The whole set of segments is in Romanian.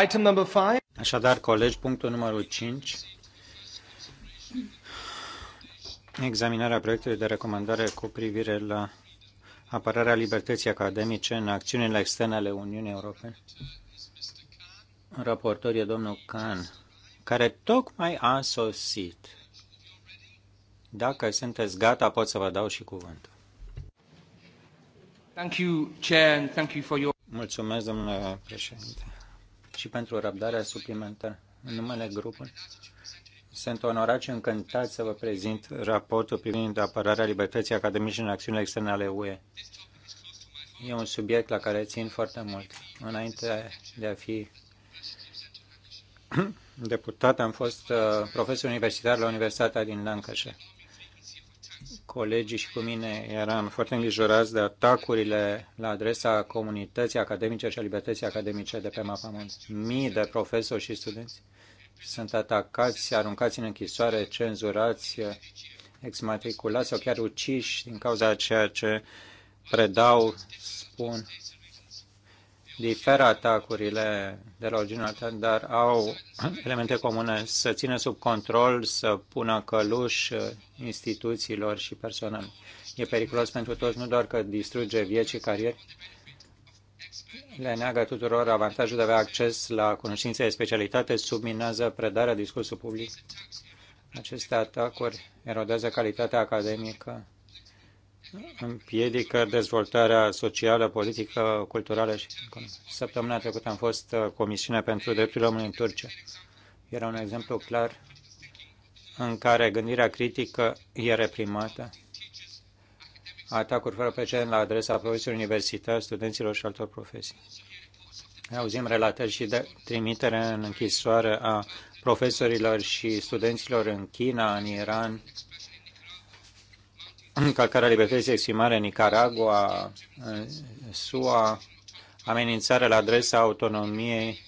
Item number five. Așadar, colegi, punctul numărul 5. Examinarea proiectului de recomandare cu privire la apărarea libertății academice în acțiunile externe ale Uniunii Europene. Raportor e domnul Can, care tocmai a sosit. Dacă sunteți gata, pot să vă dau și cuvântul. Mulțumesc, domnule președinte și pentru răbdarea suplimentară. În numele grupului sunt onorat și încântat să vă prezint raportul privind apărarea libertății academice în acțiunile externe ale UE. E un subiect la care țin foarte mult. Înainte de a fi deputat, am fost uh, profesor universitar la Universitatea din Lancashire colegii și cu mine eram foarte îngrijorați de atacurile la adresa comunității academice și a libertății academice de pe mapamont. Mii de profesori și studenți sunt atacați, aruncați în închisoare, cenzurați, exmatriculați sau chiar uciși din cauza ceea ce predau, spun diferă atacurile de la originalitatea, dar au elemente comune să țină sub control, să pună căluș instituțiilor și personal. E periculos pentru toți, nu doar că distruge vieți și cariere, le neagă tuturor avantajul de a avea acces la cunoștințe de specialitate, subminează predarea discursului public. Aceste atacuri erodează calitatea academică împiedică dezvoltarea socială, politică, culturală și Săptămâna trecută am fost uh, Comisiunea pentru Drepturile Omului în Turcia. Era un exemplu clar în care gândirea critică e reprimată, atacuri fără precedent la adresa profesorilor universitari, studenților și altor profesii. Auzim relatări și de trimitere în închisoare a profesorilor și studenților în China, în Iran, încălcarea libertății de exprimare în Nicaragua, în SUA, amenințarea la adresa autonomiei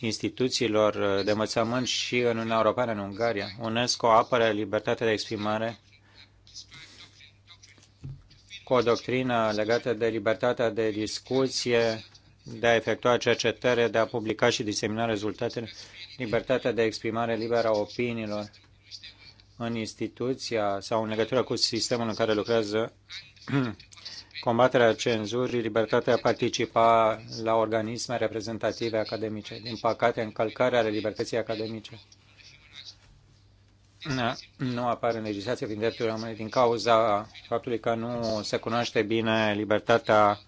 instituțiilor de învățământ și în Uniunea Europeană, în Ungaria. UNESCO apără libertatea de exprimare cu o doctrină legată de libertatea de discuție, de a efectua cercetări, de a publica și disemina rezultatele, libertatea de exprimare liberă a opiniilor în instituția sau în legătură cu sistemul în care lucrează combaterea cenzurii, libertatea a participa la organisme reprezentative academice. Din păcate, încălcarea ale libertății academice nu apare în legislație prin drepturile omului din cauza faptului că nu se cunoaște bine libertatea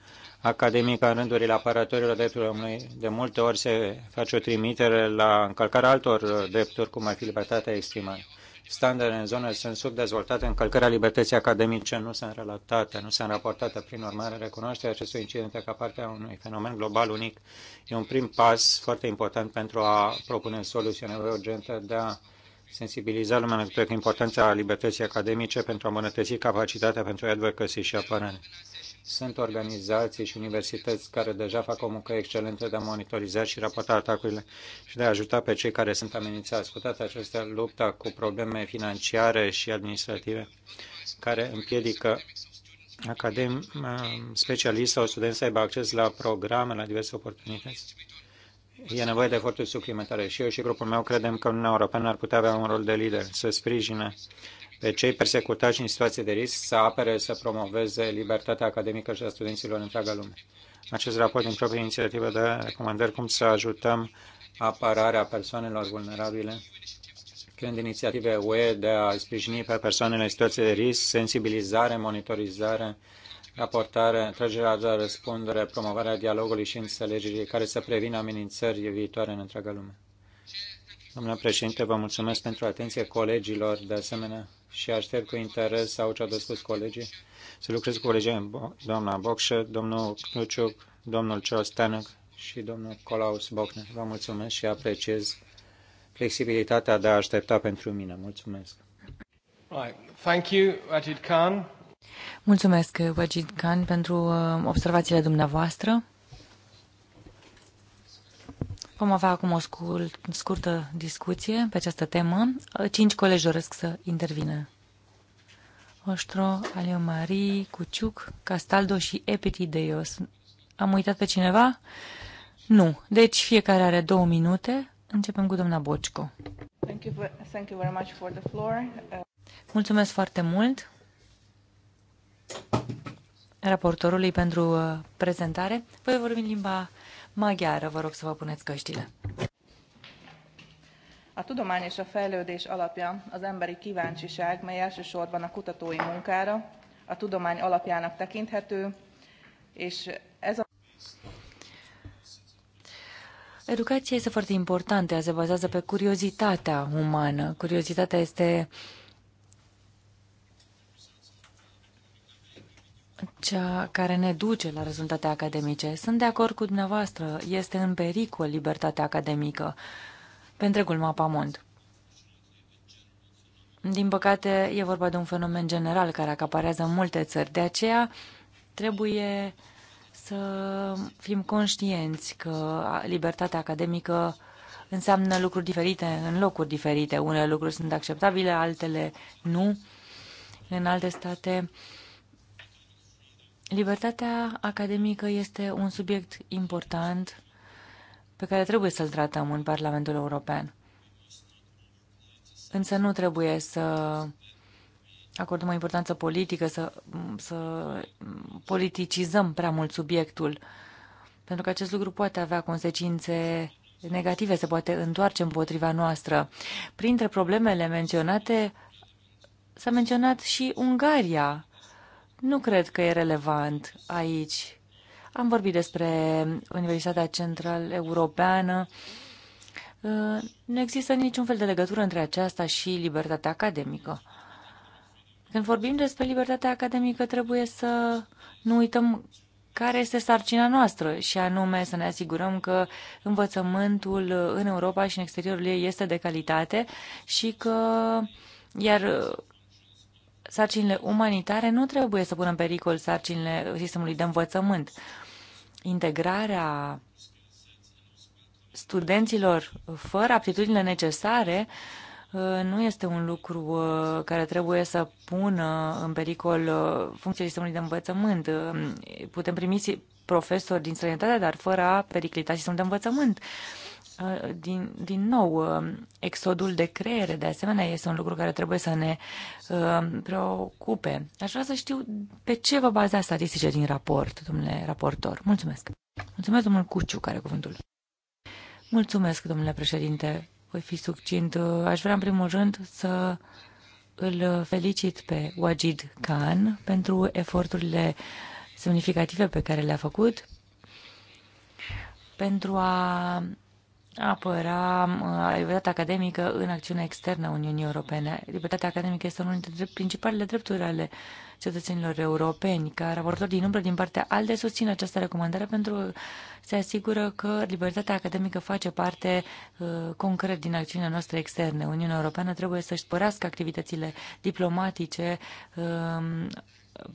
academică în rândurile apărătorilor drepturilor omului. De multe ori se face o trimitere la încălcarea altor drepturi, cum ar fi libertatea exprimării standarde în zonă sunt subdezvoltate, încălcarea libertății academice nu sunt relatate, nu sunt raportate. Prin urmare, recunoașterea acestui incident ca parte a unui fenomen global unic e un prim pas foarte important pentru a propune soluționări urgente de a sensibiliza lumea cu importanța libertății academice pentru a îmbunătăți capacitatea pentru advocacy și apărare. Sunt organizații și universități care deja fac o muncă excelentă de a monitoriza și raporta atacurile și de a ajuta pe cei care sunt amenințați. Cu toate acestea, lupta cu probleme financiare și administrative care împiedică academ, specialist sau student să aibă acces la programe, la diverse oportunități. E nevoie de eforturi suplimentare și eu și grupul meu credem că Uniunea Europeană ar putea avea un rol de lider, să sprijine pe cei persecutați în situații de risc, să apere, să promoveze libertatea academică și a studenților în întreaga lume. Acest raport din proprie inițiativă de recomandări cum să ajutăm apărarea persoanelor vulnerabile, creând inițiative UE de a sprijini pe persoanele în situații de risc, sensibilizare, monitorizare, raportare, tragerea de răspundere, promovarea dialogului și înțelegerii care să prevină amenințări viitoare în întreaga lume. Domnule președinte, vă mulțumesc pentru atenție colegilor, de asemenea, și aștept cu interes sau ce au de spus colegii, să lucrez cu colegii doamna Bocșă, domnul Knuciuc, domnul Ciostanic și domnul Colaus Bocne. Vă mulțumesc și apreciez flexibilitatea de a aștepta pentru mine. Mulțumesc. Right. Thank you, Khan. Mulțumesc, Wajid Khan, pentru uh, observațiile dumneavoastră. Vom avea acum o scurtă discuție pe această temă. Cinci colegi doresc să intervină. Oștro, Alio Marie, Cuciuc, Castaldo și Epitideios. Am uitat pe cineva? Nu. Deci fiecare are două minute. Începem cu doamna Bocco. Thank you, thank you very much for the floor. Mulțumesc foarte mult raportorului pentru uh, prezentare. Voi vorbi în limba maghiară. Vă rog să vă puneți căștile. A tudomány és a fejlődés alapja az emberi kíváncsiság, mely elsősorban a kutatói munkára, a tudomány alapjának tekinthető, és ez a Educația este foarte importantă, se bazează pe curiozitatea umană. Curiozitatea este cea care ne duce la rezultate academice. Sunt de acord cu dumneavoastră, este în pericol libertatea academică pe întregul mapamont. Din păcate, e vorba de un fenomen general care acaparează în multe țări. De aceea, trebuie să fim conștienți că libertatea academică înseamnă lucruri diferite în locuri diferite. Unele lucruri sunt acceptabile, altele nu. În alte state, uh, Libertatea academică este un subiect important pe care trebuie să-l tratăm în Parlamentul European. Însă nu trebuie să acordăm o importanță politică, să, să politicizăm prea mult subiectul, pentru că acest lucru poate avea consecințe negative, se poate întoarce împotriva noastră. Printre problemele menționate s-a menționat și Ungaria, nu cred că e relevant aici. Am vorbit despre Universitatea Central Europeană. Uh, nu există niciun fel de legătură între aceasta și libertatea academică. Când vorbim despre libertatea academică, trebuie să nu uităm care este sarcina noastră și anume să ne asigurăm că învățământul în Europa și în exteriorul ei este de calitate și că iar sarcinile umanitare nu trebuie să pună în pericol sarcinile sistemului de învățământ. Integrarea studenților fără aptitudinile necesare uh, nu este un lucru uh, care trebuie să pună în pericol uh, funcția sistemului de învățământ. Putem primi profesori din străinătate, dar fără a periclita sistemul de învățământ din, din nou, exodul de creiere, de asemenea, este un lucru care trebuie să ne preocupe. Aș vrea să știu pe ce vă bazați statistice din raport, domnule raportor. Mulțumesc. Mulțumesc, domnul Cuciu, care cuvântul. Mulțumesc, domnule președinte. Voi fi succint. Aș vrea, în primul rând, să îl felicit pe Wajid Khan pentru eforturile semnificative pe care le-a făcut pentru a apăra uh, libertatea academică în acțiunea externă a Uniunii Europene. Libertatea academică este unul dintre principalele drepturi ale cetățenilor europeni. Ca raportor din umbră din partea ALDE susțin această recomandare pentru că se asigură că libertatea academică face parte uh, concret din acțiunea noastră externă. Uniunea Europeană trebuie să-și părească activitățile diplomatice uh,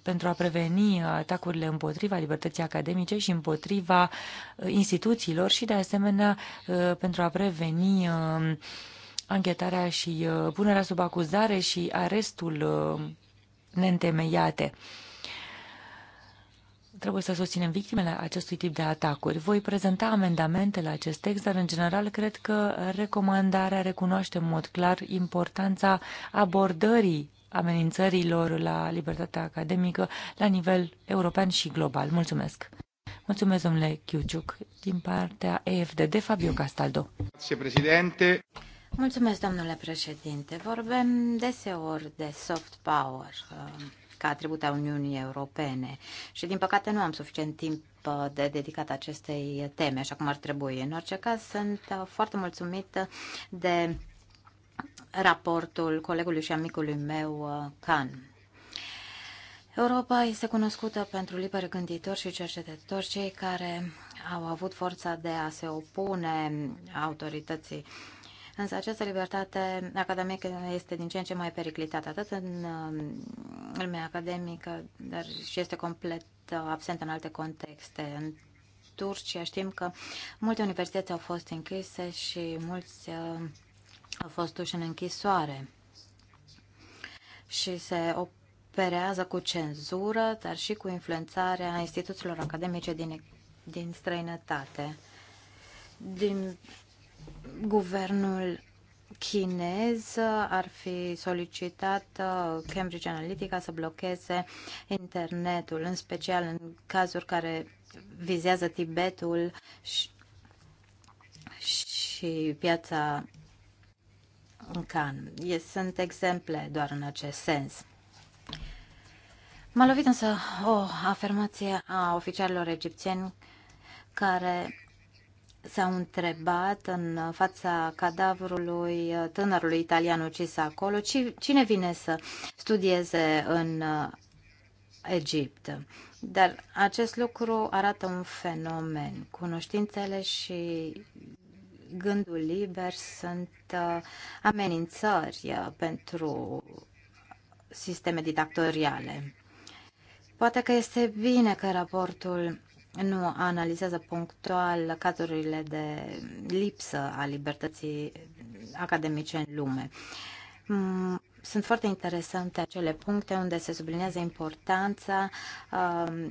pentru a preveni uh, atacurile împotriva libertății academice și împotriva uh, instituțiilor și, de asemenea, uh, pentru a preveni anchetarea și punerea sub acuzare și arestul neîntemeiate. Trebuie să susținem victimele acestui tip de atacuri. Voi prezenta amendamente la acest text, dar în general cred că recomandarea recunoaște în mod clar importanța abordării amenințărilor la libertatea academică la nivel european și global. Mulțumesc! Mulțumesc, domnule Chiuciuc, din partea EFD de Fabio Castaldo. Mulțumesc, domnule președinte. Vorbim deseori de soft power uh, ca atribut a Uniunii Europene și, din păcate, nu am suficient timp uh, de dedicat acestei teme, așa cum ar trebui. În orice caz, sunt uh, foarte mulțumită de raportul colegului și amicului meu, Can. Uh, Europa este cunoscută pentru liberi gânditori și cercetători, cei care au avut forța de a se opune autorității. Însă această libertate academică este din ce în ce mai periclitată, atât în uh, lumea academică, dar și este complet uh, absentă în alte contexte. În Turcia știm că multe universități au fost închise și mulți a fost duși în închisoare și se operează cu cenzură, dar și cu influențarea instituțiilor academice din, din străinătate. Din guvernul chinez ar fi solicitat uh, Cambridge Analytica să blocheze internetul, în special în cazuri care vizează Tibetul și, și piața în can. Sunt exemple doar în acest sens. M-a lovit însă o afirmație a oficialilor egipțieni care s-au întrebat în fața cadavrului tânărului italian ucis acolo cine vine să studieze în uh, Egipt. Dar acest lucru arată un fenomen. Cunoștințele și gândul liber sunt uh, amenințări uh, pentru sisteme didactoriale. Poate că este bine că raportul nu analizează punctual cazurile de lipsă a libertății academice în lume. Mm, sunt foarte interesante acele puncte unde se sublinează importanța uh,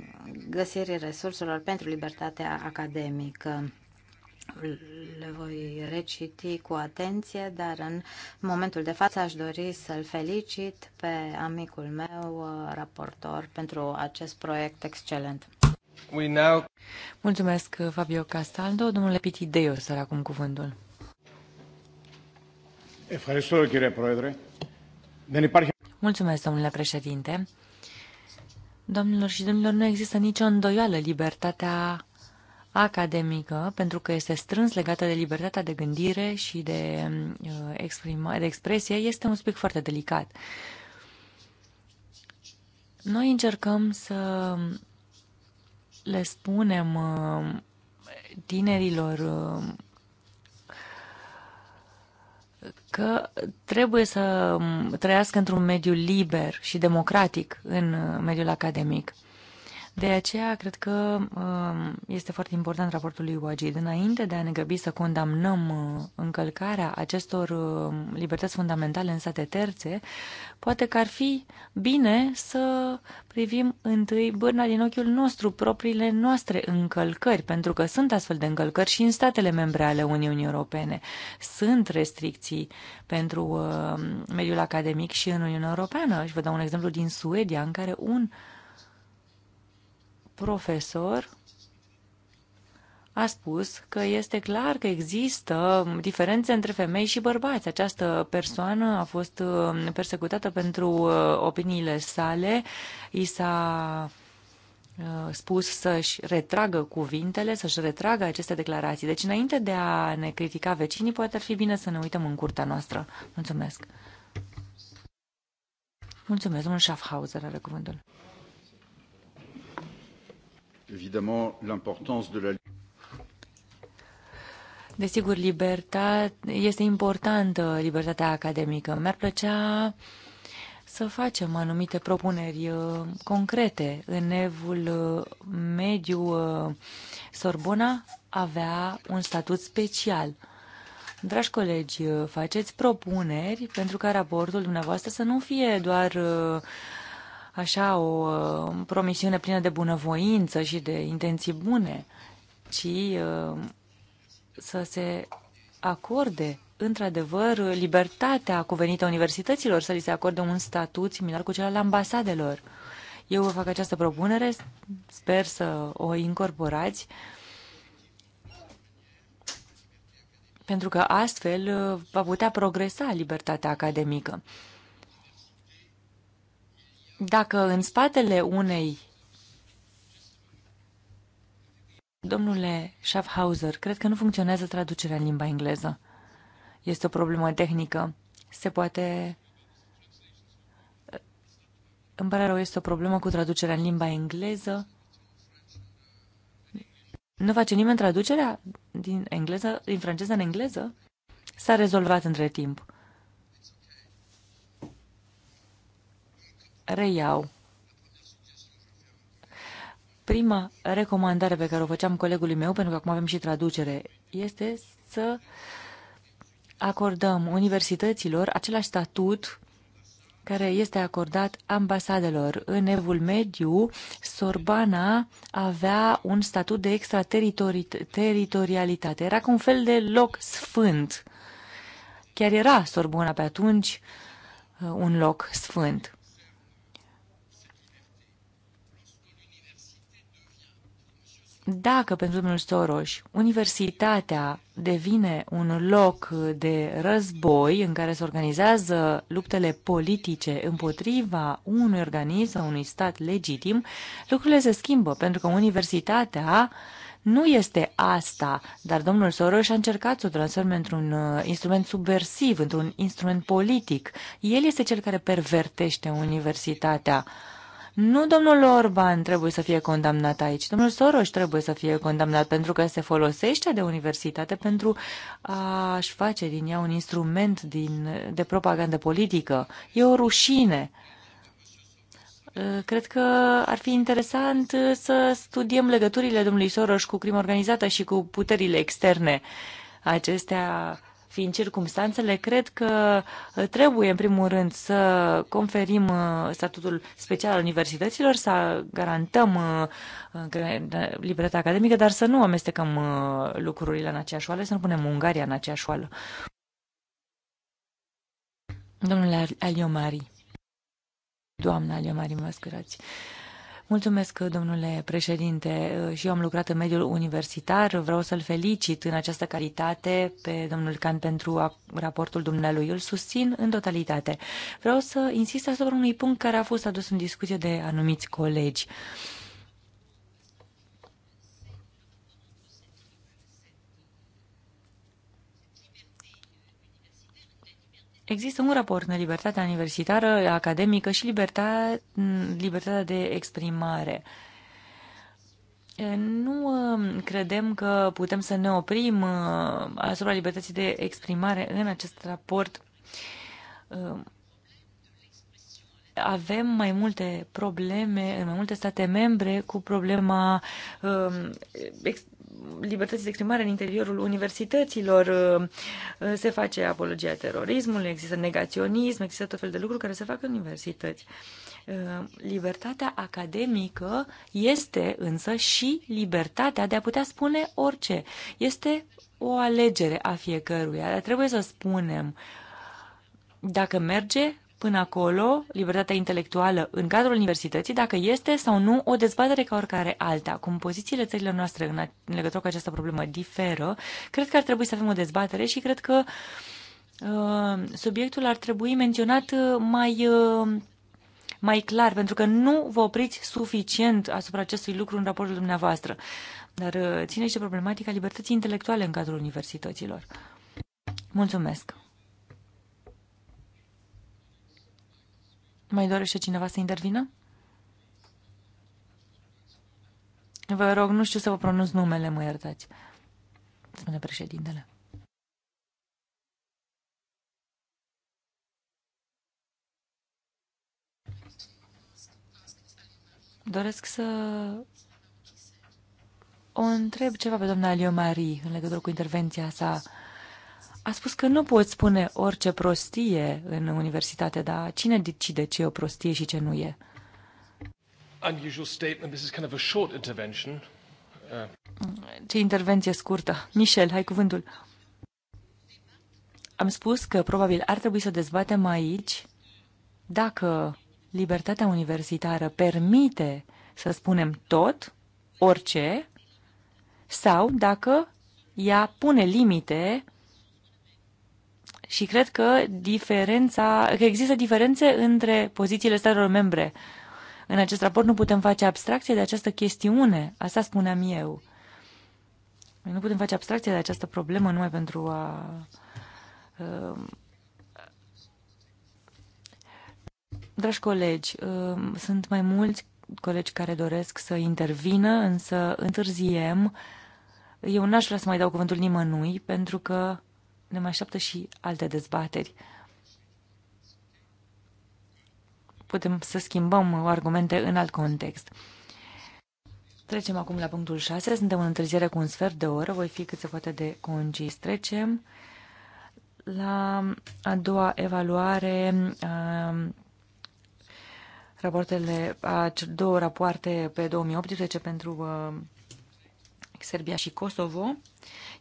găsirii resurselor pentru libertatea academică le voi reciti cu atenție, dar în momentul de față aș dori să-l felicit pe amicul meu, uh, raportor, pentru acest proiect excelent. We now... Mulțumesc, uh, Fabio Castaldo. Domnule Pitideo, să acum cuvântul. Mulțumesc, domnule președinte. Domnilor și domnilor, nu există nicio îndoială. Libertatea academică, pentru că este strâns legată de libertatea de gândire și de, um, uh, exprima, de expresie, este un subiect foarte delicat. Noi încercăm să le spunem um, tinerilor um, că trebuie să trăiască într-un mediu liber și democratic în uh, mediul academic. De aceea, cred că um, este foarte important raportul lui Wajid. Înainte de a ne grăbi să condamnăm uh, încălcarea acestor um, libertăți fundamentale în state terțe, poate că ar fi bine să privim întâi bârna din ochiul nostru, propriile noastre încălcări, pentru că sunt astfel de încălcări și în statele membre ale Uniunii Europene. Sunt restricții pentru um, mediul academic și în Uniunea Europeană. Și vă dau un exemplu din Suedia, în care un profesor a spus că este clar că există diferențe între femei și bărbați. Această persoană a fost um, persecutată pentru uh, opiniile sale, i s-a uh, spus să-și retragă cuvintele, să-și retragă aceste declarații. Deci, înainte de a ne critica vecinii, poate ar fi bine să ne uităm în curtea noastră. Mulțumesc! Mulțumesc, domnul Schaffhauser are cuvântul évidemment l'importance de la Desigur, libertate, este importantă libertatea academică. Mi-ar plăcea să facem anumite propuneri uh, concrete. În evul uh, mediu, uh, Sorbona avea un statut special. Dragi colegi, faceți propuneri pentru ca raportul dumneavoastră să nu fie doar așa o um, promisiune plină de bunăvoință și de intenții bune, ci um, să se acorde într-adevăr libertatea cuvenită universităților, să li se acorde un statut similar cu cel al ambasadelor. Eu vă fac această propunere, sper să o incorporați, pentru că astfel uh, va putea progresa libertatea academică. Dacă în spatele unei Domnule Schaffhauser, cred că nu funcționează traducerea în limba engleză. Este o problemă tehnică. Se poate... Îmi pare rău, este o problemă cu traducerea în limba engleză. Nu face nimeni traducerea din engleză, din franceză în engleză? S-a rezolvat între timp. reiau. Prima recomandare pe care o făceam colegului meu, pentru că acum avem și traducere, este să acordăm universităților același statut care este acordat ambasadelor. În Evul Mediu, Sorbana avea un statut de extrateritorialitate. Era ca un fel de loc sfânt. Chiar era Sorbona pe atunci uh, un loc sfânt. Dacă pentru domnul Soros universitatea devine un loc de război în care se organizează luptele politice împotriva unui organism unui stat legitim, lucrurile se schimbă pentru că universitatea nu este asta, dar domnul Soros a încercat să o transforme într-un uh, instrument subversiv, într-un instrument politic. El este cel care pervertește universitatea. Nu domnul Orban trebuie să fie condamnat aici, domnul Soros trebuie să fie condamnat pentru că se folosește de universitate pentru a-și face din ea un instrument din, de propagandă politică. E o rușine. Cred că ar fi interesant să studiem legăturile domnului Soros cu crimă organizată și cu puterile externe. Acestea fiind circumstanțele, cred că uh, trebuie, în primul rând, să conferim uh, statutul special al universităților, să garantăm uh, libertatea academică, dar să nu amestecăm lucrurile în aceeași oală, să nu punem Ungaria în aceeași oală. Domnule Aliomari, doamna Aliomari, mă scurați. Uh, Mulțumesc, domnule președinte, și eu am lucrat în mediul universitar. Vreau să-l felicit în această calitate pe domnul Can pentru raportul dumnealui. Îl susțin în totalitate. Vreau să insist asupra unui punct care a fost adus în discuție de anumiți colegi. Uh, Există un raport în libertatea universitară, academică și libertate, libertatea de exprimare. Nu ă, credem că putem să ne oprim ă, asupra libertății de exprimare în acest raport. Ă, avem mai multe probleme în mai multe state membre cu problema libertății de exprimare în interiorul universităților, uh, se face apologia terorismului, există negaționism, există tot fel de lucruri care se fac în universități. Uh, libertatea academică este însă și libertatea de a putea spune orice. Este o alegere a fiecăruia, dar trebuie să spunem dacă merge până acolo libertatea intelectuală în cadrul universității, dacă este sau nu o dezbatere ca oricare alta. Cum pozițiile țărilor noastre în, în legătură cu această problemă diferă, cred că ar trebui să avem o dezbatere și cred că uh, subiectul ar trebui menționat uh, mai. Uh, mai clar, pentru că nu vă opriți suficient asupra acestui lucru în raportul dumneavoastră. Dar țineți uh, ține și de problematica libertății intelectuale în cadrul universităților. Mulțumesc! Mai dorește cineva să intervină? Vă rog, nu știu să vă pronunț numele, mă iertați, spune președintele. Doresc să o întreb ceva pe doamna Alio Marie în legătură cu intervenția sa a spus că nu poți spune orice prostie în universitate, dar cine decide ce e o prostie și ce nu e? Unusual statement. This is kind of a short intervention. Uh. Ce intervenție scurtă. Michel, hai cuvântul. Am spus că probabil ar trebui să dezbatem aici dacă libertatea universitară permite să spunem tot, orice, sau dacă ea pune limite și cred că, diferența, că există diferențe între pozițiile statelor membre. În acest raport nu putem face abstracție de această chestiune, asta spuneam eu. Nu putem face abstracție de această problemă numai pentru a... Um, Dragi colegi, um, sunt mai mulți colegi care doresc să intervină, însă întârziem. Eu n-aș vrea să mai dau cuvântul nimănui, pentru că ne mai așteaptă și alte dezbateri. Putem să schimbăm argumente în alt context. Trecem acum la punctul 6. Suntem în întârziere cu un sfert de oră. Voi fi cât se poate de concis. Trecem la a doua evaluare um, rapoartele, a două rapoarte pe 2018 pentru um, Serbia și Kosovo.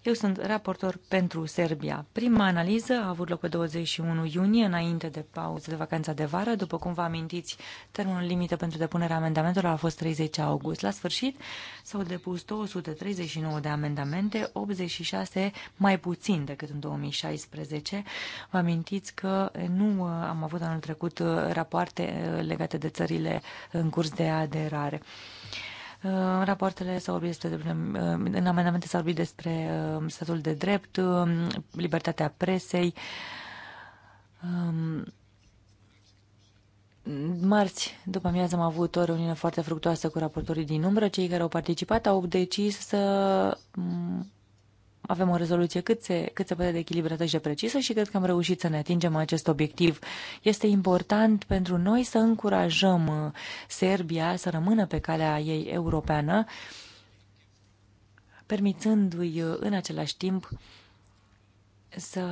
Eu sunt raportor pentru Serbia. Prima analiză a avut loc pe 21 iunie, înainte de pauză de vacanța de vară. După cum vă amintiți, termenul limită pentru depunerea amendamentelor a fost 30 august. La sfârșit s-au depus 239 de amendamente, 86 mai puțin decât în 2016. Vă amintiți că nu uh, am avut anul trecut uh, rapoarte uh, legate de țările în curs de aderare. În rapoartele s au vorbit despre, în amendamente s-a vorbit despre um, statul de drept, um, libertatea presei. Um, marți, după amiază, am avut o reuniune foarte fructuoasă cu raportorii din umbră. Cei care au participat au decis să avem o rezoluție cât se, cât se poate de echilibrată și de precisă și cred că am reușit să ne atingem acest obiectiv. Este important pentru noi să încurajăm uh, Serbia să rămână pe calea ei europeană, permițându-i uh, în același timp să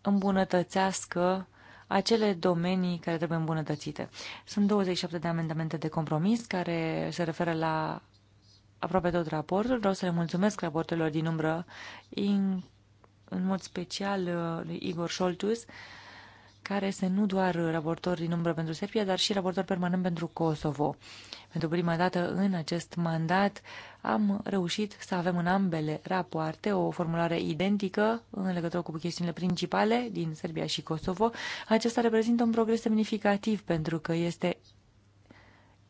îmbunătățească acele domenii care trebuie îmbunătățite. Sunt 27 de amendamente de compromis care se referă la aproape tot raportul. Vreau să le mulțumesc raportelor din umbră, in, în mod special uh, lui Igor Scholtus, care este nu doar raportor din umbră pentru Serbia, dar și raportor permanent pentru Kosovo. Pentru prima dată în acest mandat am reușit să avem în ambele rapoarte o formulare identică în legătură cu chestiunile principale din Serbia și Kosovo. Acesta reprezintă un progres semnificativ pentru că este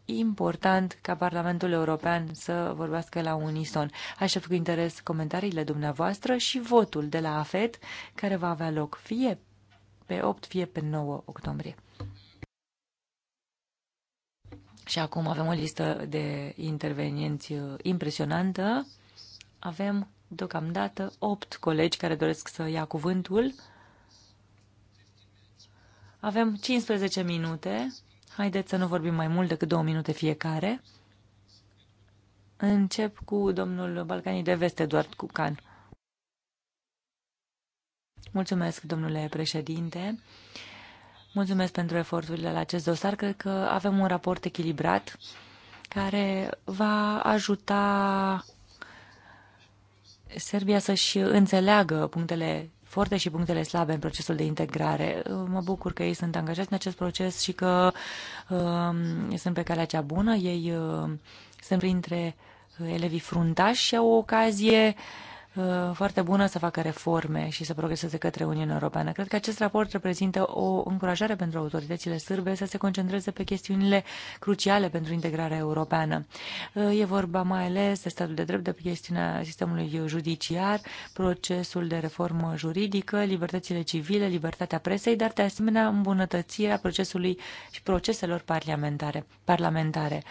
important ca Parlamentul European să vorbească la unison. Aștept cu interes comentariile dumneavoastră și votul de la AFET, care va avea loc fie pe 8, fie pe 9 octombrie. Și acum avem o listă de intervenienți uh, impresionantă. Avem deocamdată 8 colegi care doresc să ia cuvântul. Avem 15 minute Haideți să nu vorbim mai mult decât două minute fiecare. Încep cu domnul Balcanii de Vest, Eduard Cucan. Mulțumesc, domnule președinte. Mulțumesc pentru eforturile la acest dosar. Cred că avem un raport echilibrat care va ajuta Serbia să-și înțeleagă punctele forte și punctele slabe în procesul de integrare. Uh, mă bucur că ei sunt angajați în acest proces și că uh, sunt pe calea cea bună. Ei uh, sunt printre uh, elevii fruntași și au o ocazie uh, Uh, foarte bună să facă reforme și să progreseze către Uniunea Europeană. Cred că acest raport reprezintă o încurajare pentru autoritățile sârbe să se concentreze pe chestiunile cruciale pentru integrarea europeană. Uh, e vorba mai ales de statul de drept, de chestiunea sistemului judiciar, procesul de reformă juridică, libertățile civile, libertatea presei, dar de asemenea îmbunătățirea procesului și proceselor parlamentare. parlamentare.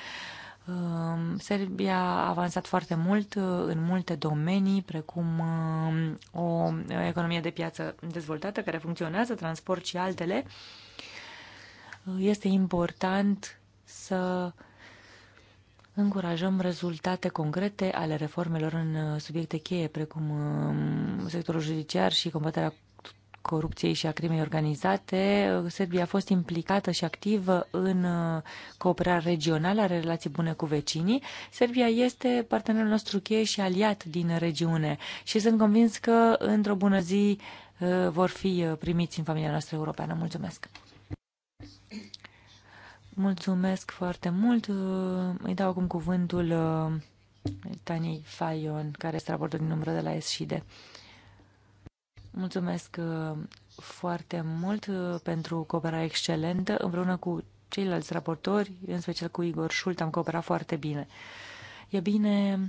Ehm, Serbia a avansat foarte mult uh, în multe domenii, precum uh, o economie de piață dezvoltată care funcționează, transport și altele. Uh, este important să încurajăm rezultate concrete ale reformelor în subiecte cheie, precum um, sectorul judiciar și combaterea corupției și a crimei organizate. Serbia a fost implicată și activă în uh, cooperarea regională, are relații bune cu vecinii. Serbia este partenerul nostru cheie și aliat din regiune și sunt convins că într-o bună zi uh, vor fi uh, primiți în familia noastră europeană. Mulțumesc! Mulțumesc foarte mult. Îi dau acum cuvântul Tani Fayon, care este raportul din umbră de la SHD. Mulțumesc uh, foarte mult uh, pentru cooperarea excelentă. Împreună cu ceilalți raportori, în special cu Igor Schult, am cooperat foarte bine. E bine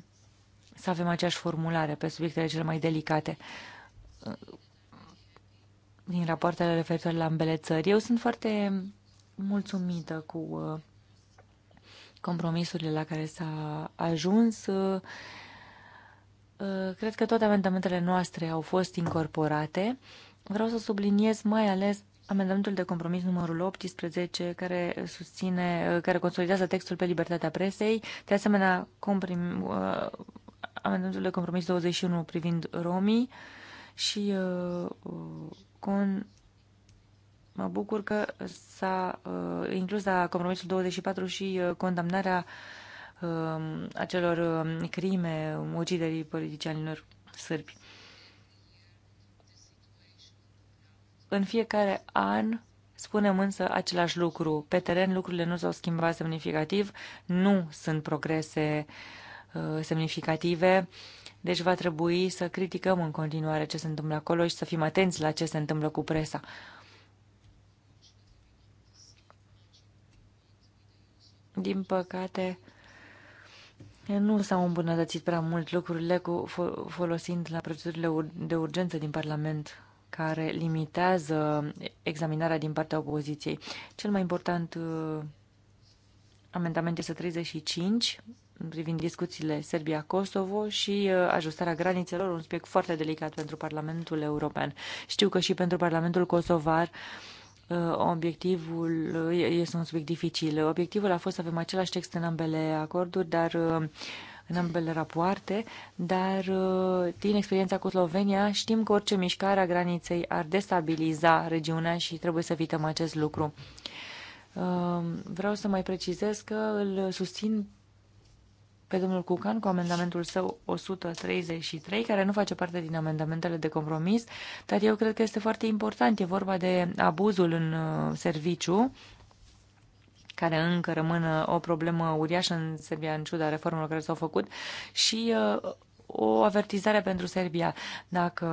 să avem aceeași formulare pe subiectele cele mai delicate uh, din rapoartele referitoare la ambele țări. Eu sunt foarte mulțumită cu compromisurile la care s-a ajuns. Uh, cred că toate amendamentele noastre au fost incorporate. Vreau să subliniez mai ales amendamentul de compromis numărul 18, care susține, uh, care consolidează textul pe libertatea presei. De asemenea, comprim, uh, amendamentul de compromis 21 privind romii și con, mă bucur că s-a inclus la compromisul 24 și condamnarea uh, Um, acelor um, crime, uciderii politicianilor sârbi. În fiecare an spunem însă același lucru. Pe teren lucrurile nu s-au schimbat semnificativ, nu sunt progrese uh, semnificative, deci va trebui să criticăm în continuare ce se întâmplă acolo și să fim atenți la ce se întâmplă cu presa. Din păcate, nu s-au îmbunătățit prea mult lucrurile cu, folosind la procedurile de urgență din Parlament care limitează examinarea din partea opoziției. Cel mai important uh, amendament este 35 privind discuțiile Serbia-Kosovo și uh, ajustarea granițelor, un subiect foarte delicat pentru Parlamentul European. Știu că și pentru Parlamentul Kosovar uh, Uh, obiectivul uh, este un subiect dificil. Obiectivul a fost să avem același text în ambele acorduri, dar uh, în ambele rapoarte, dar din experiența cu Slovenia știm că orice mișcare a graniței ar destabiliza regiunea și trebuie să evităm acest lucru. Vreau să mai precizez că îl susțin pe domnul Cucan cu amendamentul său 133, care nu face parte din amendamentele de compromis, dar eu cred că este foarte important. E vorba de abuzul în uh, serviciu, care încă rămână o problemă uriașă în Serbia, în ciuda reformelor care s-au făcut, și uh, o avertizare pentru Serbia. Dacă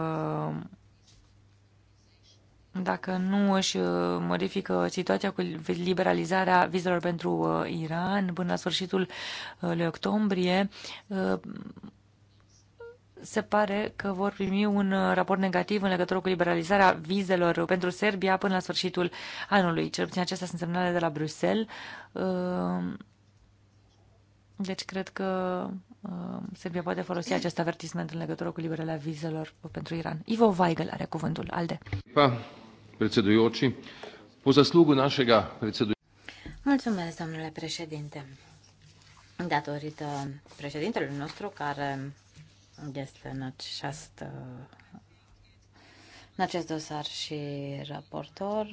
dacă nu își uh, modifică situația cu liberalizarea vizelor pentru uh, Iran până la sfârșitul uh, lui octombrie, se pare că vor primi un raport negativ în legătură cu liberalizarea vizelor pentru Serbia până la sfârșitul anului. Cel puțin acestea sunt semnale de la Bruxelles. Deci cred că Serbia poate folosi acest avertisment în legătură cu liberalizarea vizelor pentru Iran. Ivo Weigel are cuvântul. Alde. Pa predsedujoči. Po zaslugu našega predsedujočega. Mulțumesc, domnule președinte. Datorită președintelui nostru, care este în acest, în acest dosar și raportor.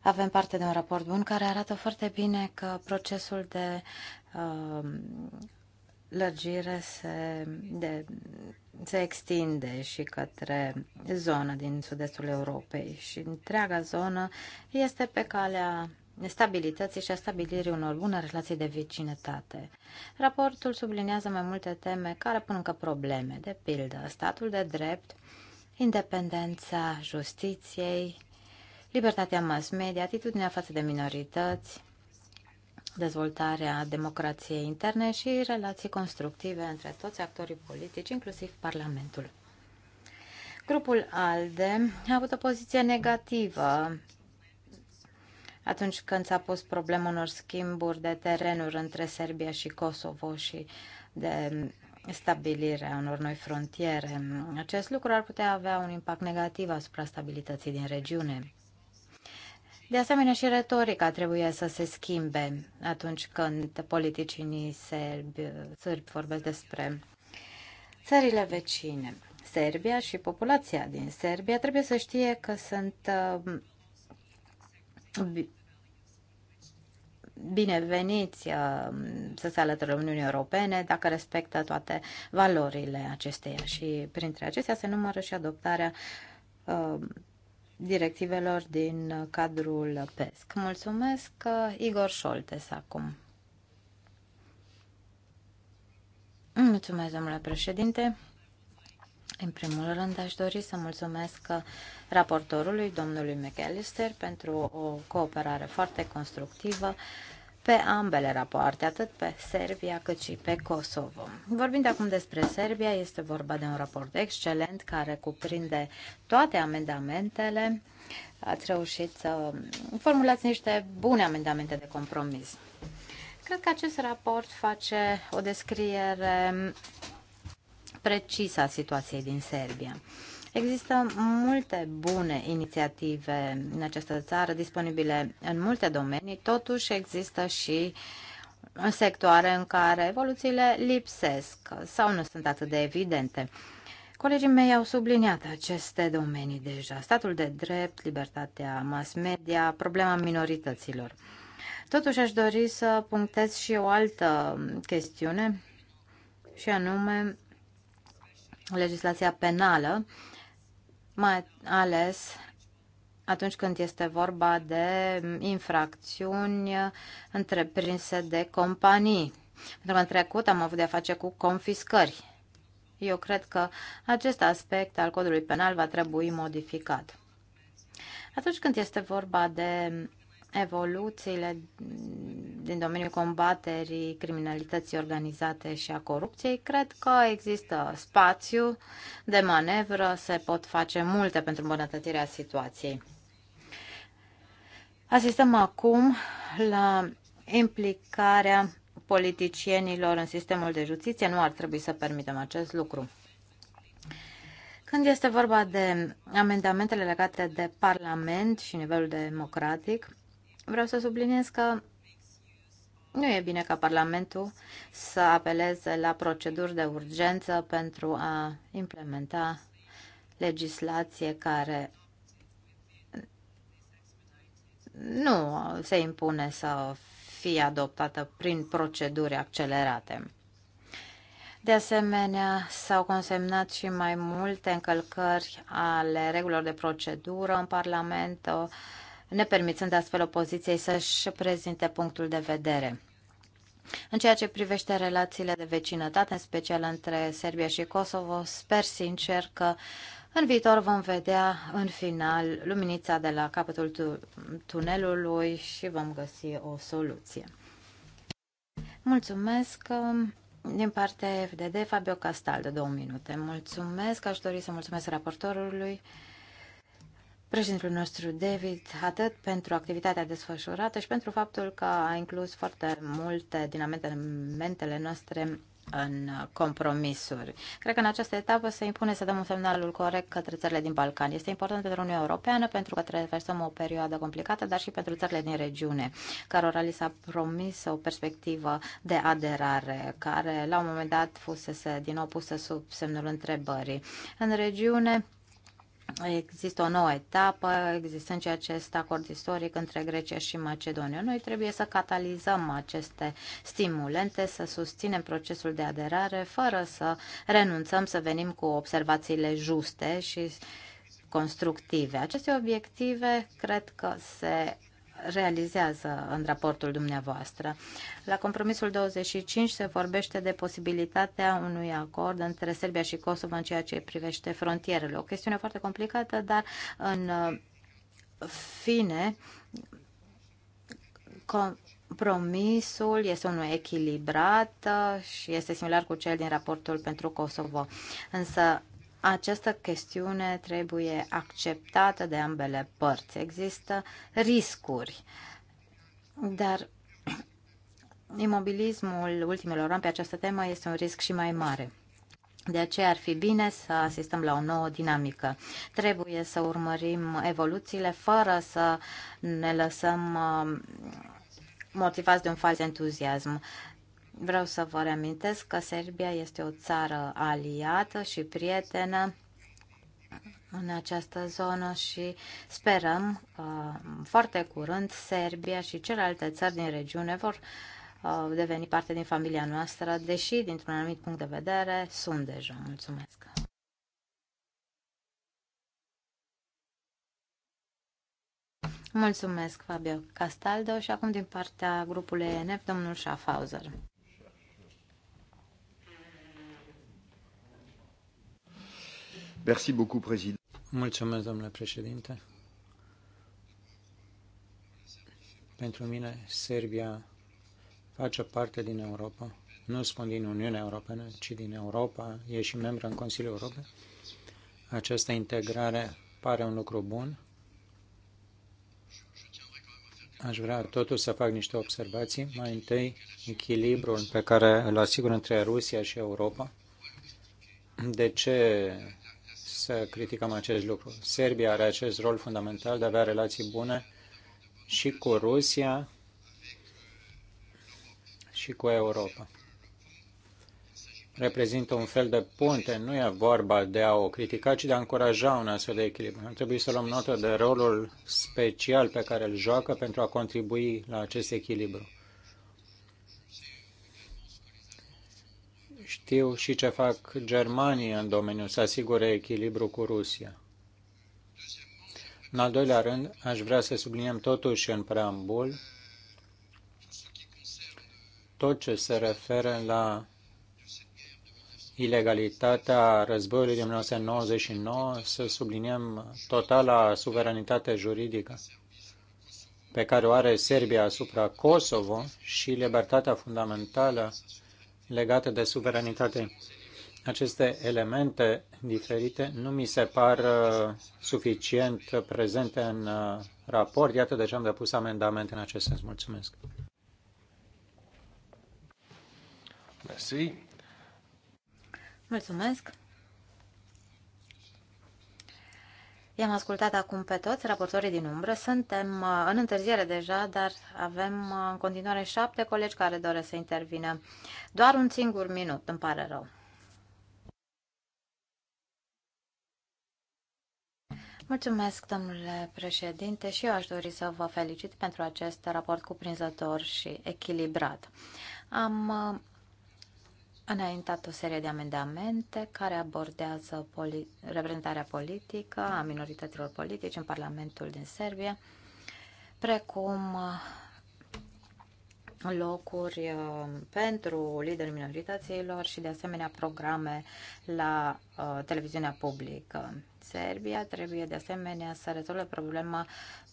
Avem parte de un raport bun care arată foarte bine că procesul de uh, lărgire se, de, se extinde și către zona din sud-estul Europei și întreaga zonă este pe calea stabilității și a stabilirii unor bune relații de vecinătate. Raportul subliniază mai multe teme care pun încă probleme, de pildă statul de drept, independența justiției, libertatea mass media, atitudinea față de minorități, dezvoltarea democrației interne și relații constructive între toți actorii politici, inclusiv Parlamentul. Grupul ALDE a avut o poziție negativă atunci când s-a pus problema unor schimburi de terenuri între Serbia și Kosovo și de stabilirea unor noi frontiere. Acest lucru ar putea avea un impact negativ asupra stabilității din regiune. De asemenea, și retorica trebuie să se schimbe atunci când politicienii serbi, sârbi vorbesc despre țările vecine. Serbia și populația din Serbia trebuie să știe că sunt uh, bineveniți uh, să se alăture Uniunii Europene dacă respectă toate valorile acesteia și printre acestea se numără și adoptarea uh, directivelor din cadrul PESC. Mulțumesc, Igor Șoltes, acum. Mulțumesc, domnule președinte. În primul rând, aș dori să mulțumesc raportorului, domnului McAllister, pentru o cooperare foarte constructivă pe ambele rapoarte, atât pe Serbia cât și pe Kosovo. Vorbind acum despre Serbia, este vorba de un raport excelent care cuprinde toate amendamentele. Ați reușit să formulați niște bune amendamente de compromis. Cred că acest raport face o descriere precisă a situației din Serbia. Există multe bune inițiative în această țară, disponibile în multe domenii, totuși există și sectoare în care evoluțiile lipsesc sau nu sunt atât de evidente. Colegii mei au subliniat aceste domenii deja. Statul de drept, libertatea mass media, problema minorităților. Totuși aș dori să punctez și o altă chestiune, și anume legislația penală mai ales atunci când este vorba de infracțiuni întreprinse de companii. Pentru că în trecut am avut de-a face cu confiscări. Eu cred că acest aspect al codului penal va trebui modificat. Atunci când este vorba de evoluțiile din domeniul combaterii criminalității organizate și a corupției, cred că există spațiu de manevră, se pot face multe pentru îmbunătățirea situației. Asistăm acum la implicarea politicienilor în sistemul de justiție. Nu ar trebui să permitem acest lucru. Când este vorba de amendamentele legate de Parlament și nivelul democratic, Vreau să subliniez că nu e bine ca Parlamentul să apeleze la proceduri de urgență pentru a implementa legislație care nu se impune să fie adoptată prin proceduri accelerate. De asemenea, s-au consemnat și mai multe încălcări ale regulilor de procedură în Parlament, nepermițând astfel opoziției să-și prezinte punctul de vedere. În ceea ce privește relațiile de vecinătate, în special între Serbia și Kosovo, sper sincer că în viitor vom vedea în final luminița de la capătul tu tunelului și vom găsi o soluție. Mulțumesc! Um, din partea FDD, Fabio Castaldo, două minute. Mulțumesc, aș dori să mulțumesc raportorului președintelui nostru David atât pentru activitatea desfășurată și pentru faptul că a inclus foarte multe din amendamentele noastre în compromisuri. Cred că în această etapă se impune să dăm un semnalul corect către țările din Balcani. Este important pentru Uniunea Europeană pentru că traversăm o perioadă complicată, dar și pentru țările din regiune, cărora li s-a promis o perspectivă de aderare, care la un moment dat fusese din nou pusă sub semnul întrebării. În regiune, există o nouă etapă, existând și acest acord istoric între Grecia și Macedonia. Noi trebuie să catalizăm aceste stimulente, să susținem procesul de aderare, fără să renunțăm să venim cu observațiile juste și constructive. Aceste obiective cred că se realizează în raportul dumneavoastră. La compromisul 25 se vorbește de posibilitatea unui acord între Serbia și Kosovo în ceea ce privește frontierele. O chestiune foarte complicată, dar în uh, fine compromisul este unul echilibrat uh, și este similar cu cel din raportul pentru Kosovo. Însă această chestiune trebuie acceptată de ambele părți. Există riscuri, dar imobilismul ultimelor ani pe această temă este un risc și mai mare. De aceea ar fi bine să asistăm la o nouă dinamică. Trebuie să urmărim evoluțiile fără să ne lăsăm uh, motivați de un fals entuziasm. Vreau să vă reamintesc că Serbia este o țară aliată și prietenă în această zonă și sperăm uh, foarte curând Serbia și celelalte țări din regiune vor uh, deveni parte din familia noastră, deși, dintr-un anumit punct de vedere, sunt deja. Mulțumesc! Mulțumesc, Fabio Castaldo, și acum din partea grupului ENF, domnul Schaffhauser. Merci beaucoup, président. Mulțumesc, domnule președinte. Pentru mine, Serbia face parte din Europa. Nu spun din Uniunea Europeană, ci din Europa. E și membru în Consiliul Europei. Această integrare pare un lucru bun. Aș vrea totuși să fac niște observații. Mai întâi, echilibrul pe care îl asigur între Rusia și Europa. De ce să criticăm acest lucru. Serbia are acest rol fundamental de a avea relații bune și cu Rusia și cu Europa. Reprezintă un fel de punte, nu e vorba de a o critica, ci de a încuraja un astfel de echilibru. Am trebuit să luăm notă de rolul special pe care îl joacă pentru a contribui la acest echilibru. Știu și ce fac germanii în domeniu să asigure echilibru cu Rusia. În al doilea rând, aș vrea să subliniem totuși în preambul tot ce se referă la ilegalitatea războiului din 1999, să subliniem totala suveranitate juridică pe care o are Serbia asupra Kosovo și libertatea fundamentală legate de suveranitate. Aceste elemente diferite nu mi se par uh, suficient prezente în uh, raport. Iată de ce am depus amendamente în acest sens. Mulțumesc. Merci. Mulțumesc. I-am ascultat acum pe toți raportorii din umbră. Suntem uh, în întârziere deja, dar avem uh, în continuare șapte colegi care doresc să intervină. Doar un singur minut, îmi pare rău. Mulțumesc, domnule președinte, și eu aș dori să vă felicit pentru acest raport cuprinzător și echilibrat. Am uh, înaintat o serie de amendamente care abordează poli reprezentarea politică a minorităților politice în Parlamentul din Serbia, precum uh, locuri uh, pentru liderii minorităților și de asemenea programe la uh, televiziunea publică. Serbia trebuie de asemenea să rezolve problema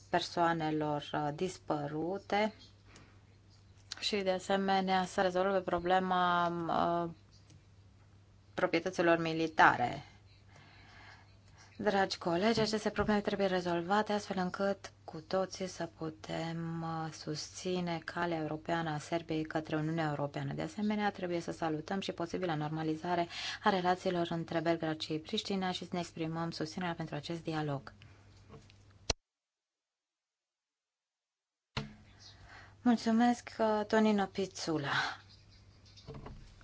persoanelor dispărute și de asemenea să rezolve problema uh, proprietăților militare. Dragi colegi, aceste probleme trebuie rezolvate astfel încât cu toții să putem uh, susține calea europeană a Serbiei către Uniunea Europeană. De asemenea, trebuie să salutăm și posibilă normalizare a relațiilor între Belgrad și Priștina și să ne exprimăm susținerea pentru acest dialog. Mulțumesc, uh, Tonino Pizzula.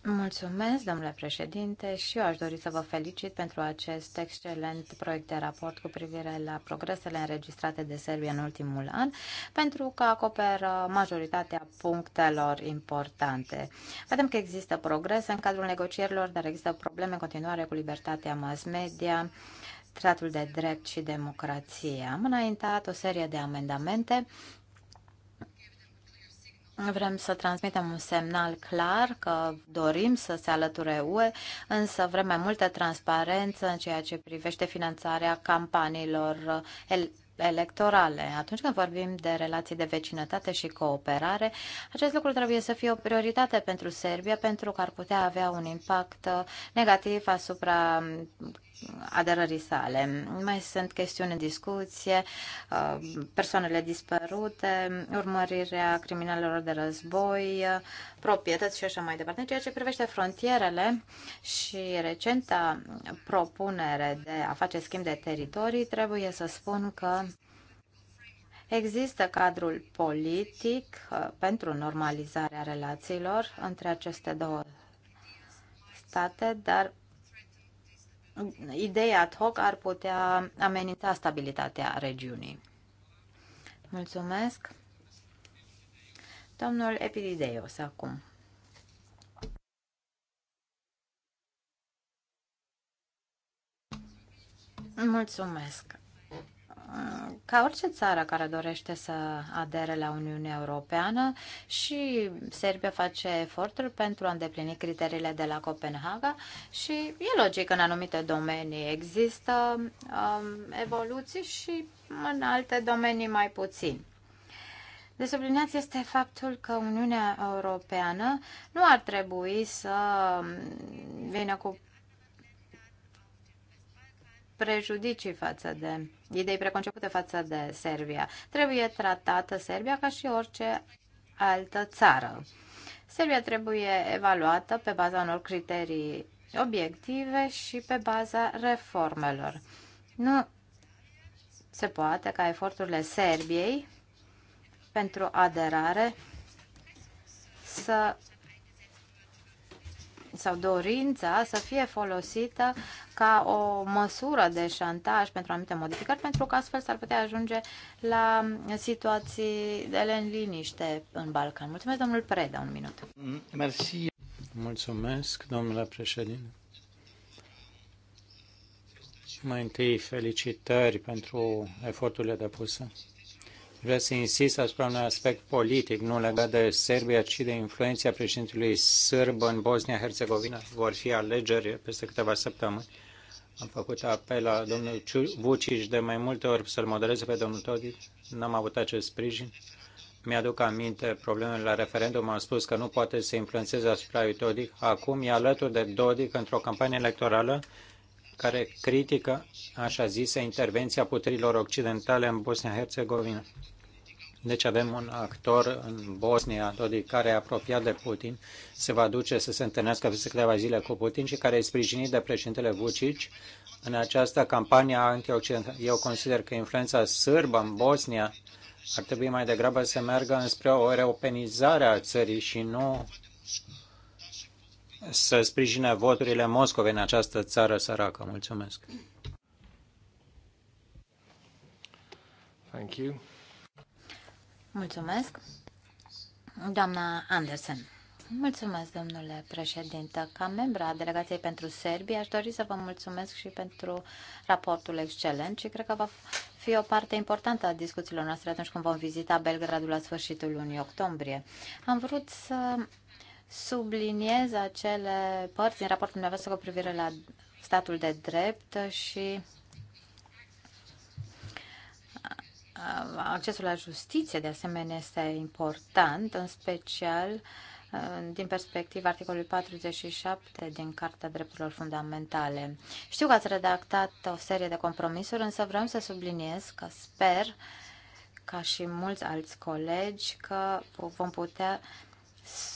Mulțumesc, domnule președinte, și eu aș dori să vă felicit pentru acest excelent proiect de raport cu privire la progresele înregistrate de Serbia în ultimul an, pentru că acoperă majoritatea punctelor importante. Vedem că există progrese în cadrul negocierilor, dar există probleme în continuare cu libertatea mass media, tratul de drept și democrație. Am înaintat o serie de amendamente Vrem să transmitem un semnal clar că dorim să se alăture UE, însă vrem mai multă transparență în ceea ce privește finanțarea campaniilor electorale. Atunci când vorbim de relații de vecinătate și cooperare, acest lucru trebuie să fie o prioritate pentru Serbia pentru că ar putea avea un impact negativ asupra aderării sale. Mai sunt chestiuni în discuție, uh, persoanele dispărute, urmărirea criminalelor de război, uh, proprietăți și așa mai departe. În ceea ce privește frontierele și recenta propunere de a face schimb de teritorii, trebuie să spun că Există cadrul politic uh, pentru normalizarea relațiilor între aceste două state, dar idei ad hoc ar putea amenința stabilitatea regiunii. Mulțumesc. Domnul Epidideos acum. Mulțumesc ca orice țară care dorește să adere la Uniunea Europeană și Serbia face eforturi pentru a îndeplini criteriile de la Copenhaga și e logic în anumite domenii există um, evoluții și în alte domenii mai puțin. De subliniat este faptul că Uniunea Europeană nu ar trebui să vină cu prejudicii față de idei preconcepute față de Serbia. Trebuie tratată Serbia ca și orice altă țară. Serbia trebuie evaluată pe baza unor criterii obiective și pe baza reformelor. Nu se poate ca eforturile Serbiei pentru aderare să sau dorința să fie folosită ca o măsură de șantaj pentru anumite modificări, pentru că astfel s-ar putea ajunge la situații de liniște în Balcan. Mulțumesc, domnul Preda, un minut. Mersi. Mulțumesc, domnule președinte. Mai întâi, felicitări pentru eforturile depuse. Vreau să insist asupra unui aspect politic, nu legat de Serbia, ci de influența președintelui sârb în Bosnia-Herzegovina. Vor fi alegeri peste câteva săptămâni. Am făcut apel la domnul Vucic de mai multe ori să-l modereze pe domnul Todic. N-am avut acest sprijin. Mi-aduc aminte problemele la referendum. Am spus că nu poate să influențeze asupra lui Todic. Acum e alături de Dodic într-o campanie electorală care critică, așa zisă, intervenția puterilor occidentale în Bosnia-Herzegovina. Deci avem un actor în Bosnia, Dodic, care e apropiat de Putin, se va duce să se întâlnească peste câteva zile cu Putin și care e sprijinit de președintele Vucic în această campanie antioccidentală. Eu consider că influența sârbă în Bosnia ar trebui mai degrabă să meargă înspre o reopenizare a țării și nu să sprijine voturile Moscovei în această țară săracă. Mulțumesc. Thank you. Mulțumesc. Doamna Anderson. Mulțumesc, domnule președinte. Ca membra a Delegației pentru Serbia, aș dori să vă mulțumesc și pentru raportul excelent și cred că va fi o parte importantă a discuțiilor noastre atunci când vom vizita Belgradul la sfârșitul lunii octombrie. Am vrut să subliniez acele părți din raportul dumneavoastră cu privire la statul de drept și uh, accesul la justiție, de asemenea, este important, în special uh, din perspectiva articolului 47 din Carta Drepturilor Fundamentale. Știu că ați redactat o serie de compromisuri, însă vreau să subliniez că sper, ca și mulți alți colegi, că vom putea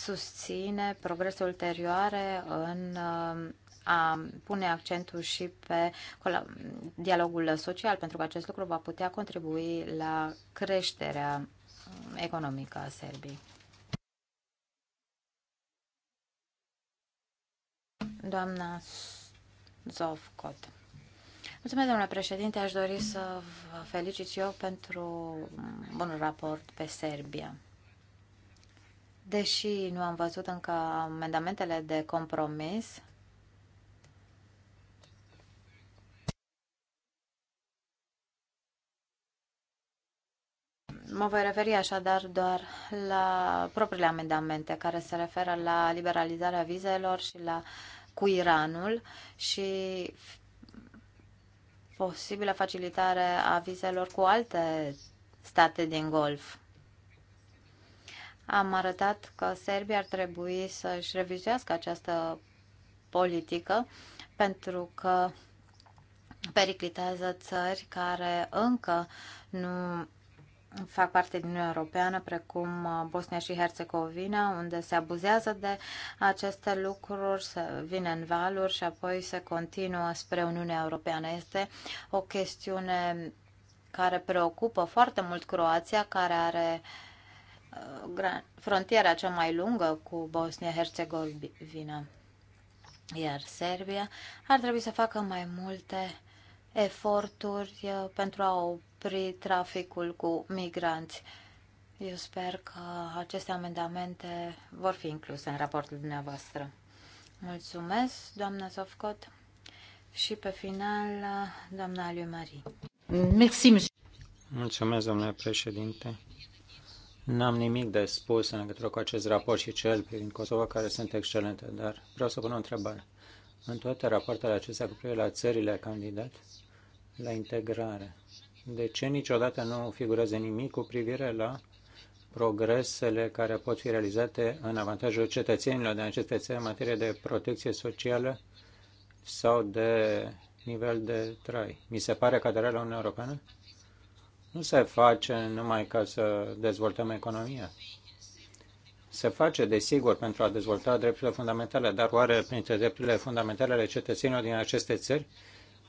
susține progrese ulterioare în uh, a pune accentul și pe dialogul social, pentru că acest lucru va putea contribui la creșterea um, economică a Serbiei. Doamna Zovcot. Mulțumesc, domnule președinte. Aș dori să vă felicit eu pentru bunul um, raport pe Serbia. Deși nu am văzut încă amendamentele de compromis, Mă voi referi așadar doar la propriile amendamente care se referă la liberalizarea vizelor și la cu Iranul și posibilă facilitare a vizelor cu alte state din Golf am arătat că Serbia ar trebui să-și revizuiască această politică pentru că periclitează țări care încă nu fac parte din Uniunea Europeană, precum uh, Bosnia și Herțegovina, unde se abuzează de aceste lucruri, se vine în valuri și apoi se continuă spre Uniunea Europeană. Este o chestiune care preocupă foarte mult Croația, care are uh, Uh, frontiera cea mai lungă cu Bosnia-Herzegovina. Iar Serbia ar trebui să facă mai multe eforturi uh, pentru a opri traficul cu migranți. Eu sper că aceste amendamente vor fi incluse în raportul dumneavoastră. Mulțumesc, doamna Zofcot, și pe final, uh, doamna Aliu Marie. Mulțumesc, domnule președinte. N-am nimic de spus în legătură cu acest raport și cel privind Kosovo, care sunt excelente, dar vreau să pun o întrebare. În toate rapoartele acestea cu privire la țările candidat, la integrare, de ce niciodată nu figurează nimic cu privire la progresele care pot fi realizate în avantajul cetățenilor de aceste țări în materie de protecție socială sau de nivel de trai? Mi se pare că aderarea la Uniunea Europeană nu se face numai ca să dezvoltăm economia. Se face, desigur, pentru a dezvolta drepturile fundamentale, dar oare printre drepturile fundamentale ale cetățenilor din aceste țări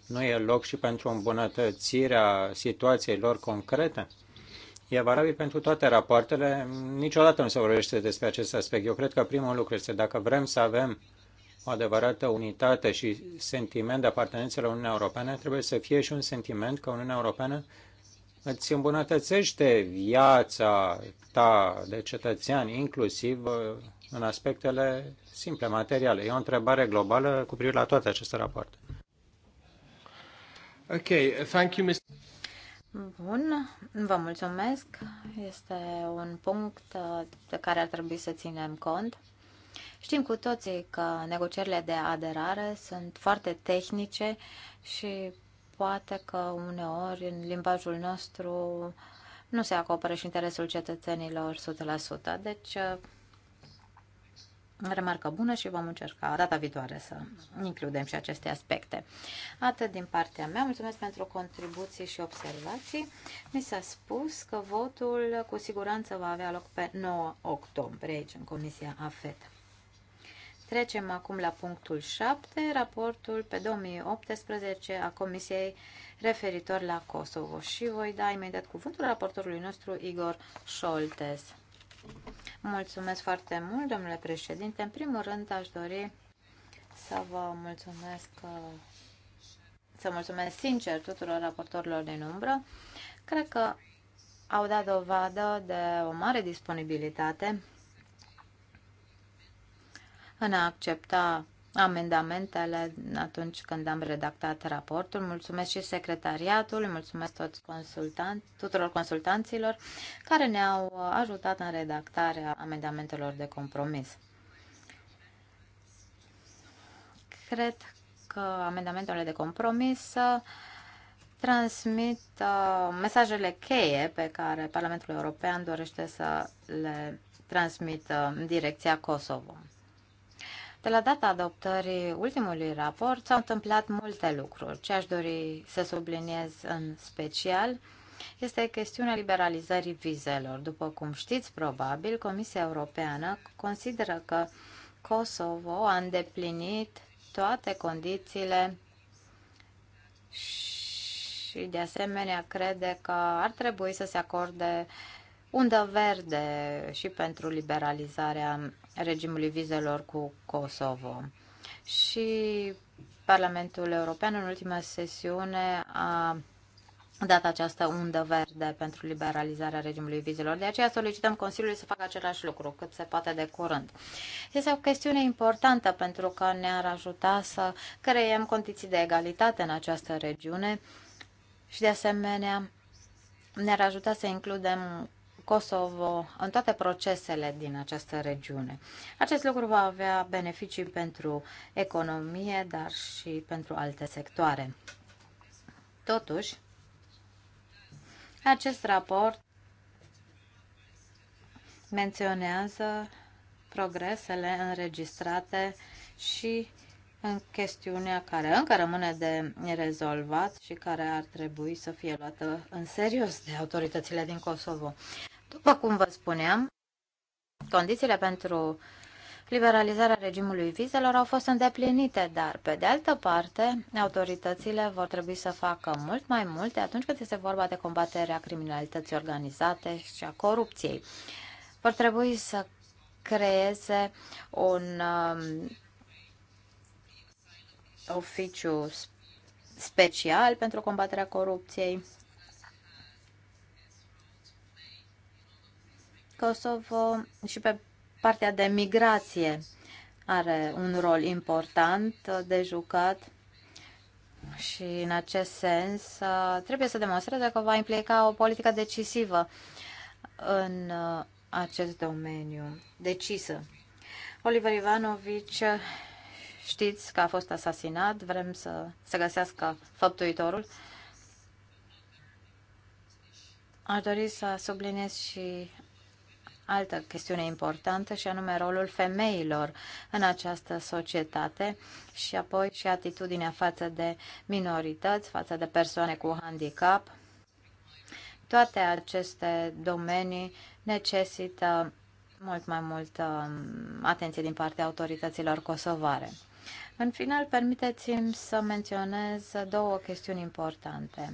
nu e loc și pentru îmbunătățirea situației lor concrete? E valabil pentru toate rapoartele, niciodată nu se vorbește despre acest aspect. Eu cred că primul lucru este dacă vrem să avem o adevărată unitate și sentiment de apartenență la Uniunea Europeană, trebuie să fie și un sentiment că Uniunea Europeană îți îmbunătățește viața ta de cetățean, inclusiv uh, în aspectele simple, materiale. E o întrebare globală cu privire la toate aceste rapoarte. Ok, thank you, Mr. Bun, vă mulțumesc. Este un punct uh, de care ar trebui să ținem cont. Știm cu toții că negocierile de aderare sunt foarte tehnice și poate că uneori în limbajul nostru nu se acoperă și interesul cetățenilor 100%. Deci, uh, remarcă bună și vom încerca data viitoare să includem și aceste aspecte. Atât din partea mea, mulțumesc pentru contribuții și observații. Mi s-a spus că votul cu siguranță va avea loc pe 9 octombrie aici în Comisia AFET. Trecem acum la punctul 7, raportul pe 2018 a Comisiei referitor la Kosovo și voi da imediat cuvântul raportorului nostru Igor Șoltes. Mulțumesc foarte mult, domnule președinte. În primul rând aș dori să vă mulțumesc să mulțumesc sincer tuturor raportorilor din umbră. Cred că au dat dovadă de o mare disponibilitate în a accepta amendamentele atunci când am redactat raportul. Mulțumesc și secretariatului, mulțumesc toți consultanți, tuturor consultanților care ne-au ajutat în redactarea amendamentelor de compromis. Cred că amendamentele de compromis transmit uh, mesajele cheie pe care Parlamentul European dorește să le transmită în direcția Kosovo. De la data adoptării ultimului raport s-au întâmplat multe lucruri. Ce aș dori să subliniez în special este chestiunea liberalizării vizelor. După cum știți, probabil, Comisia Europeană consideră că Kosovo a îndeplinit toate condițiile și, de asemenea, crede că ar trebui să se acorde undă verde și pentru liberalizarea regimului vizelor cu Kosovo. Și Parlamentul European în ultima sesiune a dat această undă verde pentru liberalizarea regimului vizelor. De aceea solicităm Consiliului să facă același lucru cât se poate de curând. Este o chestiune importantă pentru că ne-ar ajuta să creăm condiții de egalitate în această regiune și de asemenea ne-ar ajuta să includem Kosovo în toate procesele din această regiune. Acest lucru va avea beneficii pentru economie, dar și pentru alte sectoare. Totuși, acest raport menționează progresele înregistrate și în chestiunea care încă rămâne de rezolvat și care ar trebui să fie luată în serios de autoritățile din Kosovo. După cum vă spuneam, condițiile pentru liberalizarea regimului vizelor au fost îndeplinite, dar, pe de altă parte, autoritățile vor trebui să facă mult mai multe atunci când este vorba de combaterea criminalității organizate și a corupției. Vor trebui să creeze un um, oficiu special pentru combaterea corupției Kosovo și pe partea de migrație are un rol important de jucat și în acest sens trebuie să demonstreze că va implica o politică decisivă în acest domeniu, decisă. Oliver Ivanovic, știți că a fost asasinat, vrem să se găsească făptuitorul. Aș dori să subliniez și altă chestiune importantă și anume rolul femeilor în această societate și apoi și atitudinea față de minorități, față de persoane cu handicap. Toate aceste domenii necesită mult mai multă um, atenție din partea autorităților kosovare. În final, permiteți-mi să menționez două chestiuni importante.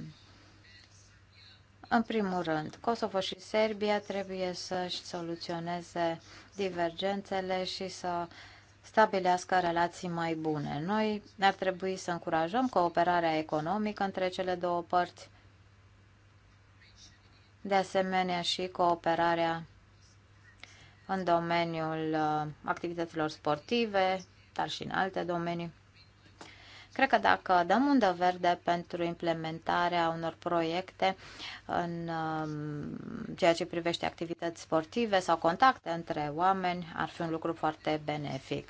În primul rând, Kosovo și Serbia trebuie să-și soluționeze divergențele și să stabilească relații mai bune. Noi ar trebui să încurajăm cooperarea economică între cele două părți, de asemenea și cooperarea în domeniul uh, activităților sportive, dar și în alte domenii. Cred că dacă dăm undă verde pentru implementarea unor proiecte în um, ceea ce privește activități sportive sau contacte între oameni, ar fi un lucru foarte benefic.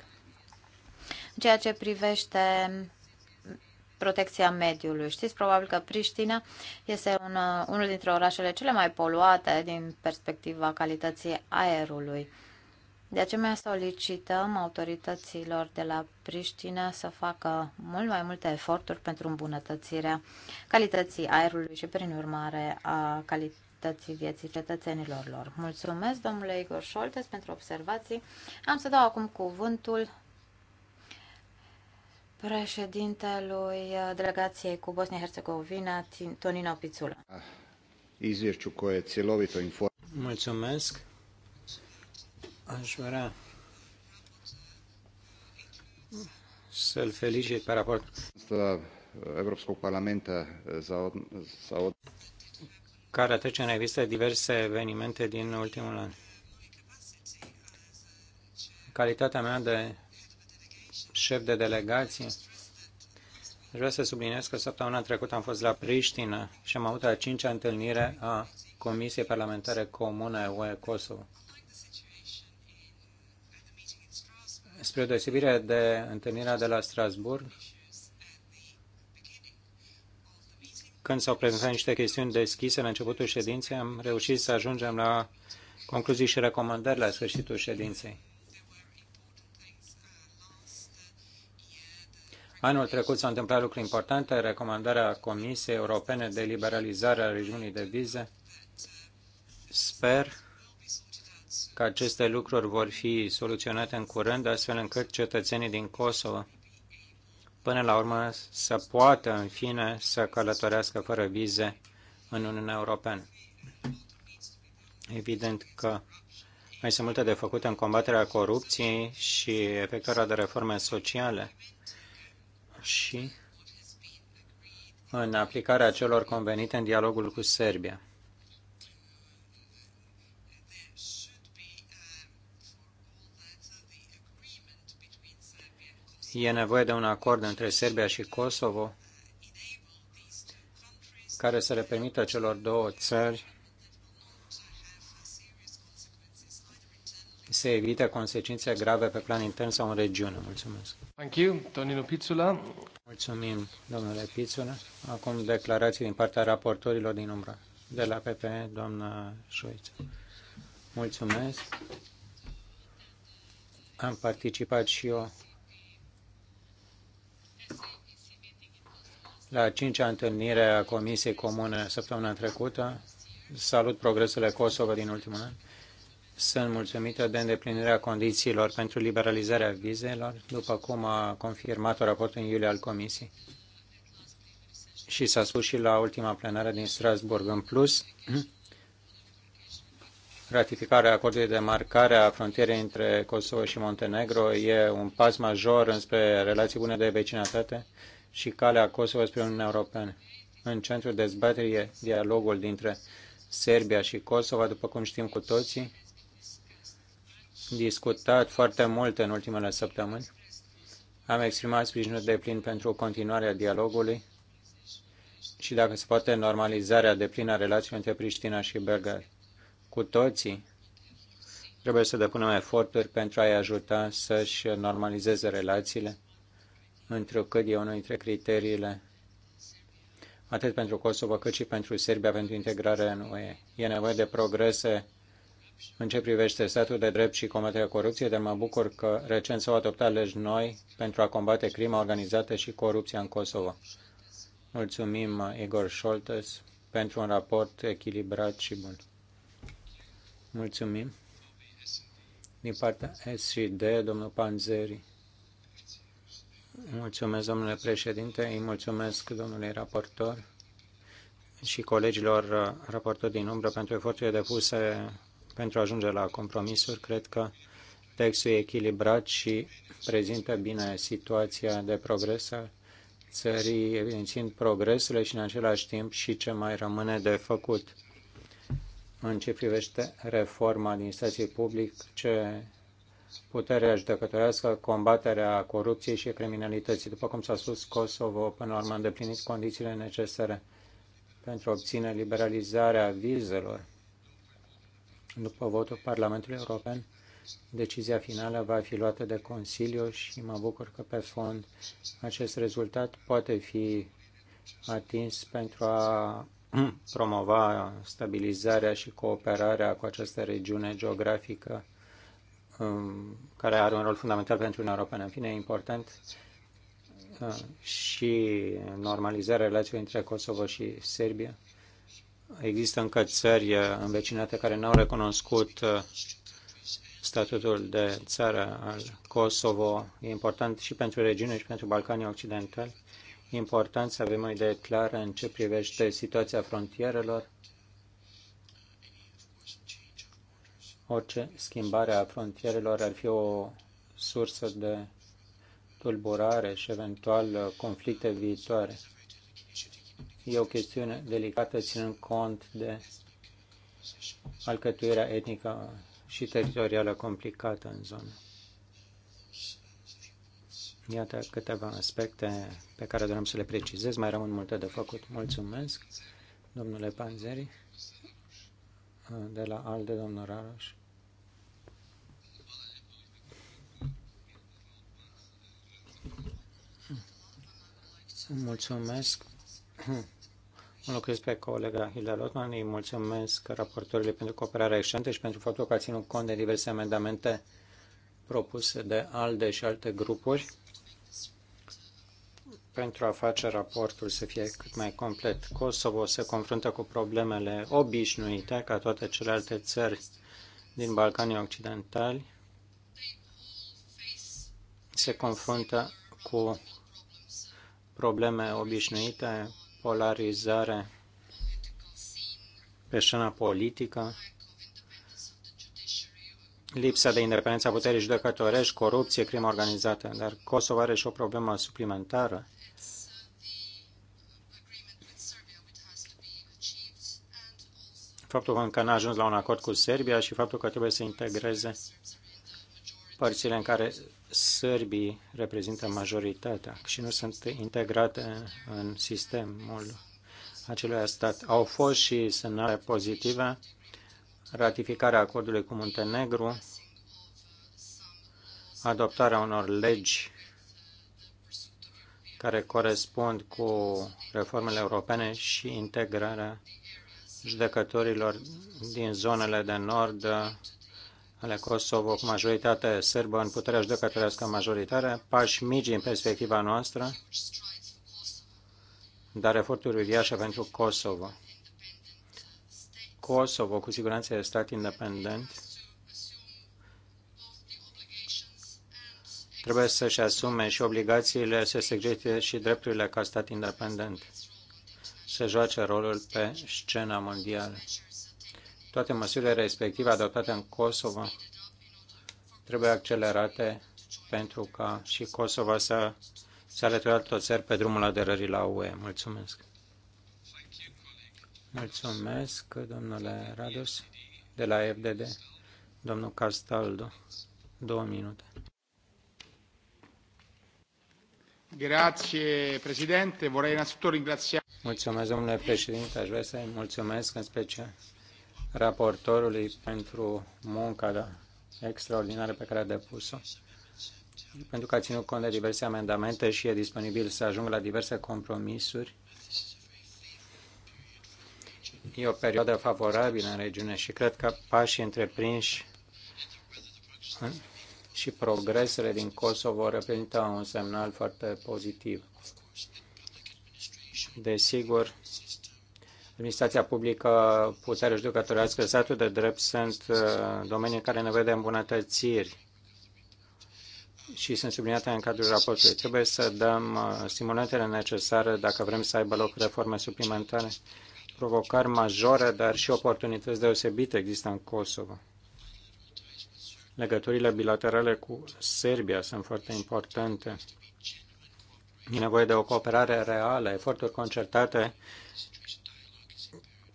În ceea ce privește protecția mediului. Știți probabil că Priștina este un, uh, unul dintre orașele cele mai poluate din perspectiva calității aerului. De aceea solicităm autorităților de la Priștina să facă mult mai multe eforturi pentru îmbunătățirea calității aerului și, prin urmare, a calității vieții cetățenilor lor. Mulțumesc, domnule Igor Șoltes, pentru observații. Am să dau acum cuvântul președintelui delegației cu Bosnia-Herzegovina, Tonino Pițulă. Mulțumesc. Aș vrea să-l felicit pe raport. Uh, Europskog parlamenta uh, za, za care trece în revistă diverse evenimente din ultimul an. Calitatea mea de șef de delegație, aș vrea să subliniez că săptămâna trecută am fost la Priștină și am avut a cincea întâlnire a Comisiei Parlamentare Comune UE Kosovo. spre deosebire de întâlnirea de la Strasburg, când s-au prezentat niște chestiuni deschise la începutul ședinței, am reușit să ajungem la concluzii și recomandări la sfârșitul ședinței. Anul trecut s-au întâmplat lucruri importante, recomandarea Comisiei Europene de liberalizare a regiunii de vize. Sper că aceste lucruri vor fi soluționate în curând, astfel încât cetățenii din Kosovo, până la urmă, să poată, în fine, să călătorească fără vize în Uniunea Europeană. Evident că mai sunt multe de făcut în combaterea corupției și efectuarea de reforme sociale și în aplicarea celor convenite în dialogul cu Serbia. E nevoie de un acord între Serbia și Kosovo care să le permită celor două țări să evite consecințe grave pe plan intern sau în regiune. Mulțumesc. Thank you, Tonino Pizzula. Mulțumim, domnule Pizzula. Acum declarații din partea raportorilor din umbră. De la PP, doamna Șoiță. Mulțumesc. Am participat și eu la cincea întâlnire a Comisiei Comune săptămâna trecută. Salut progresele Kosovo din ultimul an. Sunt mulțumită de îndeplinirea condițiilor pentru liberalizarea vizelor, după cum a confirmat raportul în iulie al Comisiei. Și s-a spus și la ultima plenară din Strasburg. În plus, ratificarea acordului de marcare a frontierei între Kosovo și Montenegro e un pas major înspre relații bune de vecinătate și calea Kosovo spre Uniunea Europeană. În centrul dezbaterii e dialogul dintre Serbia și Kosovo, după cum știm cu toții, discutat foarte mult în ultimele săptămâni. Am exprimat sprijinul de plin pentru continuarea dialogului și, dacă se poate, normalizarea de plină a relațiilor între Priștina și Belgrad. Cu toții trebuie să depunem eforturi pentru a-i ajuta să-și normalizeze relațiile întrucât e unul dintre criteriile atât pentru Kosovo cât și pentru Serbia pentru integrare în UE. E nevoie de progrese în ce privește statul de drept și combaterea corupției, dar mă bucur că recent s-au adoptat legi noi pentru a combate crima organizată și corupția în Kosovo. Mulțumim, Igor Scholtes, pentru un raport echilibrat și bun. Mulțumim. Din partea S și D, domnul Panzeri. Mulțumesc, domnule președinte, îi mulțumesc domnului raportor și colegilor uh, raportori din umbră pentru eforturile depuse pentru a ajunge la compromisuri. Cred că textul e echilibrat și prezintă bine situația de progres a țării, evidențiind progresele și în același timp și ce mai rămâne de făcut în ce privește reforma administrației publice, puterea judecătorească, combaterea corupției și criminalității. După cum s-a spus, Kosovo până la urmă a îndeplinit condițiile necesare pentru a obține liberalizarea vizelor. După votul Parlamentului European, decizia finală va fi luată de Consiliu și mă bucur că pe fond acest rezultat poate fi atins pentru a promova stabilizarea și cooperarea cu această regiune geografică Um, care are un rol fundamental pentru Uniunea Europeană. În fine, e important uh, și normalizarea relațiilor între Kosovo și Serbia. Există încă țări uh, învecinate care nu au recunoscut uh, statutul de țară al Kosovo. E important și pentru regiune și pentru Balcanii Occidentali. E important să avem o idee clară în ce privește situația frontierelor Orice schimbare a frontierelor ar fi o sursă de tulburare și eventual uh, conflicte viitoare. E o chestiune delicată ținând cont de alcătuirea etnică și teritorială complicată în zonă. Iată câteva aspecte pe care doream să le precizez. Mai rămân multe de făcut. Mulțumesc, domnule Panzeri de la ALDE, domnul Raraș. Mulțumesc. lucrez pe colega Hilda Lotman. Îi mulțumesc raportorile pentru cooperarea excelentă și pentru faptul că a ținut cont de diverse amendamente propuse de ALDE și alte grupuri pentru a face raportul să fie cât mai complet. Kosovo se confruntă cu problemele obișnuite ca toate celelalte țări din Balcanii Occidentali. Se confruntă cu probleme obișnuite, polarizare pe scena politică, lipsa de independență a puterii judecătorești, corupție, crimă organizată. Dar Kosovo are și o problemă suplimentară faptul că încă n-a ajuns la un acord cu Serbia și faptul că trebuie să integreze părțile în care sârbii reprezintă majoritatea și nu sunt integrate în sistemul acelui stat. Au fost și semnale pozitive, ratificarea acordului cu Muntenegru, adoptarea unor legi care corespund cu reformele europene și integrarea judecătorilor din zonele de nord ale Kosovo cu majoritate sârbă în puterea judecătorească majoritară, pași mici în perspectiva noastră, dar eforturi uriașe pentru Kosovo. Kosovo, cu siguranță, este stat independent. Trebuie să-și asume și obligațiile, să se și drepturile ca stat independent să joace rolul pe scena mondială. Toate măsurile respective adoptate în Kosovo trebuie accelerate pentru ca și Kosovo să se alăture altor țări pe drumul aderării la UE. Mulțumesc! Mulțumesc, domnule Radus, de la FDD, domnul Castaldo. Două minute. Grazie, Presidente. Vorrei innanzitutto ringraziare... Mulțumesc, domnule președinte. Aș vrea să-i mulțumesc în special raportorului pentru munca da, extraordinară pe care a depus-o, pentru că a ținut cont de diverse amendamente și e disponibil să ajungă la diverse compromisuri. E o perioadă favorabilă în regiune și cred că pașii întreprinși și progresele din Kosovo reprezintă un semnal foarte pozitiv. Desigur, administrația publică, puterea judecătorească, statul de drept sunt uh, domenii în care ne vedem îmbunătățiri și sunt subliniate în cadrul raportului. Trebuie să dăm uh, stimulantele necesare dacă vrem să aibă loc reforme suplimentare, provocări majore, dar și oportunități deosebite există în Kosovo. Legăturile bilaterale cu Serbia sunt foarte importante E nevoie de o cooperare reală, eforturi concertate.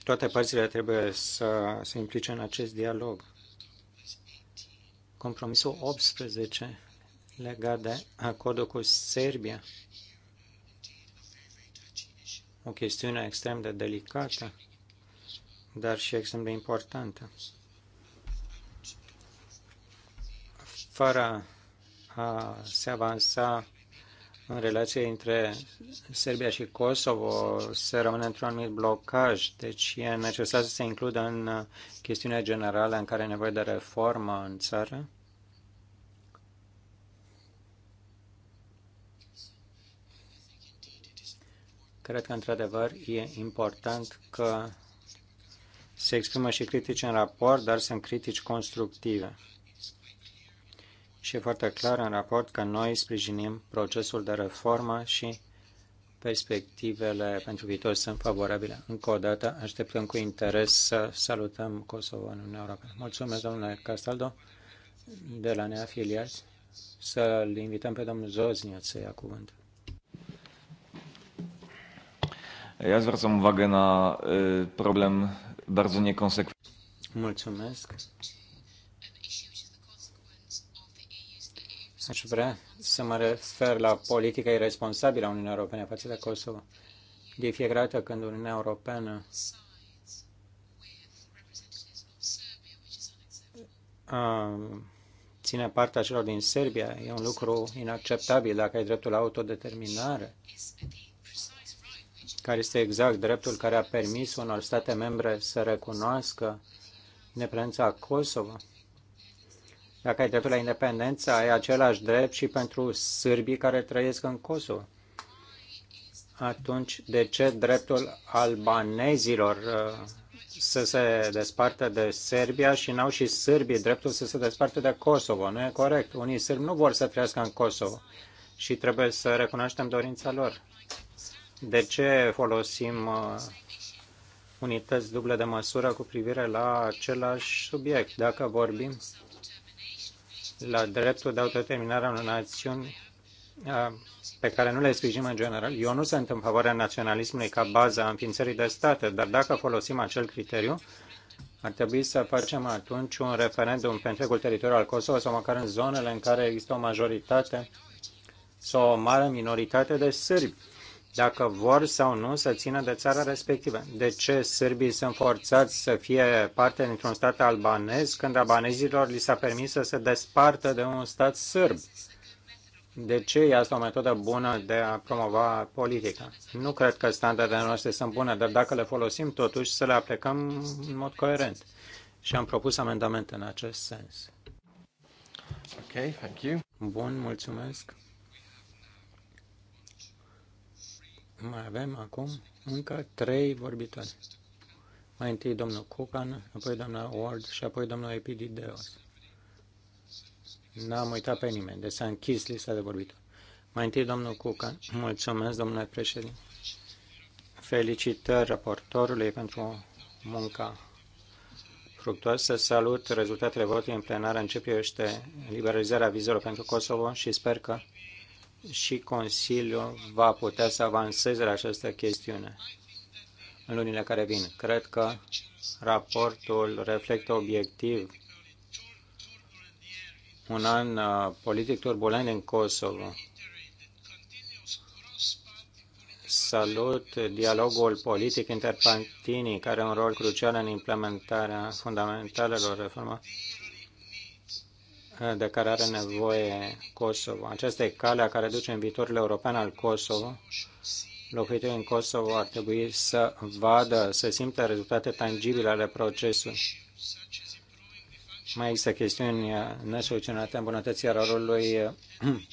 Toate părțile trebuie să se implice în acest dialog. Compromisul 18 legat de acordul cu Serbia. O chestiune extrem de delicată, dar și extrem de importantă. Fără a se avansa în relația între Serbia și Kosovo se rămâne într-un anumit blocaj, deci e necesar să se includă în uh, chestiunea generală în care e nevoie de reformă în țară? Cred că, într-adevăr, e important că se exprimă și critici în raport, dar sunt critici constructive și e foarte clar în raport că noi sprijinim procesul de reformă și perspectivele pentru viitor sunt favorabile. Încă o dată așteptăm cu interes să salutăm Kosovo în Uniunea Europeană. Mulțumesc, domnule Castaldo, de la neafiliați. Să-l invităm pe domnul Zozniac să ia cuvânt. Ja zwracam uwagę na problem bardzo neconsecvent. Mulțumesc. Aș vrea să mă refer la politica irresponsabilă a Uniunii Europene față de Kosovo. De fiecare dată când Uniunea Europeană ține partea celor din Serbia, e un lucru inacceptabil dacă ai dreptul la autodeterminare, care este exact dreptul care a permis unor state membre să recunoască independența Kosovo dacă ai dreptul la independență, ai același drept și pentru sârbii care trăiesc în Kosovo. Atunci, de ce dreptul albanezilor uh, să se despartă de Serbia și n-au și sârbii dreptul să se despartă de Kosovo? Nu e corect. Unii sârbi nu vor să trăiască în Kosovo și trebuie să recunoaștem dorința lor. De ce folosim uh, unități duble de măsură cu privire la același subiect? Dacă vorbim la dreptul de autodeterminare a unor națiuni pe care nu le sprijinim în general. Eu nu sunt în favoarea naționalismului ca bază a înființării de state, dar dacă folosim acel criteriu, ar trebui să facem atunci un referendum pe întregul teritoriu al Kosovo sau măcar în zonele în care există o majoritate sau o mare minoritate de sârbi dacă vor sau nu să țină de țara respectivă. De ce sârbii sunt forțați să fie parte dintr-un stat albanez când albanezilor li s-a permis să se despartă de un stat sârb? De ce e asta o metodă bună de a promova politica? Nu cred că standardele noastre sunt bune, dar dacă le folosim totuși să le aplicăm în mod coerent. Și am propus amendamente în acest sens. Okay, thank you. Bun, mulțumesc. Mai avem acum încă trei vorbitori. Mai întâi domnul Cucan, apoi domnul Ward și apoi domnul Epidideos. N-am uitat pe nimeni, deci s-a închis lista de vorbitori. Mai întâi domnul Cucan. Mulțumesc, domnule președinte. Felicitări raportorului pentru munca fructuoasă. Salut rezultatele votului în plenară Începe este liberalizarea vizelor pentru Kosovo și sper că și Consiliul va putea să avanseze la această chestiune în lunile care vin. Cred că raportul reflectă obiectiv un an uh, politic turbulent în Kosovo. Salut dialogul politic interpartinii, care are un rol crucial în implementarea fundamentalelor reformă de care are nevoie Kosovo. Aceasta e calea care duce în viitorul european al Kosovo. Locuitorii în Kosovo ar trebui să vadă, să simtă rezultate tangibile ale procesului. Mai există chestiuni nesoluționate îmbunătățirea rolului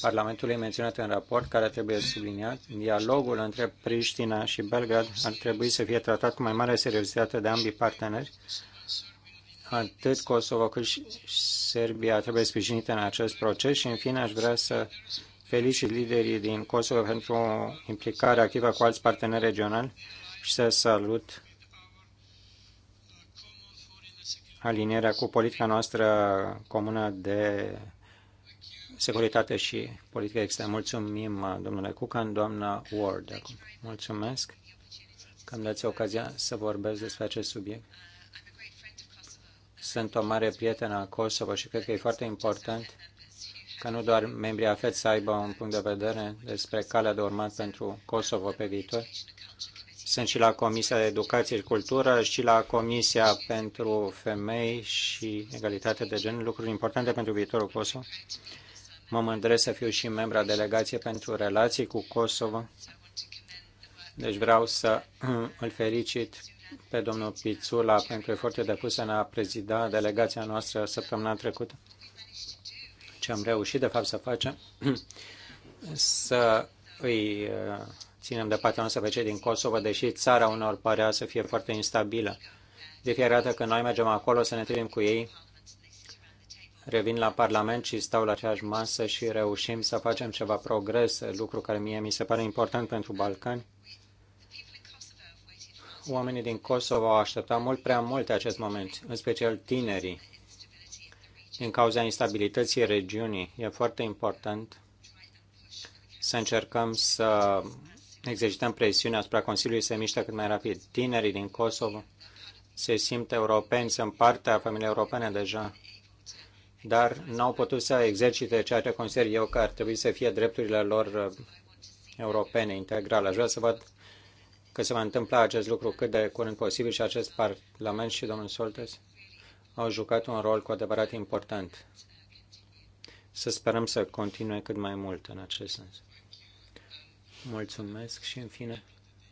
Parlamentului menționat în raport, care trebuie subliniat. Dialogul între Priștina și Belgrad ar trebui să fie tratat cu mai mare seriozitate de ambii parteneri atât Kosovo cât și Serbia trebuie sprijinite în acest proces și, în fine, aș vrea să felicit liderii din Kosovo pentru implicarea activă cu alți parteneri regionali și să salut alinierea cu politica noastră comună de securitate și politică externă. Mulțumim, domnule Cucan, doamna Ward. Mulțumesc că îmi dați ocazia să vorbesc despre acest subiect. Sunt o mare prietenă a Kosovo și cred că e foarte important că nu doar membrii AFET să aibă un punct de vedere despre calea de urmat pentru Kosovo pe viitor. Sunt și la Comisia de Educație și Cultură și la Comisia pentru Femei și Egalitate de Gen, lucruri importante pentru viitorul Kosovo. Mă mândresc să fiu și membra delegației pentru relații cu Kosovo. Deci vreau să îl felicit pe domnul Pițula pentru efortul depus în a prezida delegația noastră săptămâna trecută. Ce am reușit, de fapt, să facem, să îi uh, ținem de partea noastră pe cei din Kosovo, deși țara unor părea să fie foarte instabilă. De fiecare dată când noi mergem acolo să ne întâlnim cu ei, revin la Parlament și stau la aceeași masă și reușim să facem ceva progres, lucru care mie mi se pare important pentru Balcani oamenii din Kosovo au așteptat mult prea mult acest moment, în special tinerii, din cauza instabilității regiunii. E foarte important să încercăm să exercităm presiunea asupra Consiliului să miște cât mai rapid. Tinerii din Kosovo se simt europeni, sunt partea familiei europene deja, dar n-au putut să exercite ceea ce consider eu că ar trebui să fie drepturile lor uh, europene integrale. Aș vrea să văd că se va întâmpla acest lucru cât de curând posibil și acest Parlament și domnul Soltes au jucat un rol cu adevărat important. Să sperăm să continue cât mai mult în acest sens. Mulțumesc și, în fine,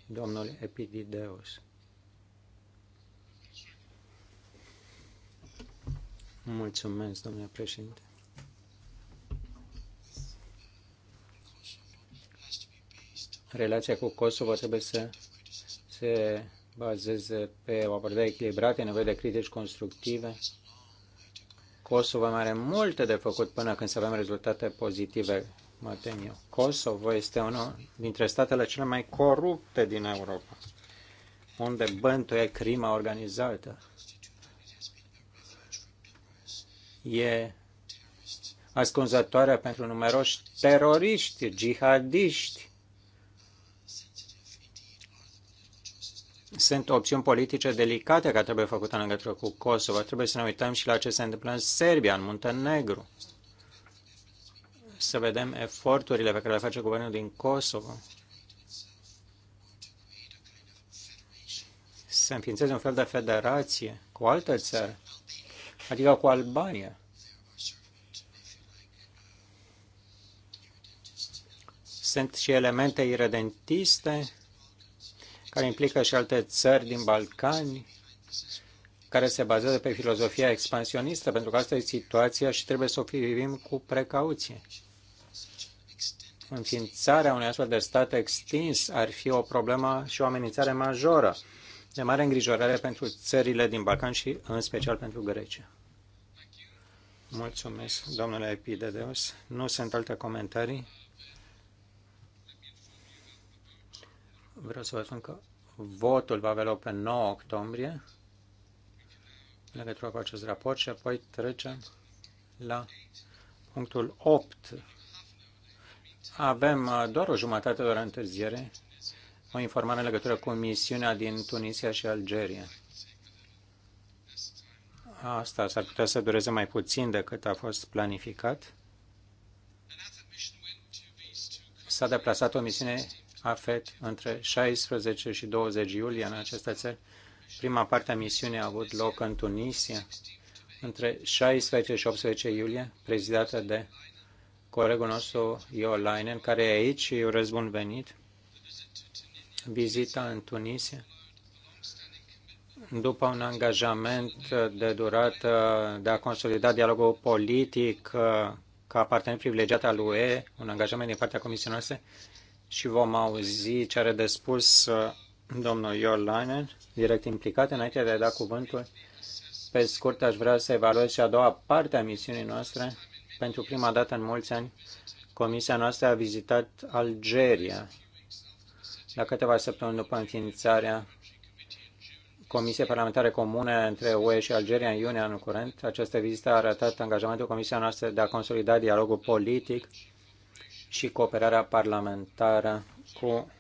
domnul Epidideus. Mulțumesc, domnule președinte. Relația cu Kosovo trebuie să se bazeze pe o abordare echilibrată, nevoie de critici constructive. Kosovo mai are multe de făcut până când să avem rezultate pozitive, mă tem eu. Kosovo este unul dintre statele cele mai corupte din Europa, unde bântuie crima organizată. E ascunzătoare pentru numeroși teroriști, jihadiști, sunt opțiuni politice delicate care trebuie făcute în legătură cu Kosovo. Trebuie să ne uităm și la ce se întâmplă în Serbia, în Muntenegru. Să vedem eforturile pe care le face guvernul din Kosovo. Să înființeze un fel de federație cu altă țară, adică cu Albania. Sunt și elemente irredentiste care implică și alte țări din Balcani, care se bazează pe filozofia expansionistă, pentru că asta e situația și trebuie să o privim cu precauție. Înființarea unui astfel de stat extins ar fi o problemă și o amenințare majoră, de mare îngrijorare pentru țările din Balcan și în special pentru Grecia. Mulțumesc, domnule Epidedeus. Nu sunt alte comentarii. Vreau să vă spun că votul va avea loc pe 9 octombrie în legătură cu acest raport și apoi trecem la punctul 8. Avem uh, doar o jumătate de oră întârziere, o informare în legătură cu misiunea din Tunisia și Algeria. Asta s-ar putea să dureze mai puțin decât a fost planificat. S-a deplasat o misiune AFET între 16 și 20 iulie în aceste țări. Prima parte a misiunii a avut loc în Tunisia între 16 și 18 iulie, prezidată de colegul nostru Iolainen, care e aici, eu răzbun venit. Vizita în Tunisia după un angajament de durată de a consolida dialogul politic ca partener privilegiat al UE, un angajament din partea Comisiei noastre, și vom auzi ce are de spus uh, domnul Iorlanen, direct implicat. Înainte de a da cuvântul, pe scurt aș vrea să evaluez și a doua parte a misiunii noastre. Pentru prima dată în mulți ani, comisia noastră a vizitat Algeria. La câteva săptămâni după înființarea Comisiei Parlamentare Comune între UE și Algeria în iunie anul curent. Această vizită a arătat angajamentul Comisiei noastre de a consolida dialogul politic și cooperarea parlamentară cu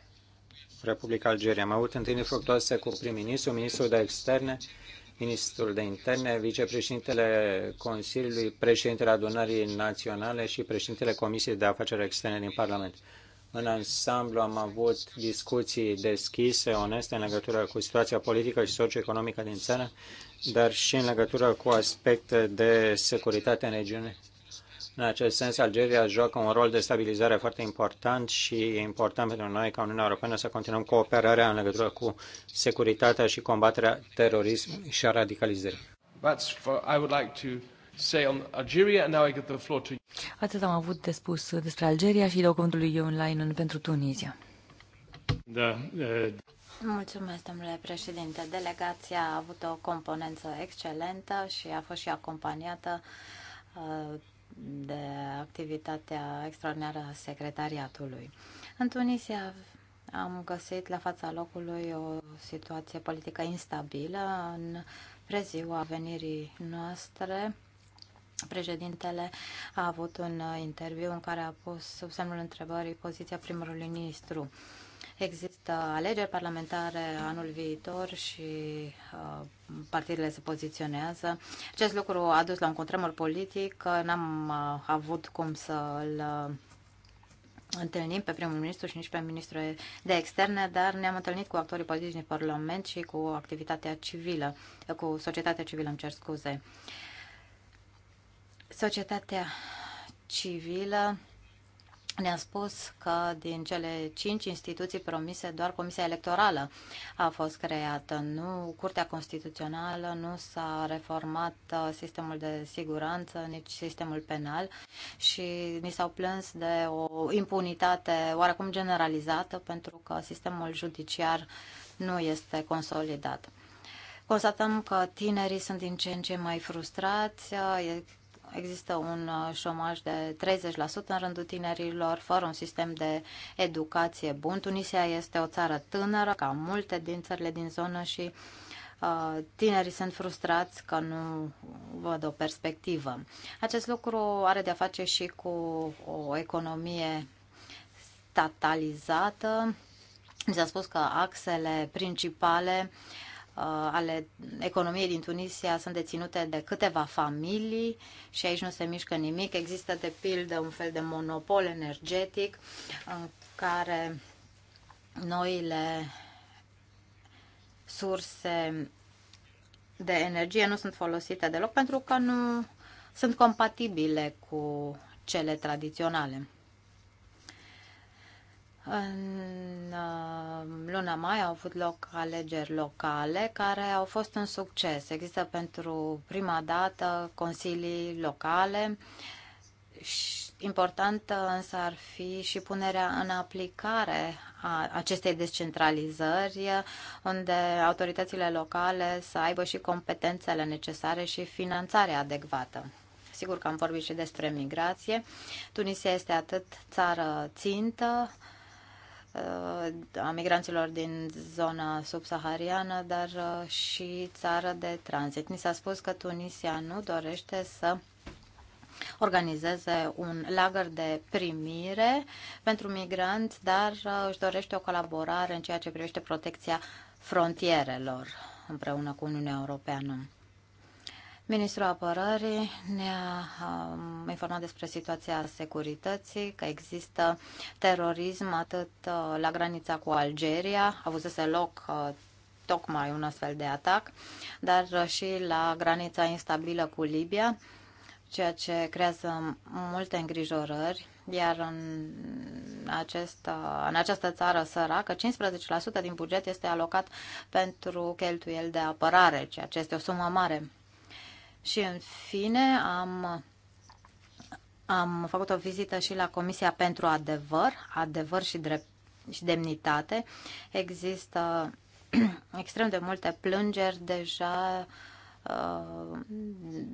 Republica Algeria. Am avut întâlniri fructoase cu prim-ministru, ministrul de externe, ministrul de interne, vicepreședintele Consiliului, președintele Adunării Naționale și președintele Comisiei de Afaceri Externe din Parlament. În ansamblu am avut discuții deschise, oneste, în legătură cu situația politică și socioeconomică din țară, dar și în legătură cu aspecte de securitate în regiune în acest sens, Algeria joacă un rol de stabilizare foarte important și e important pentru noi ca Uniunea Europeană să continuăm cooperarea în legătură cu securitatea și combaterea terorismului și a radicalizării. Atât am avut de spus despre Algeria și dau cuvântul lui Ion Leinen pentru Tunisia. Da, Uh... Mulțumesc, domnule președinte. Delegația a avut o componență excelentă și a fost și acompaniată uh, de activitatea extraordinară a secretariatului. În Tunisia am găsit la fața locului o situație politică instabilă. În preziua venirii noastre, președintele a avut un interviu în care a pus sub semnul întrebării poziția primului ministru. Există alegeri parlamentare anul viitor și uh, partidele se poziționează. Acest lucru a dus la un cutremur politic, n-am uh, avut cum să-l uh, întâlnim pe primul ministru și nici pe ministrul de externe, dar ne-am întâlnit cu actorii politici din Parlament și cu activitatea civilă, cu societatea civilă, îmi cer scuze. Societatea civilă ne-a spus că din cele cinci instituții promise, doar Comisia Electorală a fost creată. Nu Curtea Constituțională, nu s-a reformat uh, sistemul de siguranță, nici sistemul penal și ni s-au plâns de o impunitate oarecum generalizată pentru că sistemul judiciar nu este consolidat. Constatăm că tinerii sunt din ce în ce mai frustrați, uh, există un uh, șomaj de 30% în rândul tinerilor, fără un sistem de educație bun. Tunisia este o țară tânără, ca multe din țările din zonă și uh, tinerii sunt frustrați că nu văd o perspectivă. Acest lucru are de-a face și cu o economie statalizată. Mi s-a spus că axele principale uh, Uh, ale economiei din Tunisia sunt deținute de câteva familii și aici nu se mișcă nimic. Există, de pildă, un fel de monopol energetic în care noile surse de energie nu sunt folosite deloc pentru că nu sunt compatibile cu cele tradiționale. În uh, luna mai au avut loc alegeri locale care au fost un succes. Există pentru prima dată consilii locale. Importantă însă ar fi și punerea în aplicare a acestei descentralizări, unde autoritățile locale să aibă și competențele necesare și finanțarea adecvată. Sigur că am vorbit și despre migrație. Tunisia este atât țară țintă, Uh, a migranților din zona subsahariană, dar uh, și țară de tranzit. Ni s-a spus că Tunisia nu dorește să organizeze un lagăr de primire pentru migranți, dar uh, își dorește o colaborare în ceea ce privește protecția frontierelor împreună cu Uniunea Europeană. Ministrul Apărării ne-a um, informat despre situația securității, că există terorism atât uh, la granița cu Algeria, a să loc uh, tocmai un astfel de atac, dar uh, și la granița instabilă cu Libia, ceea ce creează multe îngrijorări, iar în, acest, în această țară săracă, 15% din buget este alocat pentru cheltuieli de apărare, ceea ce este o sumă mare. Și în fine am, am făcut o vizită și la Comisia pentru Adevăr, Adevăr și, drept, și Demnitate. Există extrem de multe plângeri deja uh,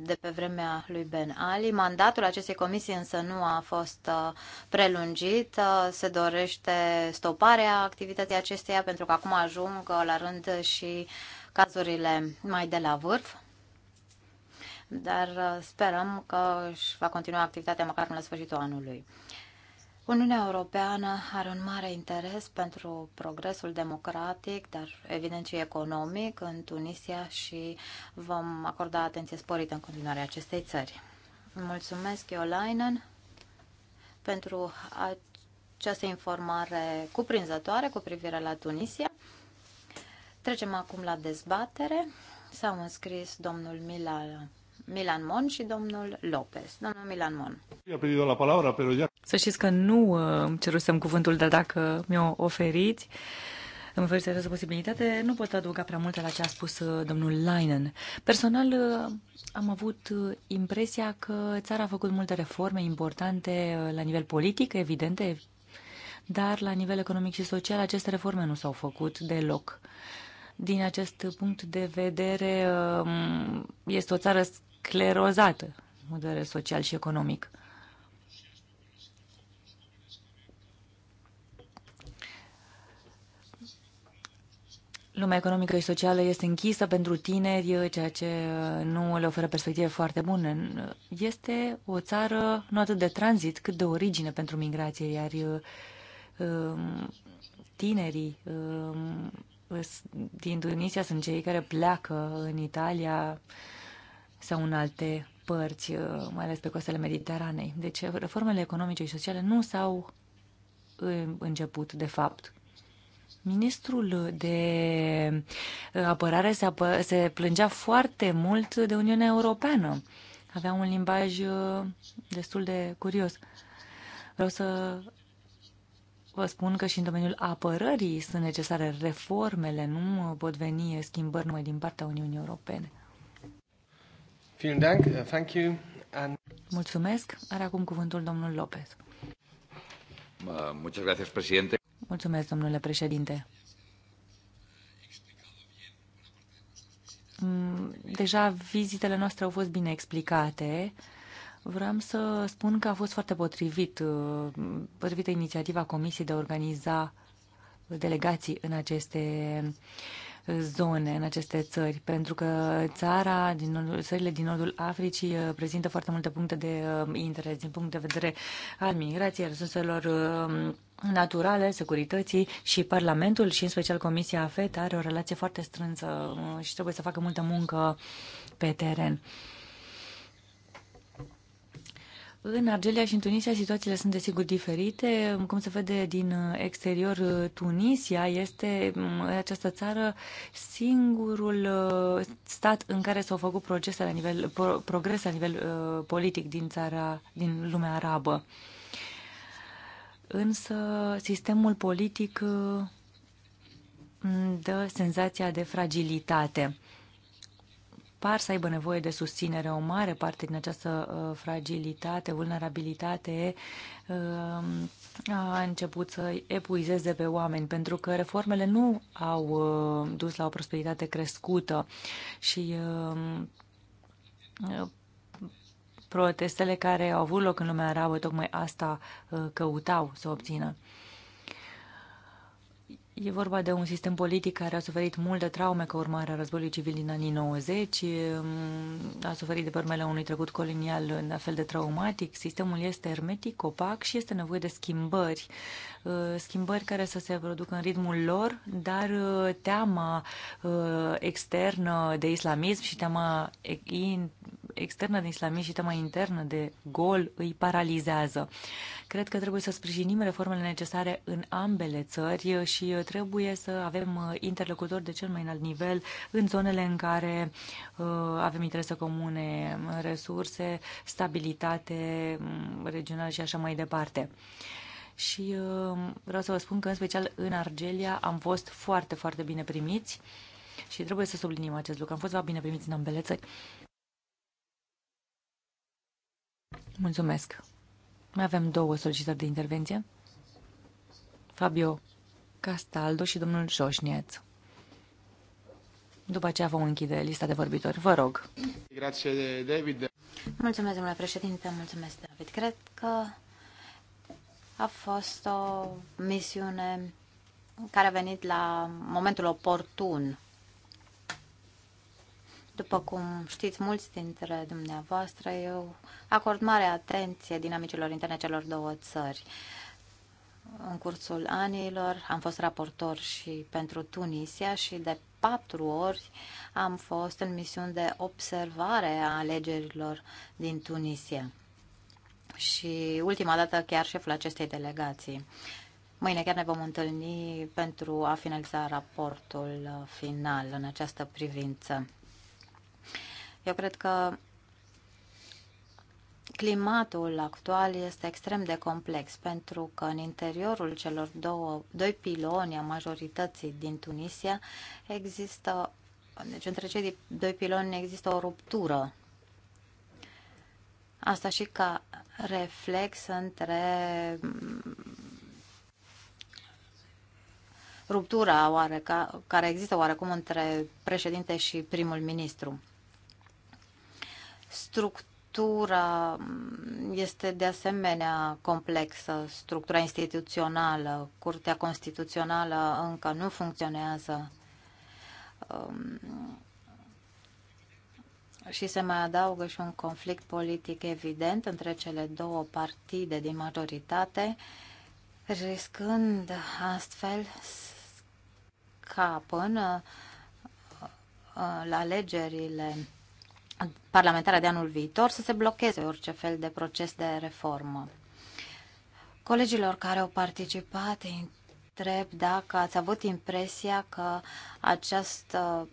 de pe vremea lui Ben Ali. Mandatul acestei comisii însă nu a fost uh, prelungit. Uh, se dorește stoparea activității acesteia pentru că acum ajung la rând și cazurile mai de la vârf dar uh, sperăm că își va continua activitatea măcar până la sfârșitul anului. Uniunea Europeană are un mare interes pentru progresul democratic, dar evident și economic în Tunisia și vom acorda atenție sporită în continuare acestei țări. Mulțumesc, Iolainen, pentru această informare cuprinzătoare cu privire la Tunisia. Trecem acum la dezbatere. S-au înscris domnul Mila Milan Mon și domnul Lopez. Domnul Milan Mon. la Să știți că nu uh, îmi cerusem cuvântul, dar dacă mi-o oferiți, îmi oferiți această posibilitate, nu pot adăuga prea multe la ce a spus uh, domnul Leinen. Personal, uh, am avut impresia că țara a făcut multe reforme importante la nivel politic, evidente, dar la nivel economic și social aceste reforme nu s-au făcut deloc din acest punct de vedere este o țară sclerozată, în modere social și economic. Lumea economică și socială este închisă pentru tineri, ceea ce nu le oferă perspective foarte bune. Este o țară nu atât de tranzit cât de origine pentru migrație, iar um, tinerii um, din Tunisia sunt cei care pleacă în Italia, sau în alte părți, uh, mai ales pe coastele Mediteranei. Deci reformele economice și sociale nu s-au uh, început, de fapt. Ministrul de uh, apărare se, apă, se plângea foarte mult de Uniunea Europeană. Avea un limbaj destul de curios. Vreau să vă spun că și în domeniul apărării sunt necesare reformele, nu pot veni schimbări numai din partea Uniunii Europene. Uh, Mulțumesc. Are acum cuvântul domnul Lopez. Uh, Mulțumesc, domnule președinte. Mm, deja vizitele noastre au fost bine explicate. Vreau să spun că a fost foarte potrivit, uh, potrivită inițiativa Comisiei de a organiza delegații în aceste zone în aceste țări, pentru că țara, din nordul, țările din nordul Africii uh, prezintă foarte multe puncte de uh, interes din punct de vedere al migrației, resurselor um, naturale, securității și Parlamentul și în special Comisia AFET are o relație foarte strânsă uh, și trebuie să facă multă muncă pe teren. În Argelia și în Tunisia situațiile sunt desigur diferite. Cum se vede din uh, exterior, uh, Tunisia este mm, această țară singurul uh, stat în care s-au făcut progrese la nivel, progres progrese la nivel uh, politic din țara, din lumea arabă. Însă sistemul politic dă senzația de fragilitate par să aibă nevoie de susținere. O mare parte din această uh, fragilitate, vulnerabilitate um, a început să epuizeze pe oameni, pentru că reformele nu au uh, dus la o prosperitate crescută și um, uh, protestele care au avut loc în lumea arabă tocmai asta căutau să obțină. E vorba de un sistem politic care a suferit multe traume ca urmare a războiului civil din anii 90, mm, a suferit de pe unui trecut colonial în fel de traumatic. Sistemul este hermetic, opac și este nevoie de schimbări. Uh, schimbări care să se producă în ritmul lor, dar uh, teama uh, externă de islamism și teama externă de islamism și tema internă de gol îi paralizează. Cred că trebuie să sprijinim reformele necesare în ambele țări și trebuie să avem uh, interlocutori de cel mai înalt nivel în zonele în care uh, avem interese comune, resurse, stabilitate mm, regională și așa mai departe și uh, vreau să vă spun că în special în Argelia am fost foarte, foarte bine primiți și trebuie să subliniem acest lucru. Am fost bine primiți în ambele țări. Mulțumesc. Mai avem două solicitări de intervenție. Fabio Castaldo și domnul Joșnieț. După aceea vom închide lista de vorbitori. Vă rog. Grazie, David. Mulțumesc, domnule președinte. Mulțumesc, David. Cred că a fost o misiune care a venit la momentul oportun după cum știți mulți dintre dumneavoastră, eu acord mare atenție dinamicilor interne celor două țări. În cursul anilor am fost raportor și pentru Tunisia și de patru ori am fost în misiuni de observare a alegerilor din Tunisia. Și ultima dată chiar șeful acestei delegații. Mâine chiar ne vom întâlni pentru a finaliza raportul final în această privință. Eu cred că climatul actual este extrem de complex pentru că în interiorul celor două, doi piloni a majorității din Tunisia există, deci între cei doi piloni există o ruptură. Asta și ca reflex între ruptura oareca, care există oarecum între președinte și primul ministru. Structura mm, este de asemenea complexă, structura instituțională, Curtea Constituțională încă nu funcționează um, și se mai adaugă și un conflict politic evident între cele două partide din majoritate, riscând astfel ca până uh, la alegerile parlamentară de anul viitor să se blocheze orice fel de proces de reformă. Colegilor care au participat, îi întreb dacă ați avut impresia că această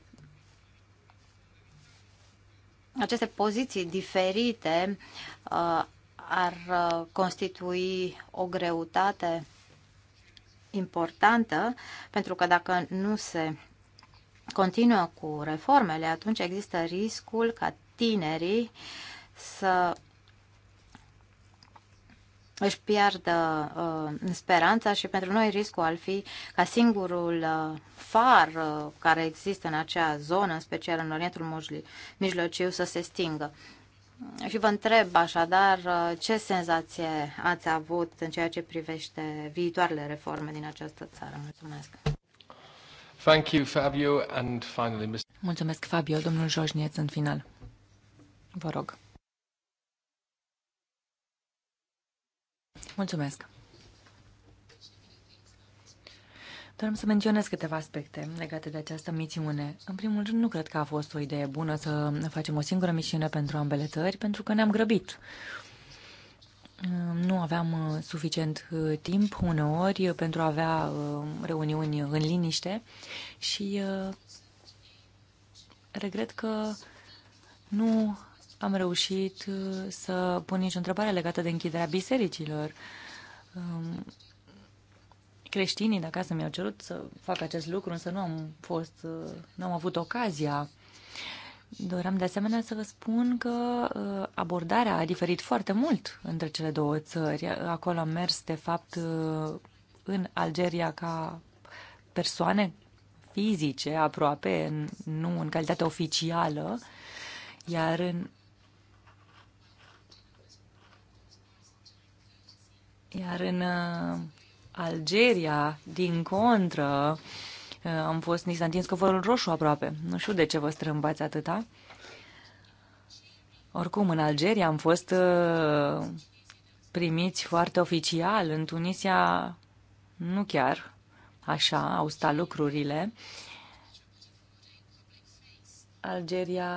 aceste poziții diferite uh, ar uh, constitui o greutate importantă, pentru că dacă nu se continuă cu reformele, atunci există riscul ca tinerii să își piardă uh, speranța și pentru noi riscul ar fi ca singurul uh, far uh, care există în acea zonă, în special în Orientul Mijlociu, să se stingă. Și vă întreb așadar uh, ce senzație ați avut în ceea ce privește viitoarele reforme din această țară. Mulțumesc! Thank you, Fabio, and finally, Mr. Mulțumesc, Fabio, domnul Jojnieț, în final. Vă rog. Mulțumesc. Doream să menționez câteva aspecte legate de această misiune. În primul rând, nu cred că a fost o idee bună să facem o singură misiune pentru ambele țări, pentru că ne-am grăbit. Uh, nu aveam uh, suficient uh, timp uneori pentru a avea uh, reuniuni în liniște și regret că nu am reușit să pun nicio întrebare legată de închiderea bisericilor. Um, creștinii de acasă mi-au cerut să fac acest lucru, însă nu am fost, nu am avut ocazia Doream de asemenea să vă spun că uh, abordarea a diferit foarte mult între cele două țări. Acolo am mers, de fapt, uh, în Algeria ca persoane fizice aproape, nu în calitate oficială, iar în iar în uh, Algeria, din contră, uh, am fost, ni s-a întins covorul roșu aproape. Nu știu de ce vă strâmbați atâta. Oricum, în Algeria am fost uh, primiți foarte oficial. În Tunisia nu chiar așa au stat lucrurile. Algeria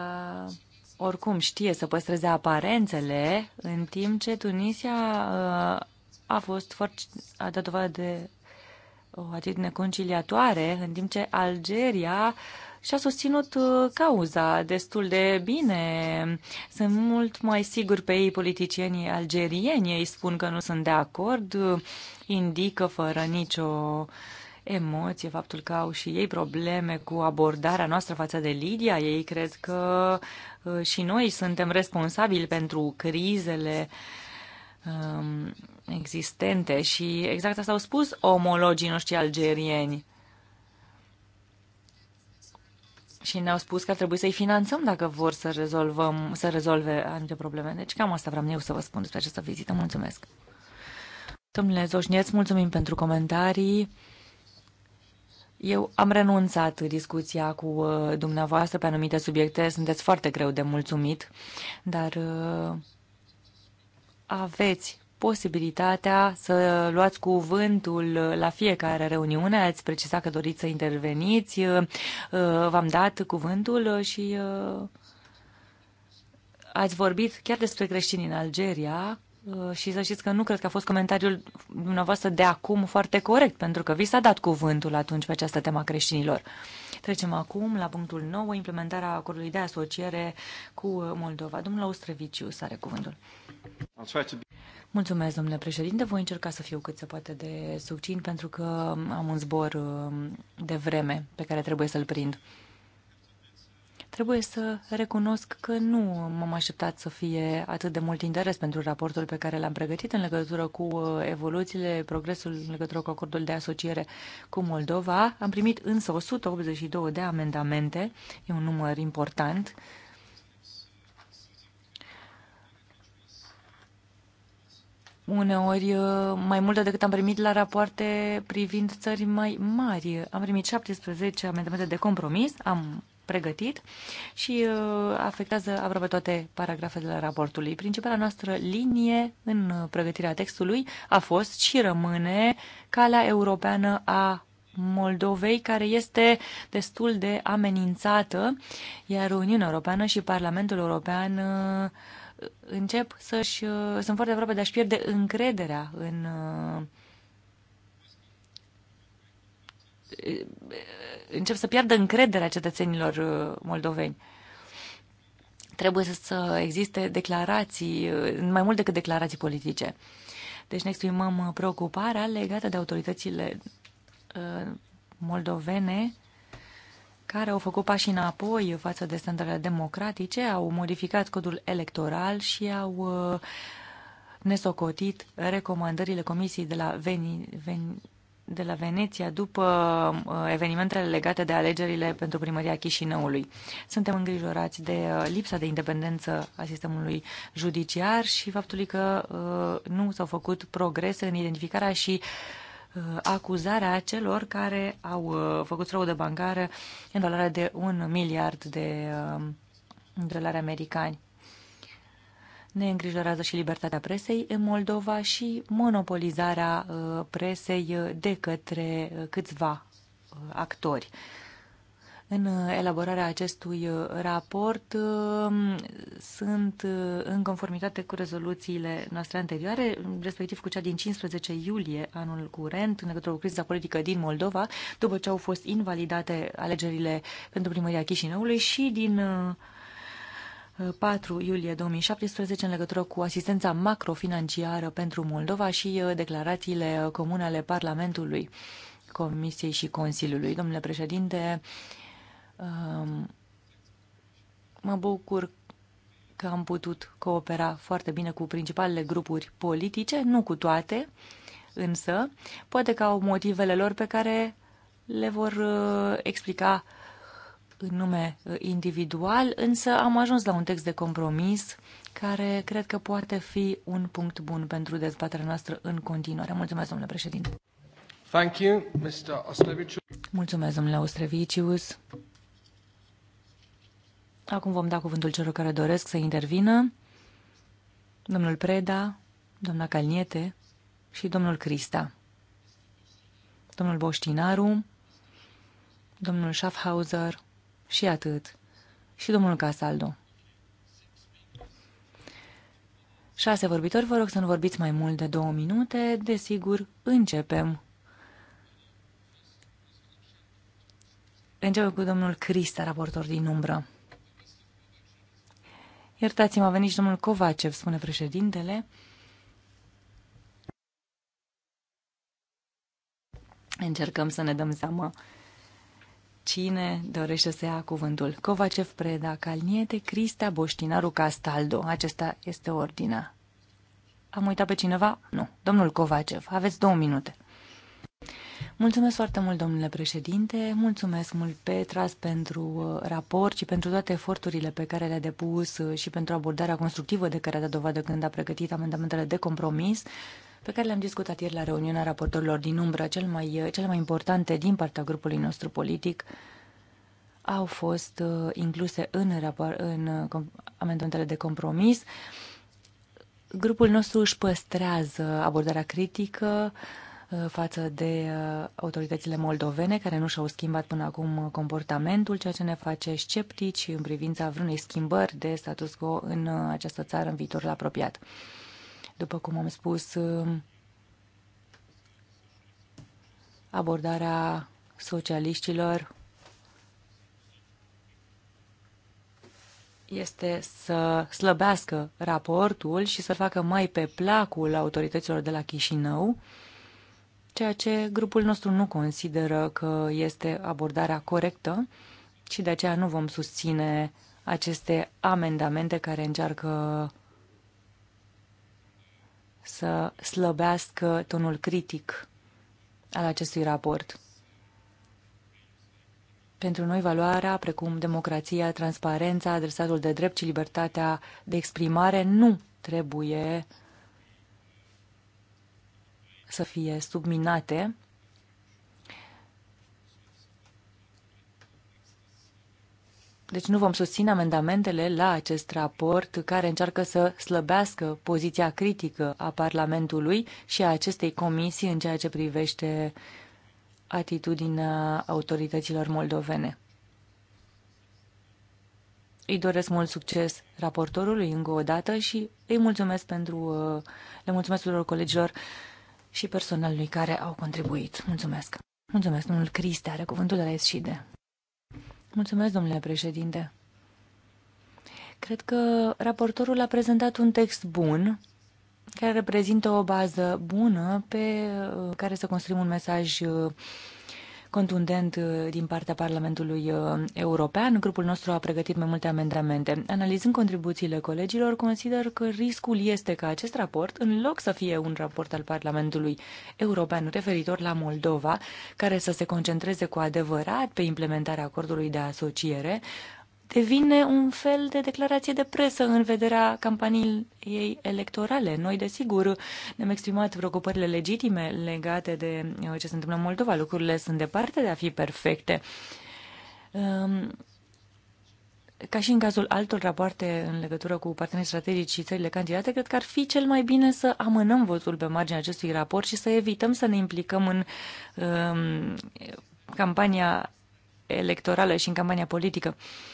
oricum știe să păstreze aparențele, în timp ce Tunisia uh, a fost foarte, a dat dovadă de o atitudine conciliatoare, în timp ce Algeria și-a susținut uh, cauza destul de bine. Sunt mult mai sigur pe ei politicienii algerieni. Ei spun că nu sunt de acord, indică fără nicio emoție faptul că au și ei probleme cu abordarea noastră față de Lidia. Ei cred că uh, și noi suntem responsabili pentru crizele um, existente și exact asta au spus omologii noștri algerieni. Și ne-au spus că ar trebui să-i finanțăm dacă vor să, rezolvăm, să rezolve anumite probleme. Deci cam asta vreau eu să vă spun despre această vizită. Mulțumesc! Domnule Zoșnieț, mulțumim pentru comentarii. Eu am renunțat discuția cu uh, dumneavoastră pe anumite subiecte. Sunteți foarte greu de mulțumit, dar uh, aveți posibilitatea să luați cuvântul la fiecare reuniune. Ați precizat că doriți să interveniți. Uh, V-am dat cuvântul și uh, ați vorbit chiar despre creștini în Algeria uh, și să știți că nu cred că a fost comentariul dumneavoastră de acum foarte corect, pentru că vi s-a dat cuvântul atunci pe această temă creștinilor. Trecem acum la punctul 9, implementarea acordului de asociere cu Moldova. Domnul să are cuvântul. Mulțumesc, domnule președinte. Voi încerca să fiu cât se poate de succint pentru că am un zbor um, de vreme pe care trebuie să-l prind. Trebuie să recunosc că nu m-am așteptat să fie atât de mult interes pentru raportul pe care l-am pregătit în legătură cu uh, evoluțiile, progresul în legătură cu acordul de asociere cu Moldova. Am primit însă 182 de amendamente, e un număr important, uneori uh, mai multă decât am primit la rapoarte privind țări mai mari. Am primit 17 amendamente de compromis, am pregătit și uh, afectează aproape toate paragrafele la raportului. Principala noastră linie în pregătirea textului a fost și rămâne calea europeană a Moldovei, care este destul de amenințată, iar Uniunea Europeană și Parlamentul European uh, încep să-și, uh, sunt foarte aproape de a-și pierde încrederea în uh, uh, încep să piardă încrederea cetățenilor moldoveni. Trebuie să existe declarații, mai mult decât declarații politice. Deci ne exprimăm preocuparea legată de autoritățile moldovene care au făcut pași înapoi față de standardele democratice, au modificat codul electoral și au uh, nesocotit recomandările Comisiei de la, Veni, Veni, de la Veneția după uh, evenimentele legate de alegerile pentru primăria Chișinăului. Suntem îngrijorați de uh, lipsa de independență a sistemului judiciar și faptului că nu s-au făcut progrese în identificarea și uh, Uh, acuzarea celor care au uh, făcut fraudă bancară în valoare de un miliard uh, de dolari americani. Ne îngrijorează și libertatea presei în Moldova și monopolizarea presei de către câțiva actori. În uh, elaborarea acestui uh, raport um, sunt uh, în conformitate cu rezoluțiile noastre anterioare, respectiv cu cea din 15 iulie anul curent, în legătură cu criza politică din Moldova, după ce au fost invalidate alegerile pentru primăria Chișinăului și din 4 iulie 2017 în legătură cu asistența macrofinanciară pentru Moldova și declarațiile comune ale Parlamentului, Comisiei și Consiliului. Domnule președinte, Mă bucur că am putut coopera foarte bine cu principalele grupuri politice, nu cu toate, însă poate că au motivele lor pe care le vor uh, explica în nume uh, individual, însă am ajuns la un text de compromis care cred că poate fi un punct bun pentru dezbaterea noastră în continuare. Mulțumesc, domnule președinte. Thank you, Mr. Mulțumesc, domnule Ostrevicius. Acum vom da cuvântul celor care doresc să intervină. Domnul Preda, doamna Calniete și domnul Crista. Domnul Boștinaru, domnul Schaffhauser și atât. Și domnul Casaldo. Șase vorbitori, vă rog să nu vorbiți mai mult de două minute. Desigur, începem. Începem cu domnul Crista, raportor din umbră. Iertați-mă, a venit și domnul Covacev, spune președintele. Încercăm să ne dăm seama cine dorește să ia cuvântul. Covacev Preda, Calniete, Crista, Boștinaru, Castaldo. Acesta este ordinea. Am uitat pe cineva? Nu. Domnul Covacev, aveți două minute. Mulțumesc foarte mult, domnule președinte, mulțumesc mult, Petras, pentru uh, raport și pentru toate eforturile pe care le-a depus uh, și pentru abordarea constructivă de care a dat dovadă când a pregătit amendamentele de compromis pe care le-am discutat ieri la reuniunea raportorilor din umbră, cel mai, uh, cele mai importante din partea grupului nostru politic, au fost incluse în, rapor, în amendamentele de compromis. Grupul nostru își păstrează abordarea critică, uh, Uh, față de uh, autoritățile moldovene, care nu și-au schimbat până acum uh, comportamentul, ceea ce ne face sceptici în privința vreunei schimbări de status quo în această țară în viitorul apropiat. După cum am spus, abordarea socialiștilor este să slăbească raportul și să facă mai pe placul autorităților de la Chișinău, ceea ce grupul nostru nu consideră că este abordarea corectă și de aceea nu vom susține aceste amendamente care încearcă să slăbească tonul critic al acestui raport. Pentru noi, valoarea, precum democrația, transparența, adresatul de drept și libertatea de exprimare, nu trebuie să fie subminate. Deci nu vom susține amendamentele la acest raport care încearcă să slăbească poziția critică a Parlamentului și a acestei comisii în ceea ce privește atitudinea autorităților moldovene. Îi doresc mult succes raportorului încă o dată și îi mulțumesc pentru, uh, le mulțumesc tuturor colegilor și personalului care au contribuit. Mulțumesc! Mulțumesc, domnul Criste, are cuvântul de la de. Mulțumesc, domnule președinte. Cred că raportorul a prezentat un text bun, care reprezintă o bază bună pe uh, care să construim un mesaj uh, contundent uh, din partea Parlamentului uh, European. Grupul nostru a pregătit mai multe amendamente. Analizând contribuțiile colegilor, consider că riscul este ca acest raport, în loc să fie un raport al Parlamentului European referitor la Moldova, care să se concentreze cu adevărat pe implementarea acordului de asociere, devine un fel de declarație de presă în vederea campaniei ei electorale. Noi, desigur, ne-am exprimat preocupările legitime legate de uh, ce se întâmplă în Moldova. Lucrurile sunt departe de a fi perfecte. Um, ca și în cazul altor rapoarte în legătură cu partenerii strategici și țările candidate, cred că ar fi cel mai bine să amânăm votul pe marginea acestui raport și să evităm să ne implicăm în um, campania electorală și în campania politică. Uh,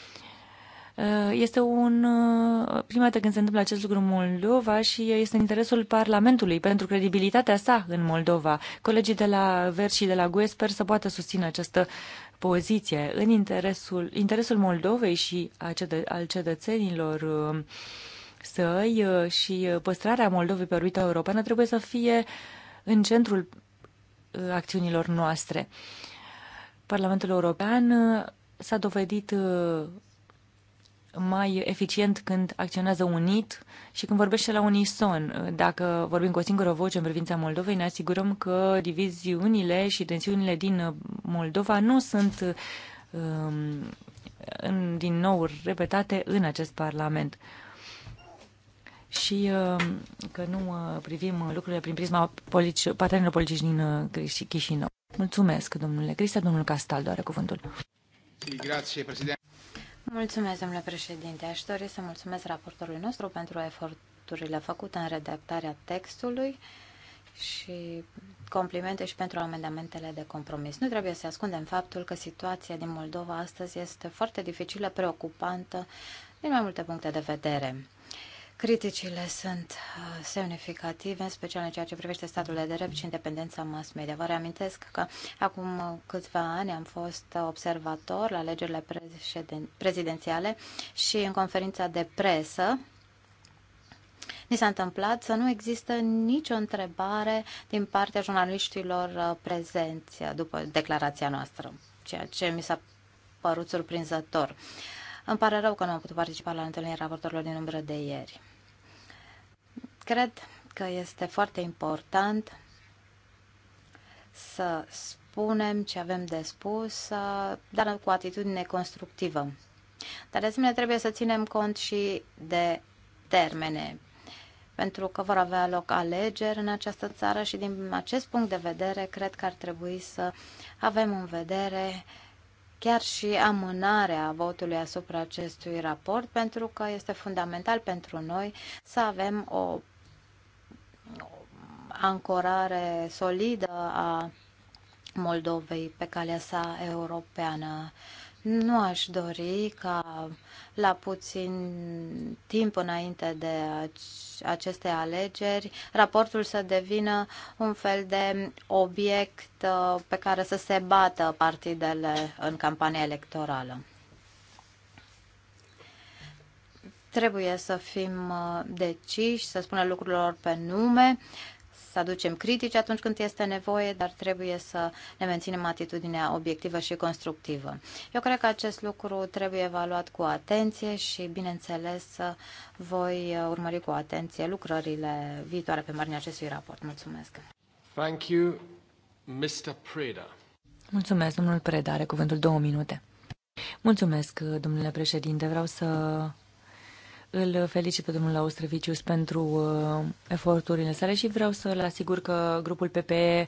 Uh, este un, uh, prima dată când se întâmplă acest lucru în Moldova și este în interesul Parlamentului pentru credibilitatea sa în Moldova. Colegii de la Ver și de la GUE sper să poată susține această poziție în interesul, interesul Moldovei și a cetă, al cetățenilor uh, săi și păstrarea Moldovei pe orbita europeană trebuie să fie în centrul acțiunilor noastre. Parlamentul European s-a dovedit mai eficient când acționează unit și când vorbește la unison. Dacă vorbim cu o singură voce în privința Moldovei, ne asigurăm că diviziunile și tensiunile din Moldova nu sunt um, în, din nou repetate în acest Parlament și um, că nu uh, privim lucrurile prin prisma politici, partenerilor politici din uh, Chișinău. Mulțumesc, domnule Crista. Domnul Castaldo are cuvântul. Grazie, președinte. Mulțumesc, domnule președinte. Aș dori să mulțumesc raportorului nostru pentru eforturile făcute în redactarea textului și complimente și pentru amendamentele de compromis. Nu trebuie să ascundem faptul că situația din Moldova astăzi este foarte dificilă, preocupantă din mai multe puncte de vedere. Criticile sunt uh, semnificative, în special în ceea ce privește statul de drept și independența mass media. Vă reamintesc că acum uh, câțiva ani am fost observator la alegerile prezidențiale și în conferința de presă ni s-a întâmplat să nu există nicio întrebare din partea jurnaliștilor uh, prezenți după declarația noastră, ceea ce mi s-a părut surprinzător. Îmi pare rău că nu am putut participa la întâlnirea raportorilor din umbră de ieri. Cred că este foarte important să spunem ce avem de spus, dar cu atitudine constructivă. Dar de asemenea trebuie să ținem cont și de termene, pentru că vor avea loc alegeri în această țară și din acest punct de vedere cred că ar trebui să avem în vedere chiar și amânarea votului asupra acestui raport, pentru că este fundamental pentru noi să avem o ancorare solidă a Moldovei pe calea sa europeană. Nu aș dori ca la puțin timp înainte de aceste alegeri, raportul să devină un fel de obiect uh, pe care să se bată partidele în campania electorală. Trebuie să fim uh, deciși, să spunem lucrurilor pe nume să aducem critici atunci când este nevoie, dar trebuie să ne menținem atitudinea obiectivă și constructivă. Eu cred că acest lucru trebuie evaluat cu atenție și, bineînțeles, voi urmări cu atenție lucrările viitoare pe marginea acestui raport. Mulțumesc! Thank you, Mr. Preda. Mulțumesc, domnul Preda. Are cuvântul două minute. Mulțumesc, domnule președinte. Vreau să îl felicit pe domnul Austrevicius pentru uh, eforturile sale și vreau să-l asigur că grupul PPE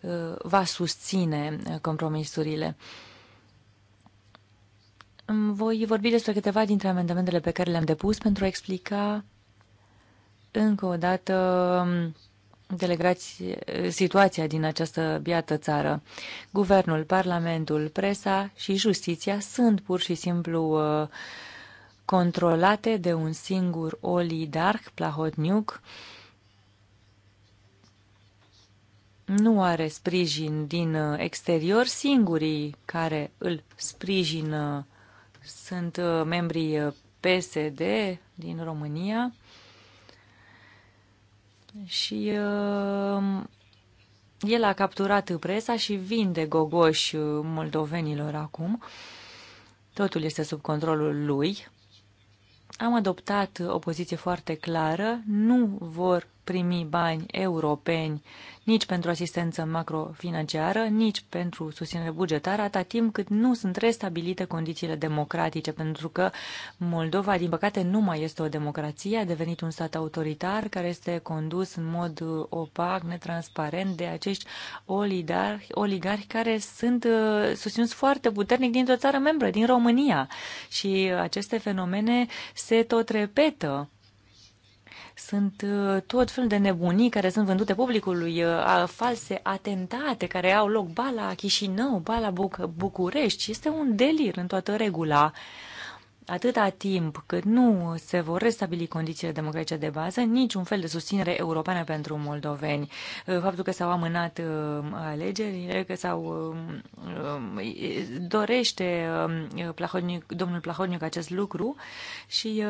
uh, va susține uh, compromisurile. Voi vorbi despre câteva dintre amendamentele pe care le-am depus pentru a explica încă o dată um, delegați situația din această biată țară. Guvernul, Parlamentul, presa și justiția sunt pur și simplu uh, controlate de un singur oligarh, Plahotniuc, nu are sprijin din uh, exterior. Singurii care îl sprijină sunt uh, membrii uh, PSD din România și uh, el a capturat presa și vinde gogoși moldovenilor acum. Totul este sub controlul lui. Am adoptat o poziție foarte clară, nu vor primi bani europeni nici pentru asistență macrofinanciară, nici pentru susținere bugetară, atâta timp cât nu sunt restabilite condițiile democratice, pentru că Moldova, din păcate, nu mai este o democrație, a devenit un stat autoritar care este condus în mod uh, opac, netransparent de acești oligarhi, oligarhi care sunt uh, susținuți foarte puternic dintr-o țară membră, din România. Și aceste fenomene se tot repetă sunt uh, tot fel de nebunii care sunt vândute publicului, uh, false atentate care au loc ba la Chișinău, ba la Buc- București. Este un delir în toată regula. Atâta timp cât nu se vor restabili condițiile democratice de bază, niciun fel de susținere europeană pentru moldoveni. Uh, faptul că s-au amânat alegerile, că s-au um, um, dorește um, domnul Plahodniuc acest lucru și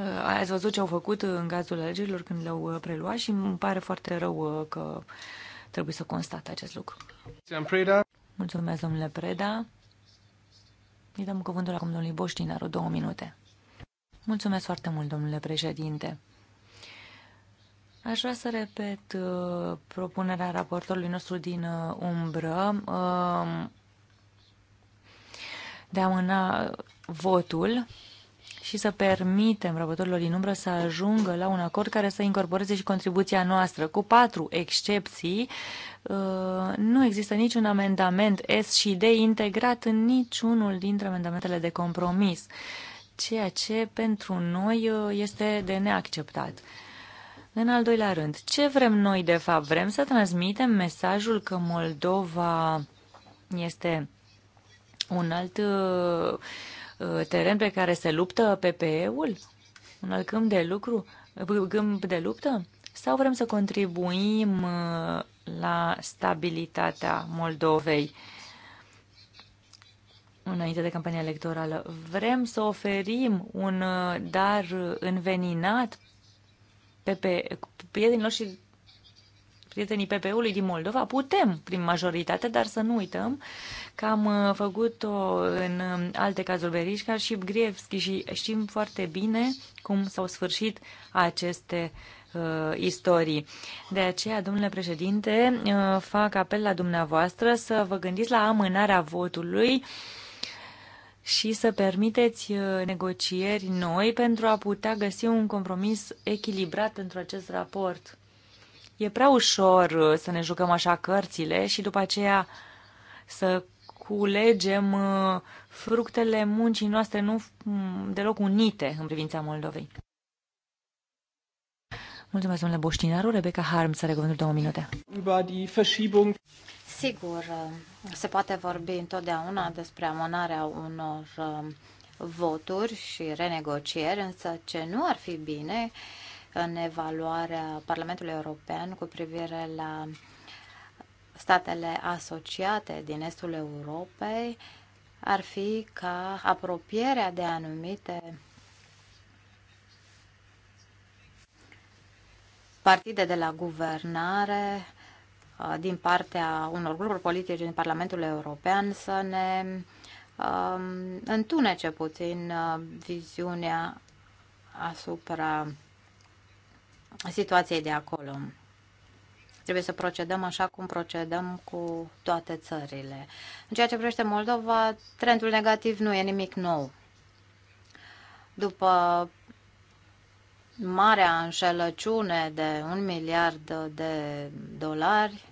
Uh, ați văzut ce au făcut în cazul alegerilor când le-au uh, preluat și îmi pare foarte rău uh, că trebuie să constat acest lucru. Preda. Mulțumesc, domnule Preda. Îi dăm cuvântul acum domnului Boștinaru, două minute. Mulțumesc foarte mult, domnule președinte. Aș vrea să repet uh, propunerea raportorului nostru din uh, umbră uh, de a amâna votul și să permitem raportorilor din umbră să ajungă la un acord care să incorporeze și contribuția noastră. Cu patru excepții, uh, nu există niciun amendament S și D integrat în niciunul dintre amendamentele de compromis, ceea ce pentru noi uh, este de neacceptat. În al doilea rând, ce vrem noi de fapt? Vrem să transmitem mesajul că Moldova este un alt uh, Uh, teren pe care se luptă PPE-ul? Un alt câmp de lucru? Uh, câmp de luptă? Sau vrem să contribuim uh, la stabilitatea Moldovei? înainte de campania electorală. Vrem să oferim un dar înveninat pe, pe prietenilor și prietenii ppe ului din Moldova. Putem, prin majoritate, dar să nu uităm că am uh, făcut-o în um, alte cazuri Verișca și Grievski și știm foarte bine cum s-au sfârșit aceste uh, istorii. De aceea, domnule președinte, uh, fac apel la dumneavoastră să vă gândiți la amânarea votului și să permiteți uh, negocieri noi pentru a putea găsi un compromis echilibrat pentru acest raport. E prea ușor uh, să ne jucăm așa cărțile și după aceea să culegem uh, fructele muncii noastre nu mm, deloc unite în privința Moldovei. Mulțumesc, domnule Boștinaru. Rebecca Harms are cuvântul două minute. Sigur, uh, se poate vorbi întotdeauna despre amânarea unor uh, voturi și renegocieri, însă ce nu ar fi bine în evaluarea Parlamentului European cu privire la statele asociate din estul Europei ar fi ca apropierea de anumite partide de la guvernare uh, din partea unor grupuri politice din Parlamentul European să ne um, întunece puțin uh, viziunea asupra situației de acolo. Trebuie să procedăm așa cum procedăm cu toate țările. În ceea ce privește Moldova, trendul negativ nu e nimic nou. După marea înșelăciune de un miliard de dolari,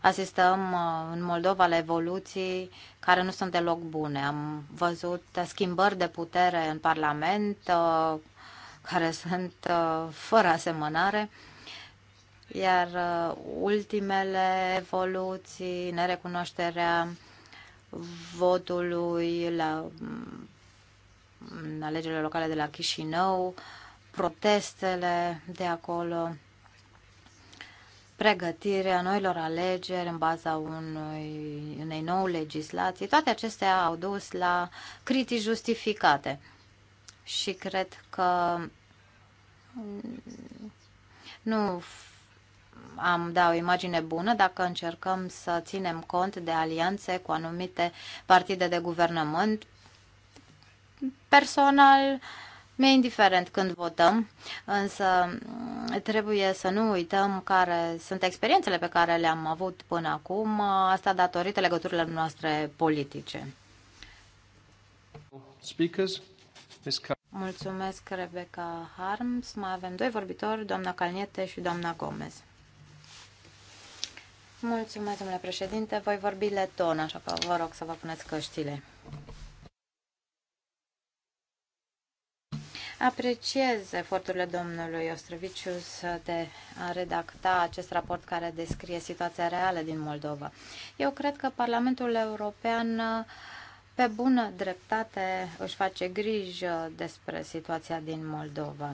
asistăm uh, în Moldova la evoluții care nu sunt deloc bune. Am văzut schimbări de putere în Parlament uh, care sunt uh, fără asemănare iar uh, ultimele evoluții, nerecunoașterea votului la în mm, alegerile locale de la Chișinău, protestele de acolo, pregătirea noilor alegeri în baza unui, unei nou legislații, toate acestea au dus la critici justificate. Și cred că mm, nu am da o imagine bună dacă încercăm să ținem cont de alianțe cu anumite partide de guvernământ. Personal, mi-e indiferent când votăm, însă trebuie să nu uităm care sunt experiențele pe care le-am avut până acum, asta datorită legăturilor noastre politice. Speakers, Ms. Mulțumesc, Rebecca Harms. Mai avem doi vorbitori, doamna Calniete și doamna Gomez. Mulțumesc, domnule președinte. Voi vorbi leton, așa că vă rog să vă puneți căștile. Apreciez eforturile domnului Ostrovicius de a redacta acest raport care descrie situația reală din Moldova. Eu cred că Parlamentul European pe bună dreptate își face grijă despre situația din Moldova.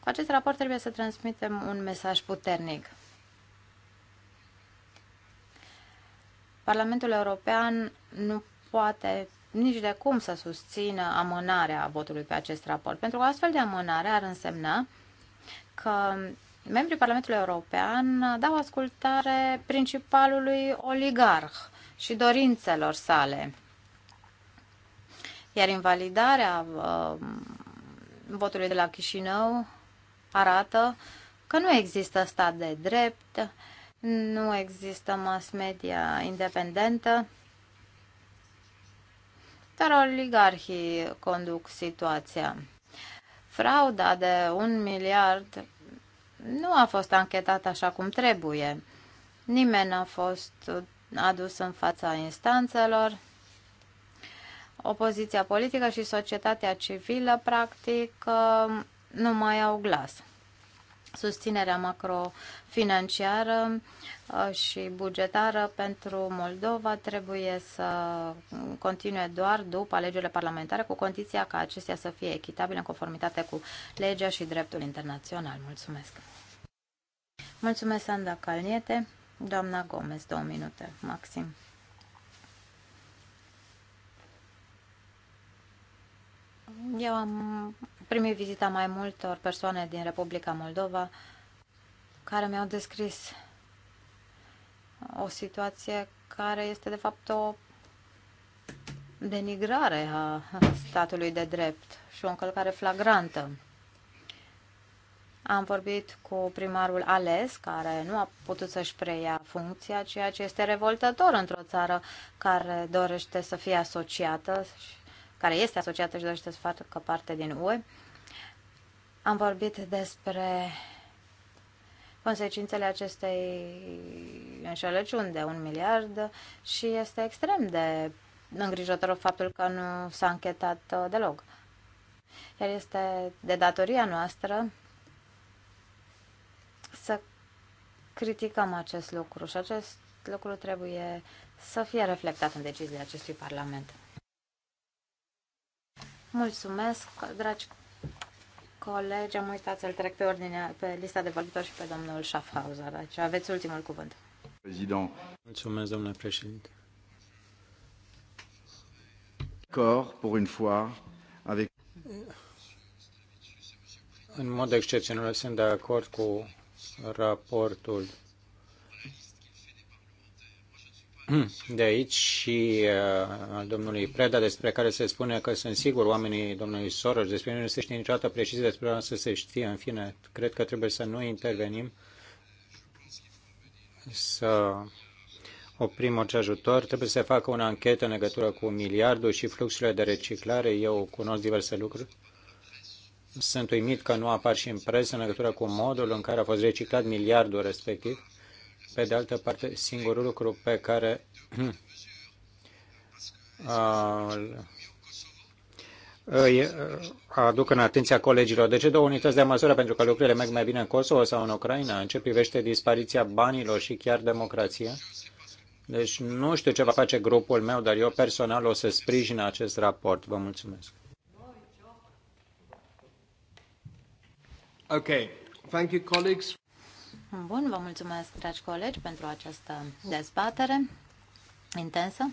Cu acest raport trebuie să transmitem un mesaj puternic. Parlamentul European nu poate nici de cum să susțină amânarea votului pe acest raport, pentru că astfel de amânare ar însemna că membrii Parlamentului European dau ascultare principalului oligarh și dorințelor sale. Iar invalidarea uh, votului de la Chișinău arată că nu există stat de drept, nu există mass media independentă, dar oligarhii conduc situația. Frauda de un miliard nu a fost anchetată așa cum trebuie. Nimeni n-a fost adus în fața instanțelor. Opoziția politică și societatea civilă, practic, nu mai au glas susținerea macrofinanciară uh, și bugetară pentru Moldova trebuie să continue doar după alegerile parlamentare, cu condiția ca acestea să fie echitabile în conformitate cu legea și dreptul internațional. Mulțumesc! Mulțumesc, Sanda Calniete. Doamna Gomez, două minute, maxim. Eu am primit vizita mai multor persoane din Republica Moldova care mi-au descris o situație care este de fapt o denigrare a statului de drept și o încălcare flagrantă. Am vorbit cu primarul ales, care nu a putut să-și preia funcția, ceea ce este revoltător într-o țară care dorește să fie asociată și care este asociată și dorește să facă parte din UE. Am vorbit despre consecințele acestei înșelăciuni de un miliard și este extrem de îngrijorător faptul că nu s-a închetat uh, deloc. Iar este de datoria noastră să criticăm acest lucru și acest lucru trebuie să fie reflectat în deciziile acestui Parlament. Mulțumesc, dragi colegi. Am uitat să-l trec pe, ordinea, pe lista de vorbitori și pe domnul Schaffhauser. Deci aveți ultimul cuvânt. Prezident. Mulțumesc, domnule președinte. Cor, pour une fois, avec... În mod excepțional sunt de acord cu raportul Mm. de aici și uh, al domnului Preda, despre care se spune că sunt sigur oamenii domnului Soros, despre noi nu se știe niciodată precis despre să se știe. În fine, cred că trebuie să nu intervenim, să oprim orice ajutor. Trebuie să facă o anchetă în legătură cu miliardul și fluxurile de reciclare. Eu cunosc diverse lucruri. Sunt uimit că nu apar și în presă în legătură cu modul în care a fost reciclat miliardul respectiv pe de altă parte, singurul lucru pe care îi aduc în atenția colegilor. De ce două unități de măsură? Pentru că lucrurile merg mai bine în Kosovo sau în Ucraina, în ce privește dispariția banilor și chiar democrația. Deci nu știu ce va face grupul meu, dar eu personal o să sprijin acest raport. Vă mulțumesc. Okay. Thank you, colleagues. Bun, vă mulțumesc, dragi colegi, pentru această dezbatere intensă.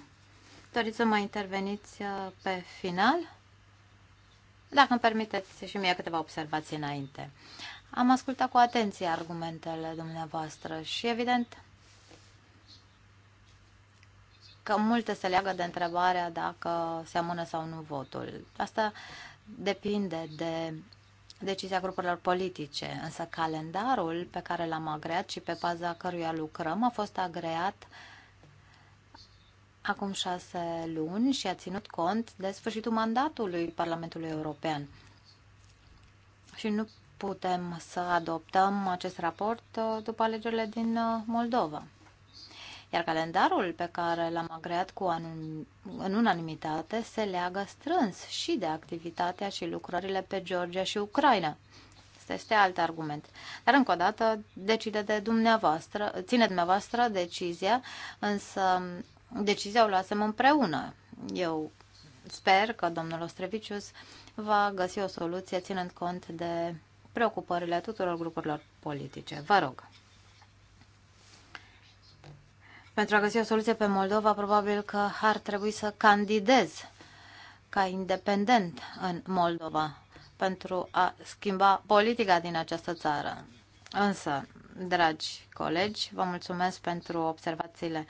Doriți să mai interveniți uh, pe final? Dacă îmi permiteți și mie câteva observații înainte. Am ascultat cu atenție argumentele dumneavoastră și, evident, că multe se leagă de întrebarea dacă se amână sau nu votul. Asta depinde de decizia grupurilor politice, însă calendarul pe care l-am agreat și pe baza căruia lucrăm a fost agreat acum șase luni și a ținut cont de sfârșitul mandatului Parlamentului European. Și nu putem să adoptăm acest raport uh, după alegerile din uh, Moldova. Iar calendarul pe care l-am agreat cu anun- în unanimitate se leagă strâns și de activitatea și lucrările pe Georgia și Ucraina. Asta este alt argument. Dar încă o dată decide de dumneavoastră, ține dumneavoastră decizia, însă decizia o luasem împreună. Eu sper că domnul Ostrevicius va găsi o soluție ținând cont de preocupările tuturor grupurilor politice. Vă rog pentru a găsi o soluție pe Moldova, probabil că ar trebui să candidez ca independent în Moldova pentru a schimba politica din această țară. Însă, dragi colegi, vă mulțumesc pentru observațiile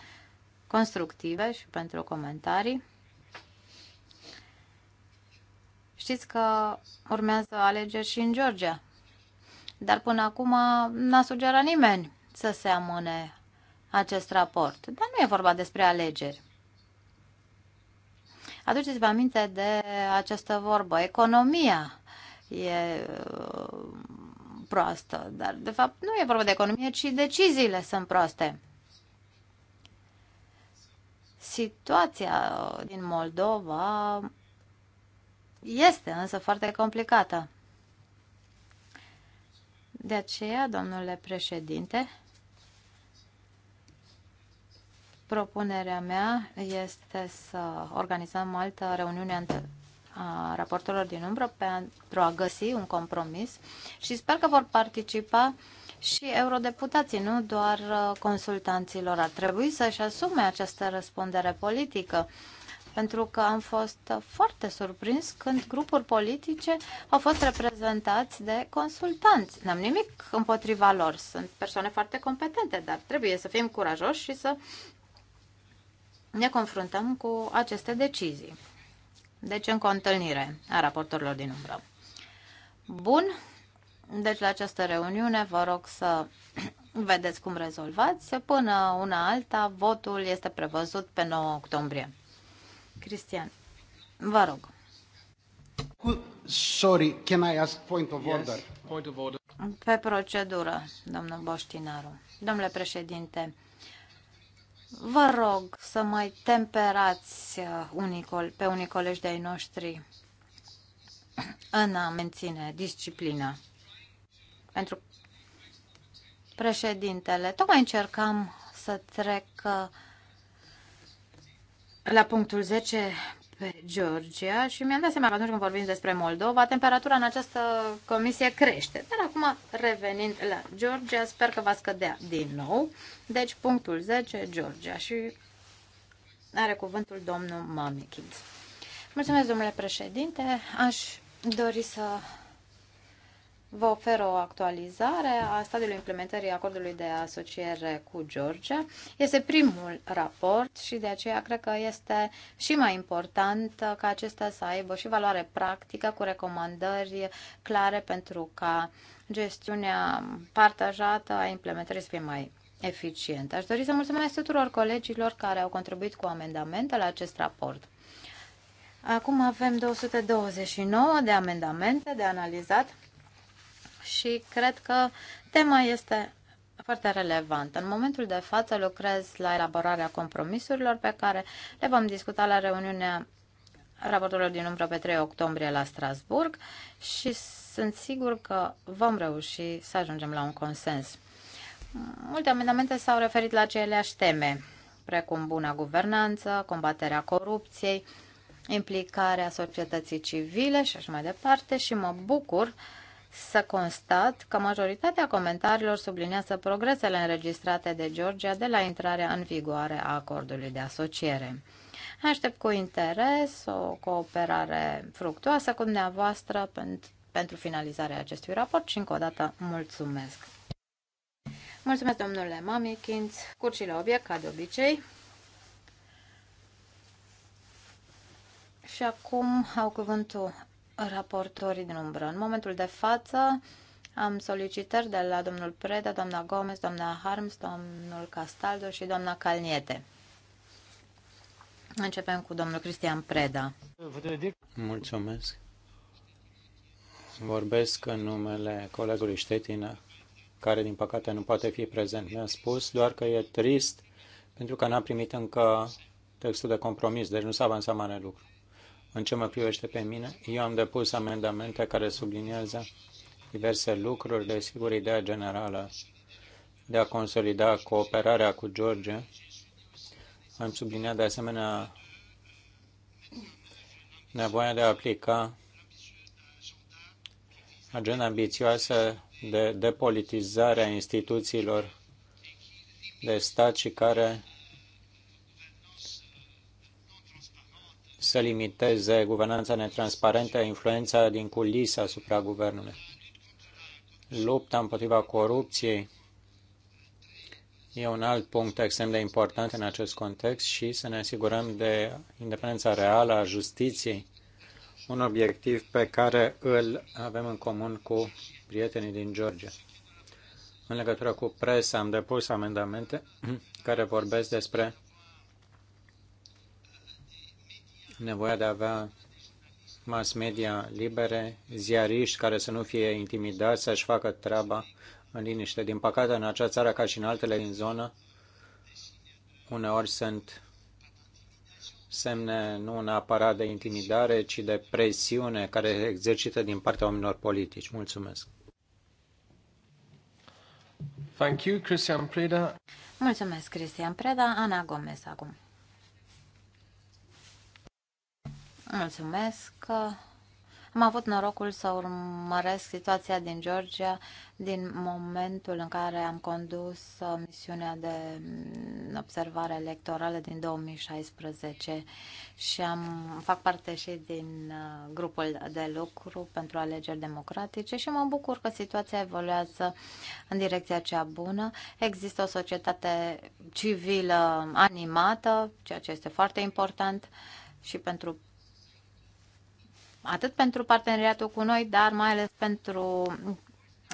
constructive și pentru comentarii. Știți că urmează alegeri și în Georgia, dar până acum n-a sugerat nimeni să se amâne acest raport. Dar nu e vorba despre alegeri. Aduceți-vă aminte de această vorbă. Economia e uh, proastă, dar de fapt nu e vorba de economie, ci deciziile sunt proaste. Situația din Moldova este însă foarte complicată. De aceea, domnule președinte, Propunerea mea este să organizăm altă reuniune a raportorilor din umbră pentru a găsi un compromis și sper că vor participa și eurodeputații, nu doar uh, consultanților. Ar trebui să-și asume această răspundere politică pentru că am fost foarte surprins când grupuri politice au fost reprezentați de consultanți. N-am nimic împotriva lor, sunt persoane foarte competente, dar trebuie să fim curajoși și să ne confruntăm cu aceste decizii. Deci, încă o întâlnire a raportorilor din umbră. Bun, deci la această reuniune vă rog să vedeți cum rezolvați. Până una alta, votul este prevăzut pe 9 octombrie. Cristian, vă rog. Sorry, can I ask point of order? Yes, point of order. Pe procedură, domnul Boștinaru. Domnule președinte, Vă rog să mai temperați uh, unicol pe unii colegi de-ai noștri în a menține disciplina. Pentru președintele, tocmai încercam să trec uh, la punctul 10 pe Georgia și mi-am dat seama că atunci când vorbim despre Moldova, temperatura în această comisie crește. Dar acum, revenind la Georgia, sper că va scădea din nou. Deci, punctul 10, Georgia. Și are cuvântul domnul Mamikins. Mulțumesc, domnule președinte. Aș dori să vă ofer o actualizare a stadiului implementării acordului de asociere cu Georgia. Este primul raport și de aceea cred că este și mai important ca acesta să aibă și valoare practică cu recomandări clare pentru ca gestiunea partajată a implementării să fie mai eficientă. Aș dori să mulțumesc tuturor colegilor care au contribuit cu amendamente la acest raport. Acum avem 229 de amendamente de analizat și cred că tema este foarte relevant. În momentul de față lucrez la elaborarea compromisurilor pe care le vom discuta la reuniunea raportorilor din umbră pe 3 octombrie la Strasburg și sunt sigur că vom reuși să ajungem la un consens. Multe amendamente s-au referit la aceleași teme, precum buna guvernanță, combaterea corupției, implicarea societății civile și așa mai departe și mă bucur uh, să constat că majoritatea comentariilor subliniază progresele înregistrate de Georgia de la intrarea în vigoare a acordului de asociere. Aștept cu interes o cooperare fructuoasă cu dumneavoastră pentru finalizarea acestui raport și încă o dată mulțumesc. Mulțumesc, domnule Mamichins, curci la obiect, ca de obicei. Și acum au cuvântul raportori din umbră. În momentul de față am solicitări de la domnul Preda, doamna Gomez, doamna Harms, domnul Castaldo și doamna Calniete. Începem cu domnul Cristian Preda. Mulțumesc. Vorbesc în numele colegului Ștetină, care din păcate nu poate fi prezent. Mi-a spus doar că e trist pentru că n-a primit încă textul de compromis, deci nu s-a avansat mare lucru. În ce mă privește pe mine, eu am depus amendamente care subliniază diverse lucruri, desigur, ideea generală de a consolida cooperarea cu George. Am subliniat de asemenea nevoia de a aplica agenda ambițioasă de depolitizare a instituțiilor de stat și care să limiteze guvernanța netransparentă, influența din culise asupra guvernului. Lupta împotriva corupției e un alt punct extrem de important în acest context și să ne asigurăm de independența reală a justiției, un obiectiv pe care îl avem în comun cu prietenii din Georgia. În legătură cu presa am depus amendamente care vorbesc despre nevoia de a avea mass media libere, ziariști care să nu fie intimidați, să-și facă treaba în liniște. Din păcate, în acea țară, ca și în altele din zonă, uneori sunt semne nu neapărat de intimidare, ci de presiune care exercită din partea oamenilor politici. Mulțumesc! Thank you, Cristian Preda. Mulțumesc, Cristian Preda. Ana Gomez acum. Mulțumesc. Am avut norocul să urmăresc situația din Georgia din momentul în care am condus misiunea de observare electorală din 2016 și am, fac parte și din uh, grupul de lucru pentru alegeri democratice și mă bucur că situația evoluează în direcția cea bună. Există o societate civilă animată, ceea ce este foarte important și pentru atât pentru parteneriatul cu noi, dar mai ales pentru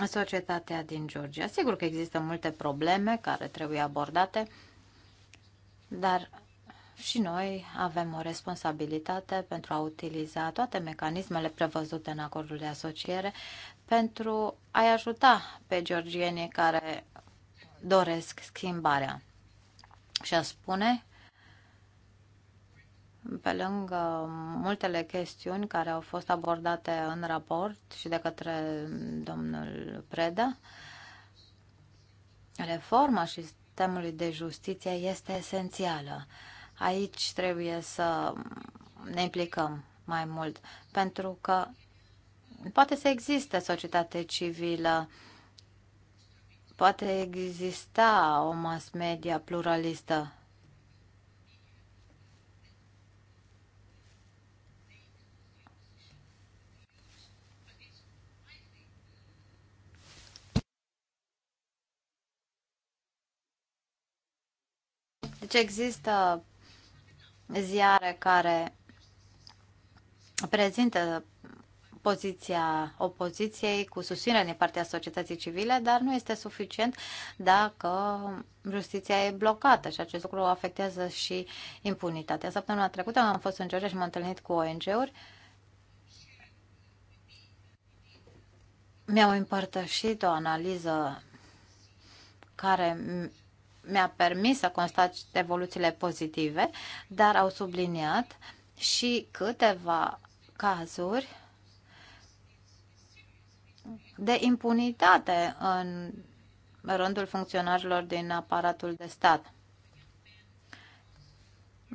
societatea din Georgia. Sigur că există multe probleme care trebuie abordate, dar și noi avem o responsabilitate pentru a utiliza toate mecanismele prevăzute în acordul de asociere pentru a-i ajuta pe georgienii care doresc schimbarea. Și a spune pe lângă multele chestiuni care au fost abordate în raport și de către domnul Preda, reforma și sistemului de justiție este esențială. Aici trebuie să ne implicăm mai mult, pentru că poate să existe societate civilă, poate exista o mass media pluralistă, Deci există ziare care prezintă poziția opoziției cu susținere din partea societății civile, dar nu este suficient dacă justiția e blocată și acest lucru afectează și impunitatea. Săptămâna trecută am fost în Georgia și m-am întâlnit cu ONG-uri. Mi-au împărtășit o analiză care mi-a permis să constat evoluțiile pozitive, dar au subliniat și câteva cazuri de impunitate în rândul funcționarilor din aparatul de stat.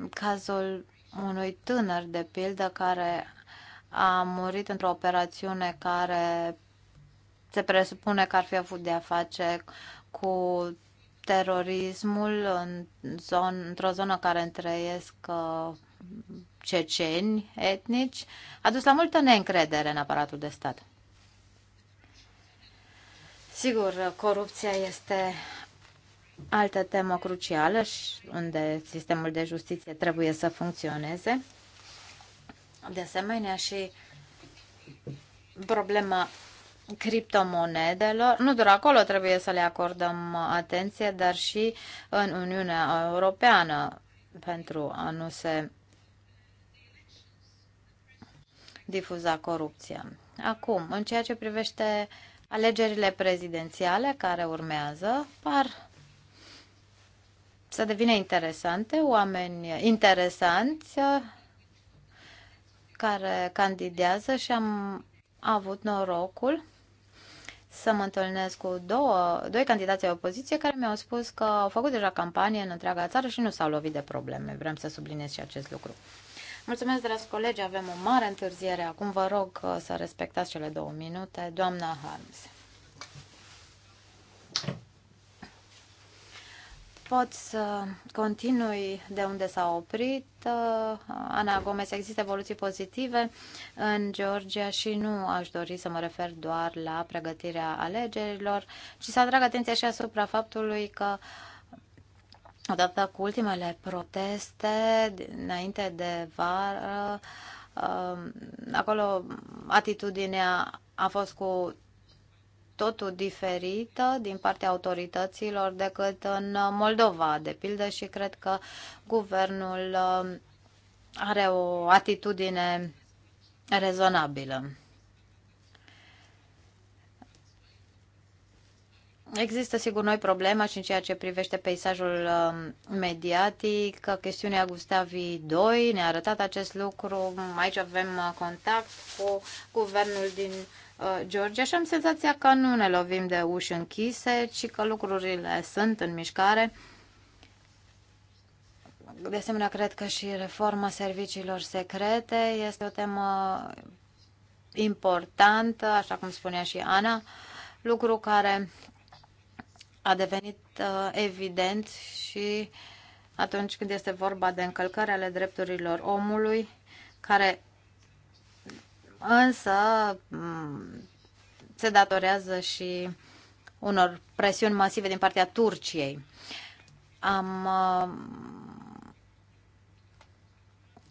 Cazul unui tânăr, de pildă, care a murit într-o operațiune care se presupune că ar fi avut de a face cu terorismul în zon, într-o zonă care întrăiesc uh, ceceni etnici a dus la multă neîncredere în aparatul de stat. Sigur, corupția este altă temă crucială și unde sistemul de justiție trebuie să funcționeze. De asemenea și problema criptomonedelor. Nu doar acolo trebuie să le acordăm atenție, dar și în Uniunea Europeană pentru a nu se difuza corupția. Acum, în ceea ce privește alegerile prezidențiale care urmează, par să devină interesante, oameni interesanți care candidează și am avut norocul să mă întâlnesc cu două, doi candidați ai opoziție care mi-au spus că au făcut deja campanie în întreaga țară și nu s-au lovit de probleme. Vrem să subliniez și acest lucru. Mulțumesc, dragi colegi, avem o mare întârziere. Acum vă rog uh, să respectați cele două minute. Doamna Harms. Pot să continui de unde s-a oprit. Uh, Ana Gomez, există evoluții pozitive în Georgia și nu aș dori să mă refer doar la pregătirea alegerilor, ci să atrag atenția și asupra faptului că odată cu ultimele proteste înainte de vară, uh, acolo atitudinea a fost cu totul diferită din partea autorităților decât în Moldova, de pildă, și cred că guvernul uh, are o atitudine rezonabilă. Există sigur noi probleme și în ceea ce privește peisajul uh, mediatic. Chestiunea Gustavii II ne-a arătat acest lucru. Aici avem uh, contact cu guvernul din Uh, Georgia așa am senzația că nu ne lovim de uși închise, ci că lucrurile sunt în mișcare. De asemenea, cred că și reforma serviciilor secrete este o temă importantă, așa cum spunea și Ana, lucru care a devenit uh, evident și atunci când este vorba de încălcări ale drepturilor omului, care însă se datorează și unor presiuni masive din partea Turciei. Am uh,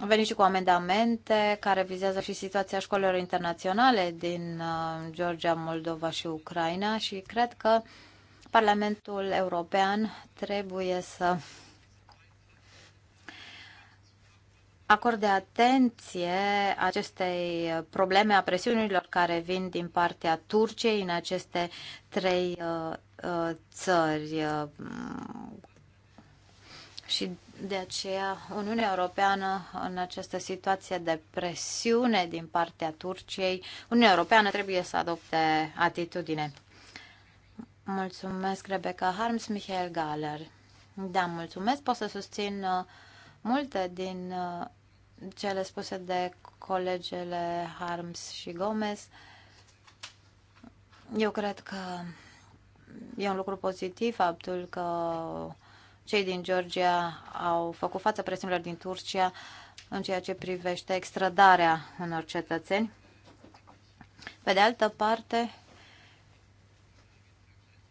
venit și cu amendamente care vizează și situația școlilor internaționale din uh, Georgia, Moldova și Ucraina și cred că Parlamentul European trebuie să acorde atenție acestei probleme a presiunilor care vin din partea Turciei în aceste trei uh, uh, țări. Uh, mm, și de aceea Uniunea Europeană în această situație de presiune din partea Turciei, Uniunea Europeană trebuie să adopte atitudine. Mulțumesc, Rebecca Harms, Michael Galler Da, mulțumesc, pot să susțin uh, Multe din uh, cele spuse de colegele Harms și Gomez, eu cred că e un lucru pozitiv faptul că cei din Georgia au făcut față presiunilor din Turcia în ceea ce privește extradarea unor cetățeni. Pe de altă parte,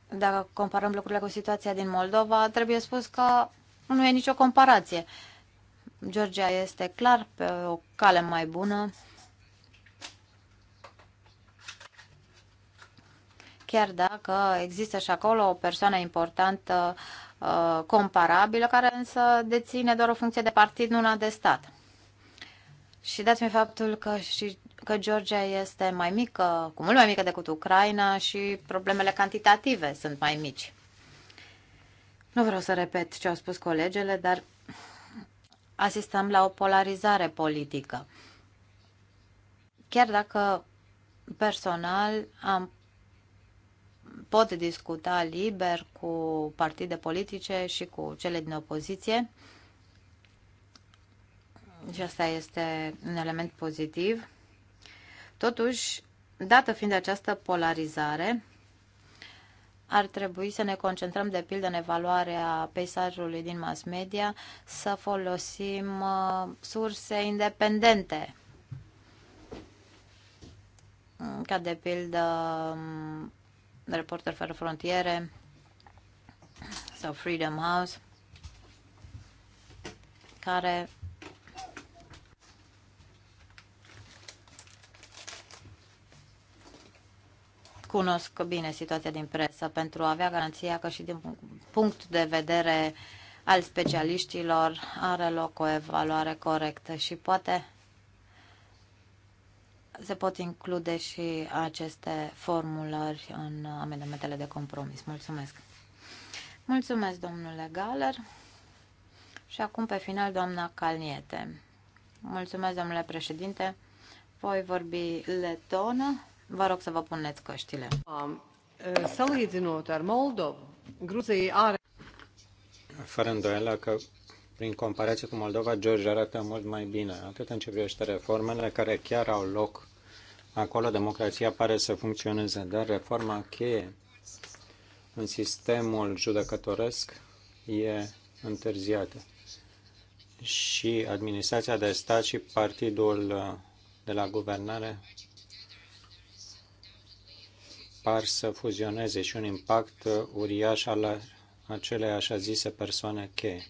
dacă comparăm lucrurile cu situația din Moldova, trebuie spus că nu e nicio comparație. Uh, Georgia este clar pe o cale mai bună. Chiar dacă există și acolo o persoană importantă uh, comparabilă, care însă deține doar o funcție de partid, nu una de stat. Și dați-mi faptul că și că Georgia este mai mică, cu mult mai mică decât Ucraina și problemele cantitative sunt mai mici. Nu vreau să repet ce au spus colegele, dar asistăm la o polarizare politică. Chiar dacă personal am pot discuta liber cu partide politice și cu cele din opoziție. Și asta este un element pozitiv. Totuși, dată fiind această polarizare, ar trebui să ne concentrăm de pildă în evaluarea peisajului din mass media, să folosim uh, surse independente, mm, ca de pildă um, Reporter Fără Frontiere sau Freedom House, care cunosc bine situația din presă pentru a avea garanția că și din punct de vedere al specialiștilor are loc o evaluare corectă și poate se pot include și aceste formulări în amendamentele de compromis. Mulțumesc! Mulțumesc, domnule Galer! Și acum, pe final, doamna Calniete. Mulțumesc, domnule președinte! Voi vorbi letonă. Vă rog să vă puneți căștile. Um, uh, Fără îndoială că prin comparație cu Moldova, Georgia arată mult mai bine, atât în ce privește reformele care chiar au loc acolo, democrația pare să funcționeze, dar reforma cheie în sistemul judecătoresc e întârziată. Și administrația de stat și partidul de la guvernare par să fuzioneze și un impact uh, uriaș al acelei așa zise persoane cheie.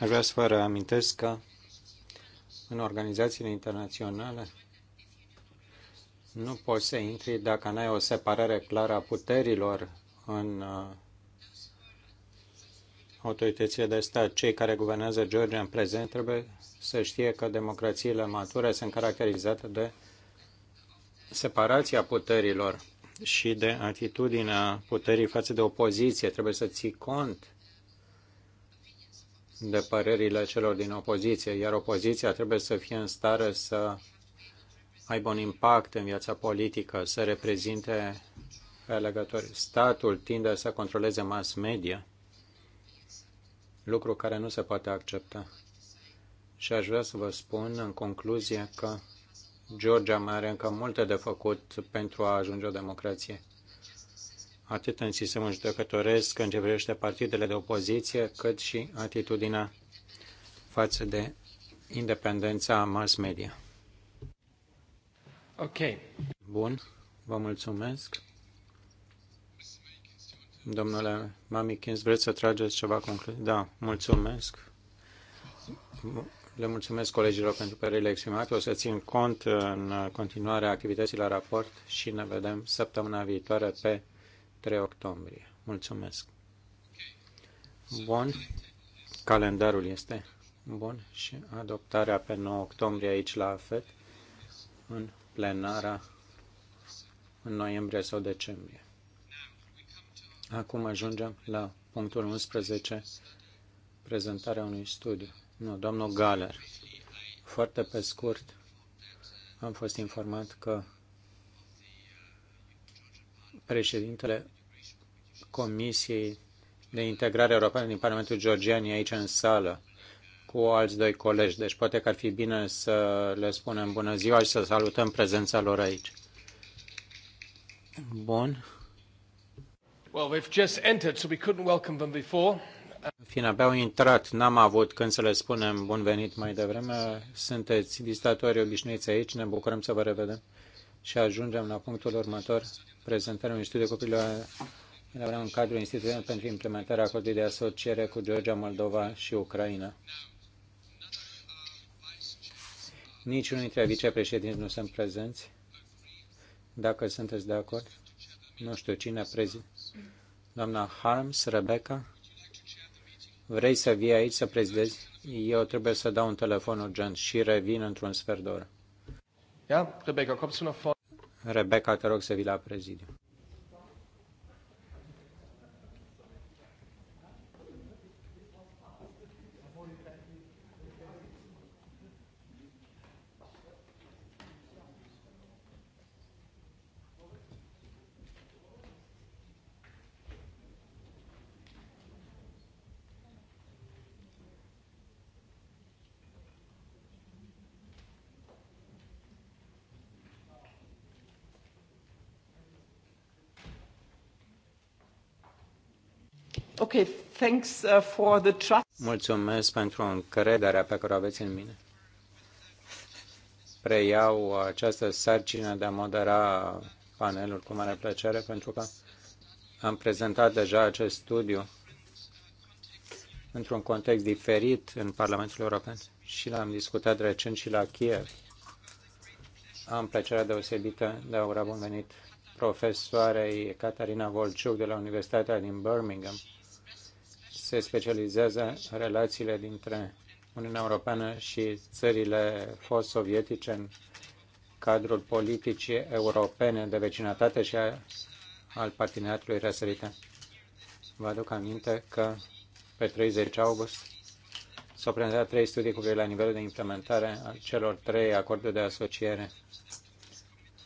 Aș vrea să vă reamintesc că în organizațiile internaționale nu poți să intri dacă n-ai o separare clară a puterilor în uh, autoritățile de stat. Cei care guvernează Georgia în prezent trebuie să știe că democrațiile mature sunt caracterizate de separația puterilor și de atitudinea puterii față de opoziție. Trebuie să ții cont de părerile celor din opoziție, iar opoziția trebuie să fie în stare să aibă un impact în viața politică, să reprezinte pe alegători. Statul tinde să controleze mass media, lucru care nu se poate accepta. Și aș vrea să vă spun în concluzie că Georgia mai are încă multe de făcut pentru a ajunge o democrație, atât în sistemul judecătoresc, în ce privește partidele de opoziție, cât și atitudinea față de independența mass media. Ok. Bun, vă mulțumesc. Domnule Mamikins, vreți să trageți ceva concluzii? Da, mulțumesc. Le mulțumesc colegilor pentru părerile exprimate. O să țin cont în continuarea activității la raport și ne vedem săptămâna viitoare pe 3 octombrie. Mulțumesc. Bun. Calendarul este bun și adoptarea pe 9 octombrie aici la AFET în plenara în noiembrie sau decembrie. Acum ajungem la punctul 11, prezentarea unui studiu. Nu, domnul Galer. Foarte pe scurt, am fost informat că președintele Comisiei de Integrare Europeană din Parlamentul Georgian e aici în sală cu alți doi colegi, deci poate că ar fi bine să le spunem bună ziua și să salutăm prezența lor aici. Bun. Well, we've just entered, so we couldn't welcome them before. În fine, abia au intrat, n-am avut când să le spunem bun venit mai devreme. Sunteți vizitatori obișnuiți aici, ne bucurăm să vă revedem. Și ajungem la punctul următor, prezentarea unui studiu copiilor Avem în cadrul instituțional pentru implementarea acordului de asociere cu Georgia, Moldova și Ucraina. Niciunul dintre vicepreședinți nu sunt prezenți. Dacă sunteți de acord, nu știu cine prezint. Doamna Harms, Rebecca. Vrei să vii aici să prezidezi? Eu trebuie să dau un telefon urgent și revin într-un sfert de oră. Rebecca, kommst du nach vorne? Rebecca, te rog să vii la prezidiu. Okay, thanks uh, for the trust. Mulțumesc pentru încrederea pe care o aveți în mine. Preiau această sarcină de a modera panelul cu mare plăcere pentru că am prezentat deja acest studiu într-un context diferit în Parlamentul European și l-am discutat recent și la Kiev. Am plăcerea deosebită de a ura bun venit profesoarei Catarina Volciuc de la Universitatea din Birmingham, se specializează relațiile dintre Uniunea Europeană și țările fost sovietice în cadrul politicii europene de vecinătate și al parteneriatului răsărită. Vă aduc aminte că pe 30 august s-au prezentat trei studii cu privire la nivelul de implementare al celor trei acorduri de asociere.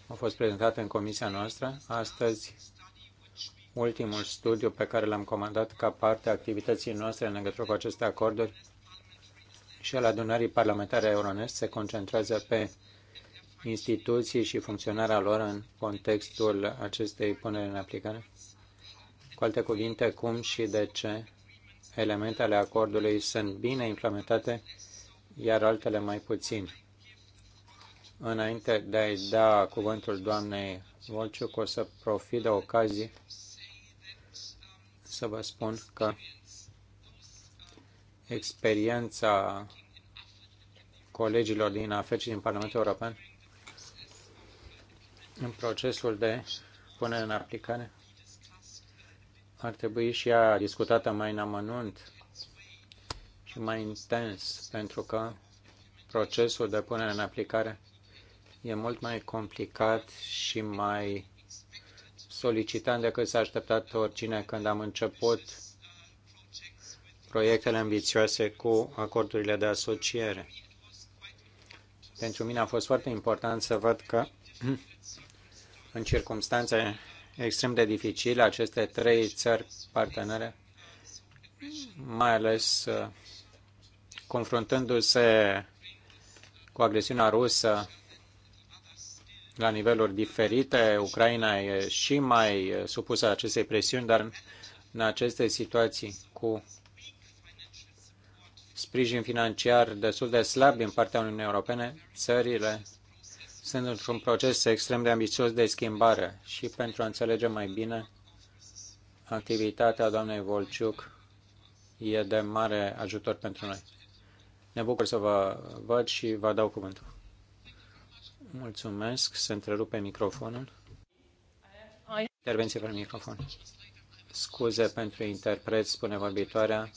Au fost prezentate în comisia noastră. Astăzi Ultimul studiu pe care l-am comandat ca parte a activității noastre în legătură cu aceste acorduri și al adunării parlamentare a Euronest se concentrează pe instituții și funcționarea lor în contextul acestei puneri în aplicare? Cu alte cuvinte, cum și de ce elementele acordului sunt bine implementate, iar altele mai puțin. Înainte de a-i da cuvântul doamnei Volciuc, o să profit de ocazie să vă spun că experiența colegilor din AFET și din Parlamentul European în procesul de punere în aplicare ar trebui și ea discutată mai în amănunt și mai intens, pentru că procesul de punere în aplicare e mult mai complicat și mai solicitant decât s-a așteptat oricine când am început proiectele ambițioase cu acordurile de asociere. Pentru mine a fost foarte important să văd că în circunstanțe extrem de dificile, aceste trei țări partenere, mai ales uh, confruntându-se cu agresiunea rusă la niveluri diferite. Ucraina e și mai supusă acestei presiuni, dar în aceste situații cu sprijin financiar destul de slab din partea Uniunii Europene, țările sunt într-un proces extrem de ambițios de schimbare și pentru a înțelege mai bine activitatea doamnei Volciuc e de mare ajutor pentru noi. Ne bucur să vă văd și vă dau cuvântul. Mulțumesc. Se întrerupe microfonul. Intervenție pe microfon. Scuze pentru interpret, spune vorbitoarea.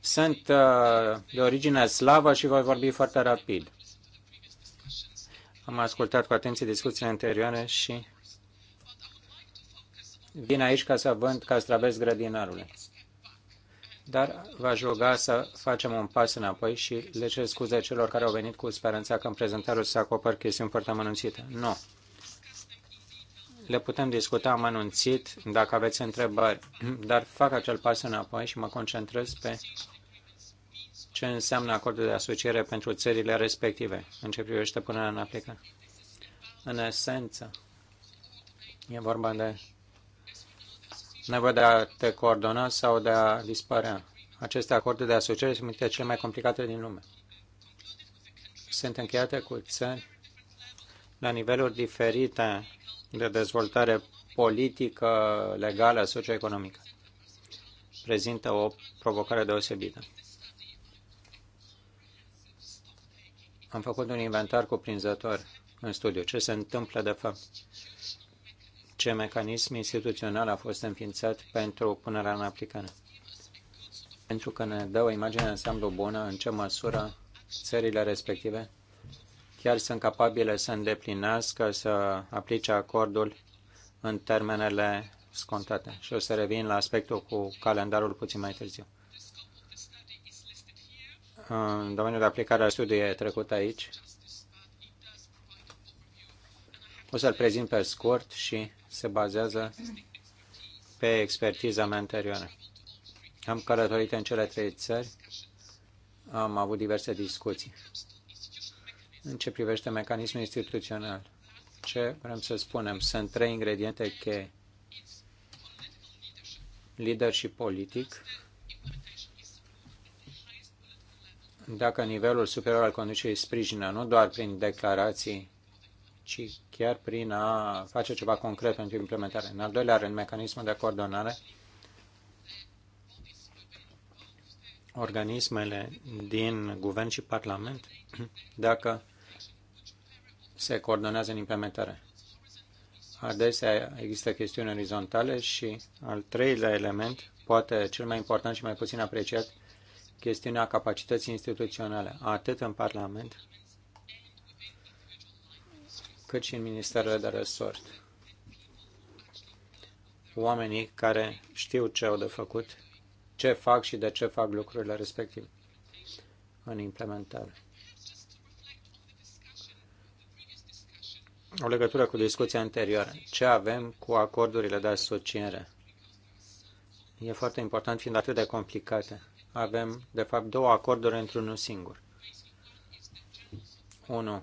Sunt uh, de origine slavă și voi vorbi foarte rapid. Am ascultat cu atenție discuțiile anterioare și vin aici ca să vând castraveți grădinarului dar v-aș ruga să facem un pas înapoi și le cer scuze celor care au venit cu speranța că în prezentare să acopăr chestiuni foarte amănunțite. Nu. Le putem discuta amănunțit dacă aveți întrebări, dar fac acel pas înapoi și mă concentrez pe ce înseamnă acordul de asociere pentru țările respective în ce privește punerea în aplicare. În esență, e vorba de nevoie de a te coordona sau de a dispărea. Aceste acorduri de asociere sunt dintre cele mai complicate din lume. Sunt încheiate cu țări la niveluri diferite de dezvoltare politică, legală, socioeconomică. Prezintă o provocare deosebită. Am făcut un inventar cuprinzător în studiu. Ce se întâmplă, de fapt? ce mecanism instituțional a fost înființat pentru punerea în aplicare. Pentru că ne dă o imagine de bună în ce măsură țările respective chiar sunt capabile să îndeplinească, să aplice acordul în termenele scontate. Și o să revin la aspectul cu calendarul puțin mai târziu. În domeniul de aplicare al studiului e trecut aici. O să-l prezint pe scurt și se bazează pe expertiza mea anterioară. Am călătorit în cele trei țări, am avut diverse discuții. În ce privește mecanismul instituțional, ce vrem să spunem? Sunt trei ingrediente cheie. Leadership politic, dacă nivelul superior al conducerii sprijină, nu doar prin declarații ci chiar prin a face ceva concret pentru implementare. În al doilea rând, mecanismul de coordonare, organismele din guvern și parlament, dacă se coordonează în implementare. Adesea există chestiuni orizontale și al treilea element, poate cel mai important și mai puțin apreciat, chestiunea capacității instituționale, atât în Parlament cât și în ministerele de resort. Oamenii care știu ce au de făcut, ce fac și de ce fac lucrurile respective în implementare. O legătură cu discuția anterioară. Ce avem cu acordurile de asociere? E foarte important, fiind atât de complicate. Avem, de fapt, două acorduri într-unul singur. Unul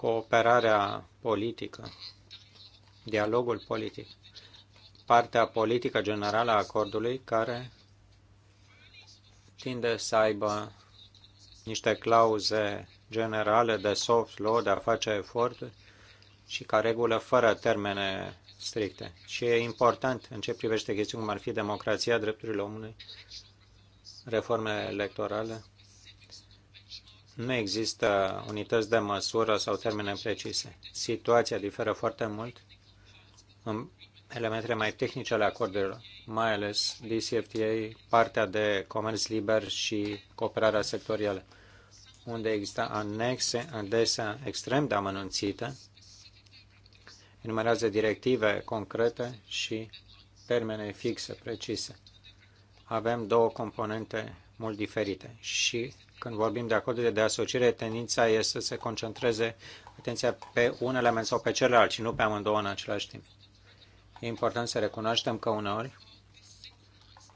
cooperarea politică, dialogul politic, partea politică generală a acordului care tinde să aibă niște clauze generale de soft law, de a face eforturi și ca regulă fără termene stricte. Și e important în ce privește chestiuni cum ar fi democrația, drepturile omului, reforme electorale, nu există unități de măsură sau termene precise. Situația diferă foarte mult în elementele mai tehnice ale acordurilor, mai ales DCFTA, partea de comerț liber și cooperarea sectorială, unde există anexe adesea extrem de amănunțite, enumerează directive concrete și termene fixe, precise. Avem două componente mult diferite și când vorbim de acordurile de asociere, tendința este să se concentreze atenția pe un element sau pe celălalt și nu pe amândouă în același timp. E important să recunoaștem că uneori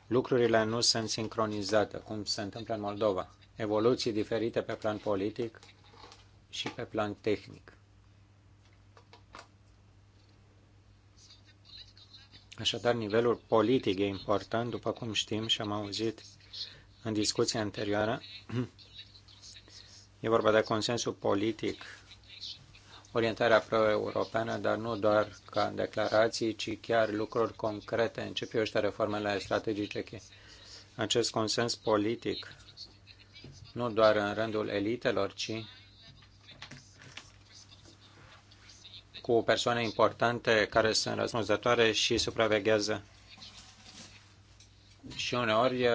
lucrurile nu sunt sincronizate, cum se întâmplă în Moldova. Evoluții diferite pe plan politic și pe plan tehnic. Așadar, nivelul politic e important, după cum știm și am auzit în discuția anterioară, e vorba de consensul politic, orientarea pro-europeană, dar nu doar ca în declarații, ci chiar lucruri concrete în ce privește reformele strategice. Acest consens politic, nu doar în rândul elitelor, ci cu persoane importante care sunt răspunzătoare și supraveghează. Și uneori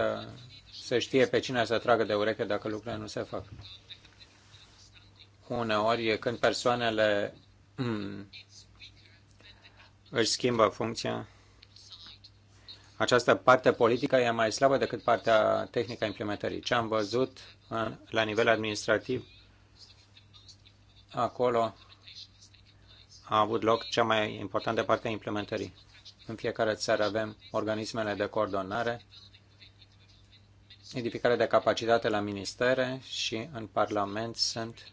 să știe pe cine să tragă de ureche dacă lucrurile nu se fac. Uneori e când persoanele hmm, își schimbă funcția. Această parte politică e mai slabă decât partea tehnică a implementării. Ce am văzut în, la nivel administrativ, acolo a avut loc cea mai importantă parte a implementării. În fiecare țară avem organismele de coordonare edificare de capacitate la ministere și în Parlament sunt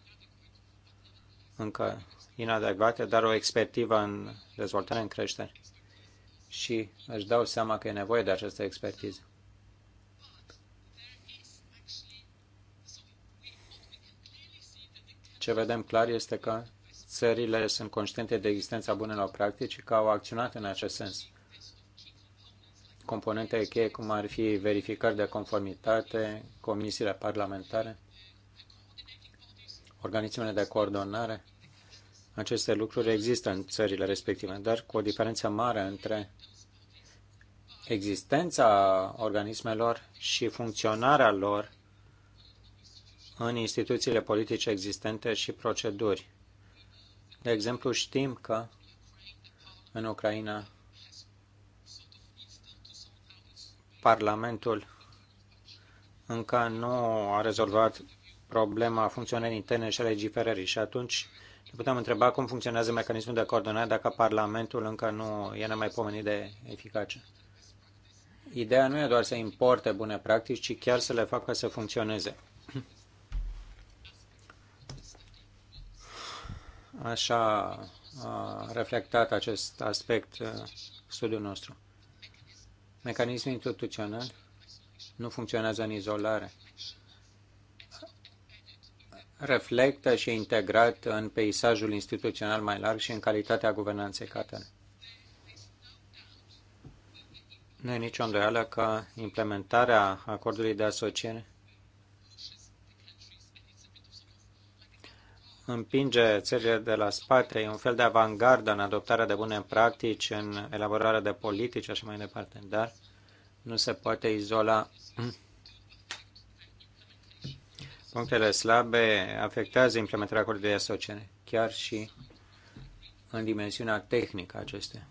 încă inadecvate, dar o expertivă în dezvoltare, în creștere. Și își dau seama că e nevoie de această expertiză. Ce vedem clar este că țările sunt conștiente de existența bunelor practici și că au acționat în acest sens componente cheie, cum ar fi verificări de conformitate, comisiile parlamentare, organismele de coordonare. Aceste lucruri există în țările respective, dar cu o diferență mare între existența organismelor și funcționarea lor în instituțiile politice existente și proceduri. De exemplu, știm că în Ucraina Parlamentul încă nu a rezolvat problema funcționării interne și a legiferării și atunci ne putem întreba cum funcționează mecanismul de coordonare dacă Parlamentul încă nu e pomenit de eficace. Ideea nu e doar să importe bune practici, ci chiar să le facă să funcționeze. Așa a reflectat acest aspect uh, studiul nostru. Mecanismul instituțional nu funcționează în izolare. Reflectă și integrat în peisajul instituțional mai larg și în calitatea guvernanței catene. Nu e nicio îndoială că implementarea acordului de asociere împinge țările de la spate, e un fel de avangardă în adoptarea de bune practici, în elaborarea de politici, așa mai departe, dar nu se poate izola punctele slabe afectează implementarea acordului de asociere, chiar și în dimensiunea tehnică acestea.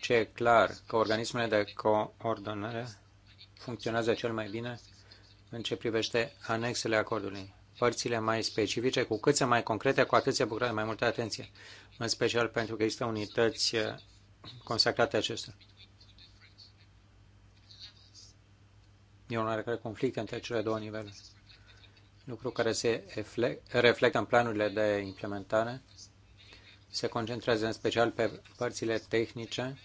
Ce e clar că organismele de coordonare funcționează cel mai bine în ce privește anexele acordului. Părțile mai specifice, cu cât sunt mai concrete, cu atât se bucură de mai multă atenție, în special pentru că există unități eh, consacrate acestea. E un oarecare conflict între cele două nivele. Lucru care se reflectă în planurile de implementare, se concentrează în special pe părțile tehnice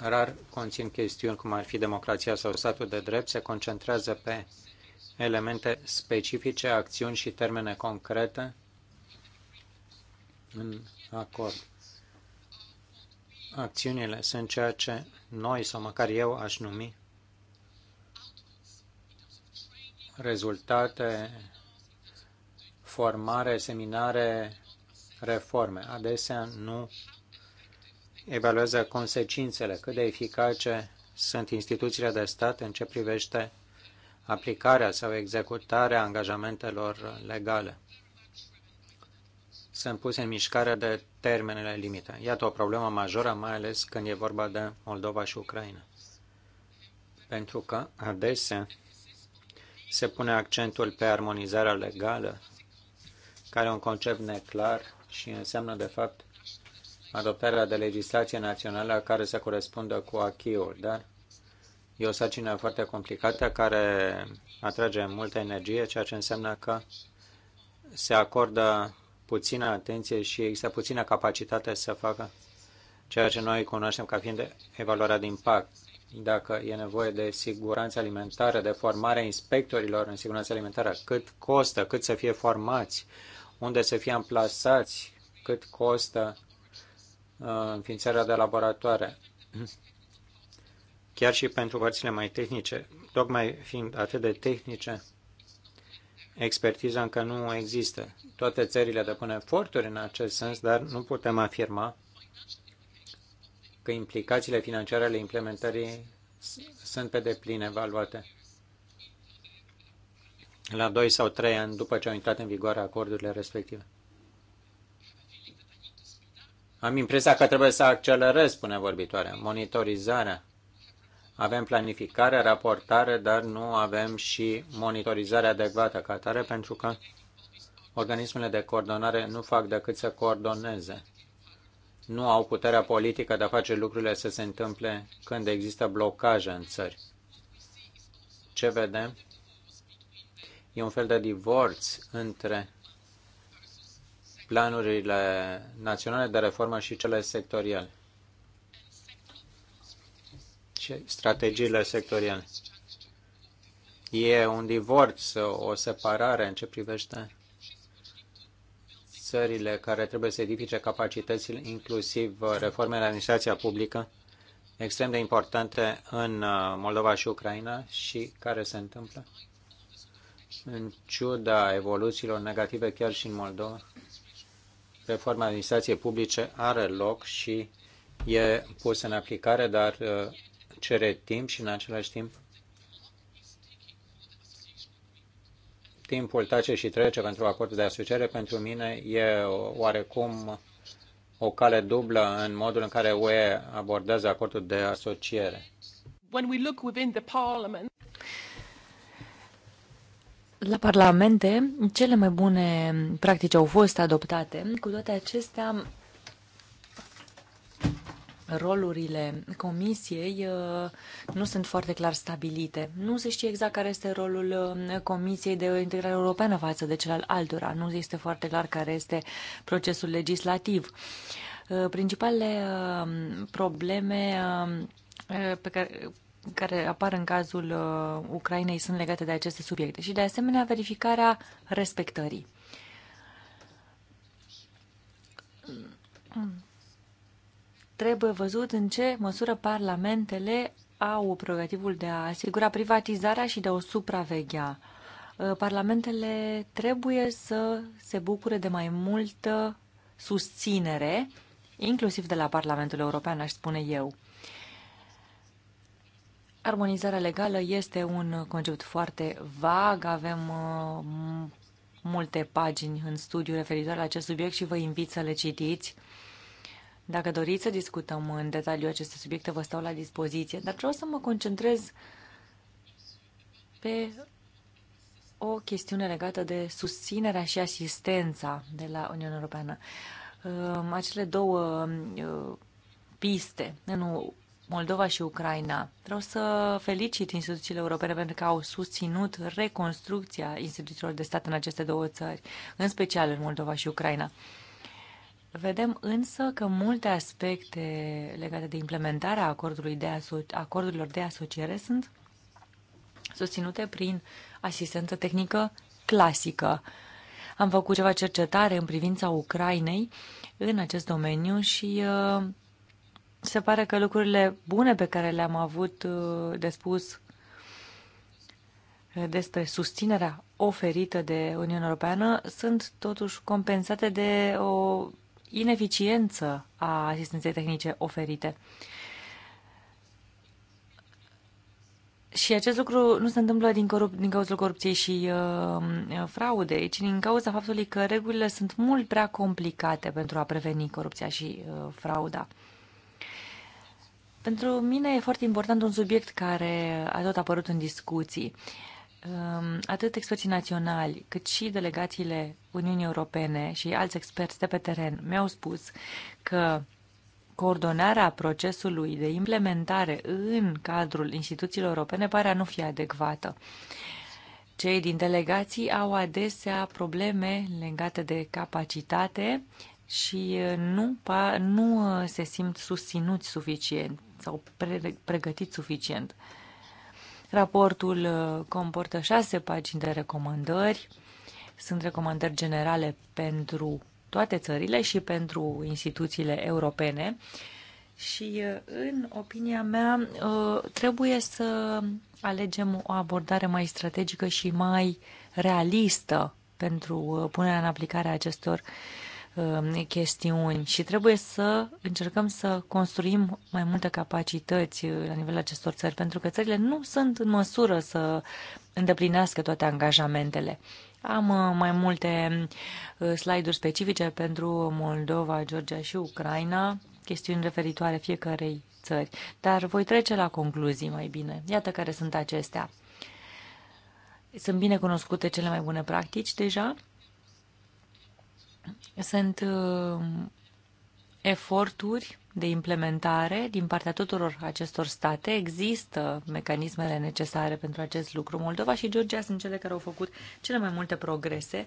rar conțin chestiuni cum ar fi democrația sau statul de drept, se concentrează pe elemente specifice, acțiuni și termene concrete în acord. Acțiunile sunt ceea ce noi, sau măcar eu, aș numi rezultate, formare, seminare, reforme. Adesea nu evaluează consecințele, cât de eficace sunt instituțiile de stat în ce privește aplicarea sau executarea angajamentelor legale. Sunt puse în mișcare de termenele limite. Iată o problemă majoră, mai ales când e vorba de Moldova și Ucraina. Pentru că adesea se pune accentul pe armonizarea legală, care e un concept neclar și înseamnă, de fapt, adoptarea de legislație națională care să corespundă cu acquis dar e o sacină foarte complicată care atrage multă energie, ceea ce înseamnă că se acordă puțină atenție și există puțină capacitate să facă ceea ce noi cunoaștem ca fiind evaluarea de impact. Dacă e nevoie de siguranță alimentară, de formarea inspectorilor în siguranță alimentară, cât costă, cât să fie formați, unde să fie amplasați, cât costă Uh, înființarea de laboratoare, chiar și pentru părțile mai tehnice, tocmai fiind atât de tehnice, expertiza încă nu există. Toate țările depun eforturi în acest sens, dar nu putem afirma că implicațiile financiare ale implementării sunt pe deplin evaluate. La 2 sau 3 ani după ce au intrat în vigoare acordurile respective. Am impresia că trebuie să accelerez, spune vorbitoarea, monitorizarea. Avem planificare, raportare, dar nu avem și monitorizare adecvată ca tare, pentru că organismele de coordonare nu fac decât să coordoneze. Nu au puterea politică de a face lucrurile să se întâmple când există blocaje în țări. Ce vedem? E un fel de divorț între planurile naționale de reformă și cele sectoriale și strategiile sectoriale. E un divorț, o separare în ce privește țările care trebuie să edifice capacitățile, inclusiv reformele în administrația publică, extrem de importante în uh, Moldova și Ucraina și care se întâmplă în ciuda evoluțiilor negative chiar și în Moldova reforma administrației publice are loc și e pusă în aplicare, dar uh, cere timp și în același timp timpul tace și trece pentru acordul de asociere, pentru mine e oarecum o cale dublă în modul în care UE abordează acordul de asociere. When we look within the parliament... La parlamente, cele mai bune practici au fost adoptate. Cu toate acestea, rolurile comisiei uh, nu sunt foarte clar stabilite. Nu se știe exact care este rolul uh, Comisiei de Integrare Europeană față de cel al altora. Nu este foarte clar care este procesul legislativ. Uh, principalele probleme pe care, care apar în cazul uh, Ucrainei sunt legate de aceste subiecte și, de asemenea, verificarea respectării. Trebuie văzut în ce măsură parlamentele au prerogativul de a asigura privatizarea și de a o supraveghea. Uh, parlamentele trebuie să se bucure de mai multă susținere, inclusiv de la Parlamentul European, aș spune eu Armonizarea legală este un concept foarte vag, avem uh, multe pagini în studiu referitor la acest subiect și vă invit să le citiți. Dacă doriți să discutăm în detaliu aceste subiecte, vă stau la dispoziție, dar vreau să mă concentrez pe o chestiune legată de susținerea și asistența de la Uniunea Europeană. Uh, acele două uh, piste în Moldova și Ucraina. Vreau să felicit instituțiile europene pentru că au susținut reconstrucția instituțiilor de stat în aceste două țări, în special în Moldova și Ucraina. Vedem însă că multe aspecte legate de implementarea acordului de aso- acordurilor de asociere sunt susținute prin asistență tehnică clasică. Am făcut ceva cercetare în privința Ucrainei în acest domeniu și uh, se pare că lucrurile bune pe care le-am avut uh, de spus uh, despre susținerea oferită de Uniunea Europeană sunt totuși compensate de o ineficiență a asistenței tehnice oferite. Și acest lucru nu se întâmplă din, corup- din cauza corupției și uh, fraudei, ci din cauza faptului că regulile sunt mult prea complicate pentru a preveni corupția și uh, frauda. Pentru mine e foarte important un subiect care a tot apărut în discuții. Um, atât experții naționali, cât și delegațiile Uniunii Europene și alți experți de pe teren mi-au spus că coordonarea procesului de implementare în cadrul instituțiilor europene pare a nu fi adecvată. Cei din delegații au adesea probleme legate de capacitate și nu, nu uh, se simt susținuți suficient s-au pregătit suficient. Raportul uh, comportă șase pagini de recomandări. Sunt recomandări generale pentru toate țările și pentru instituțiile europene. Și, uh, în opinia mea, uh, trebuie să alegem o abordare mai strategică și mai realistă pentru punerea în aplicare a acestor uh, Um, chestiuni și trebuie să încercăm să construim mai multe capacități uh, la nivelul acestor țări, pentru că țările nu sunt în măsură să îndeplinească toate angajamentele. Am uh, mai multe uh, slide-uri specifice pentru Moldova, Georgia și Ucraina, chestiuni referitoare fiecarei țări, dar voi trece la concluzii mai bine. Iată care sunt acestea. Sunt bine cunoscute cele mai bune practici deja, sunt uh, eforturi de implementare din partea tuturor acestor state. Există mecanismele necesare pentru acest lucru. Moldova și Georgia sunt cele care au făcut cele mai multe progrese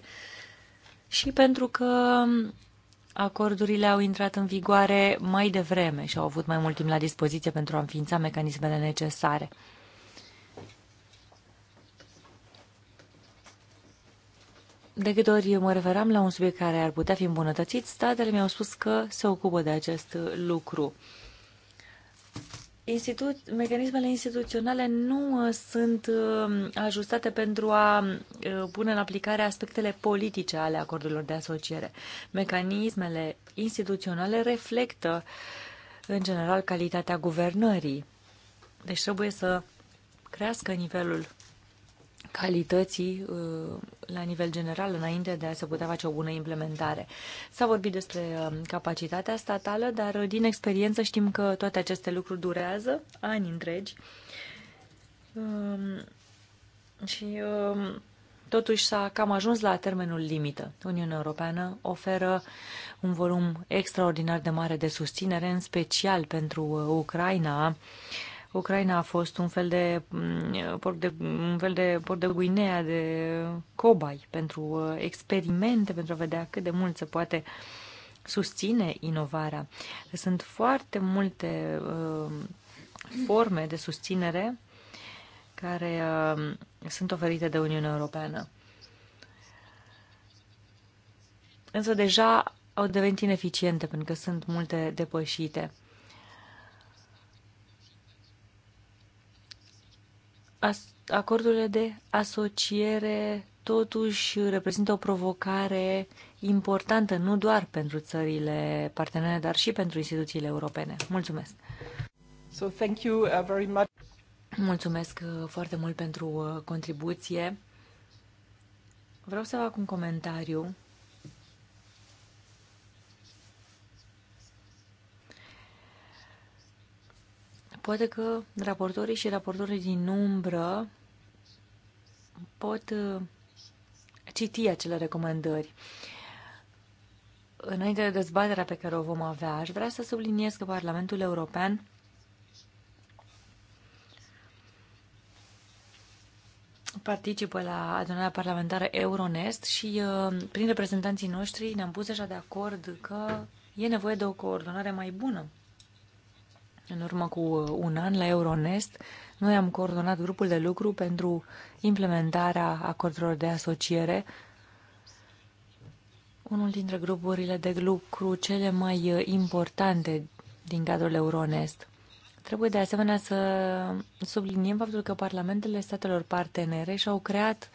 și pentru că acordurile au intrat în vigoare mai devreme și au avut mai mult timp la dispoziție pentru a înființa mecanismele necesare. de câte ori mă referam la un subiect care ar putea fi îmbunătățit, statele mi-au spus că se ocupă de acest lucru. Institu mecanismele instituționale nu uh, sunt uh, ajustate pentru a uh, pune în aplicare aspectele politice ale acordurilor de asociere. Mecanismele instituționale reflectă, în general, calitatea guvernării. Deci trebuie să crească nivelul calității uh, la nivel general înainte de a se putea face o bună implementare. S-a vorbit despre um, capacitatea statală, dar uh, din experiență știm că toate aceste lucruri durează ani întregi um, și um, totuși s-a cam ajuns la termenul limită. Uniunea Europeană oferă un volum extraordinar de mare de susținere, în special pentru uh, Ucraina, Ucraina a fost un fel de mm, port de, un fel de, port de Guinea, de cobai pentru uh, experimente, pentru a vedea cât de mult se poate susține inovarea. Sunt foarte multe uh, forme de susținere care uh, sunt oferite de Uniunea Europeană. Însă deja au devenit ineficiente pentru că sunt multe depășite. acordurile de asociere totuși reprezintă o provocare importantă nu doar pentru țările partenere, dar și pentru instituțiile europene. Mulțumesc! So thank you uh, very much. Mulțumesc uh, foarte mult pentru uh, contribuție. Vreau să fac un comentariu Poate că raportorii și raportorii din umbră pot uh, citi acele recomandări. Înainte de dezbaterea pe care o vom avea, aș vrea să subliniez că Parlamentul European participă la adunarea parlamentară Euronest și uh, prin reprezentanții noștri ne-am pus deja de acord că e nevoie de o coordonare mai bună în urmă cu uh, un an, la Euronest, noi am coordonat grupul de lucru pentru implementarea acordurilor de asociere, unul dintre grupurile de lucru cele mai uh, importante din cadrul Euronest. Trebuie de asemenea să subliniem faptul că parlamentele statelor partenere și-au creat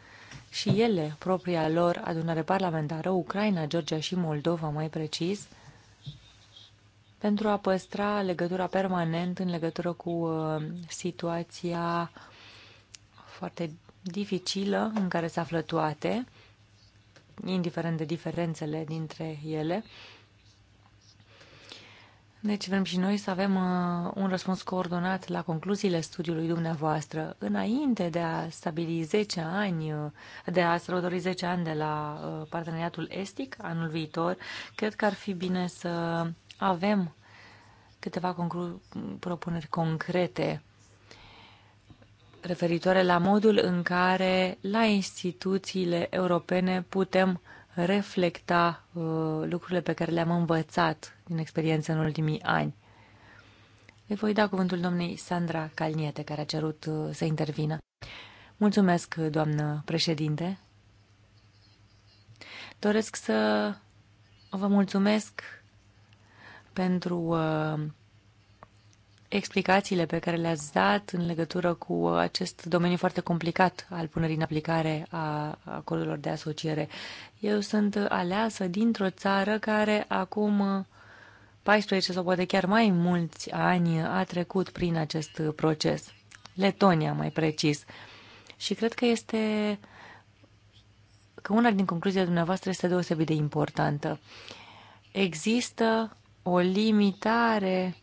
și ele propria lor adunare parlamentară, Ucraina, Georgia și Moldova mai precis, pentru a păstra legătura permanent în legătură cu uh, situația foarte dificilă în care se află toate, indiferent de diferențele dintre ele. Deci vrem și noi să avem uh, un răspuns coordonat la concluziile studiului dumneavoastră. Înainte de a stabili 10 ani, uh, de a sărbători 10 ani de la uh, parteneriatul estic anul viitor, cred că ar fi bine să avem câteva conclu- propuneri concrete referitoare la modul în care la instituțiile europene putem reflecta uh, lucrurile pe care le-am învățat din experiență în ultimii ani. Le voi da cuvântul domnei Sandra Calniete, care a cerut uh, să intervină. Mulțumesc, doamnă președinte. Doresc să vă mulțumesc pentru uh, explicațiile pe care le-ați dat în legătură cu uh, acest domeniu foarte complicat al punerii în aplicare a acordurilor de asociere. Eu sunt aleasă dintr-o țară care acum 14 uh, sau poate chiar mai mulți ani a trecut prin acest proces. Letonia, mai precis. Și cred că este că una din concluziile dumneavoastră este deosebit de importantă. Există o limitare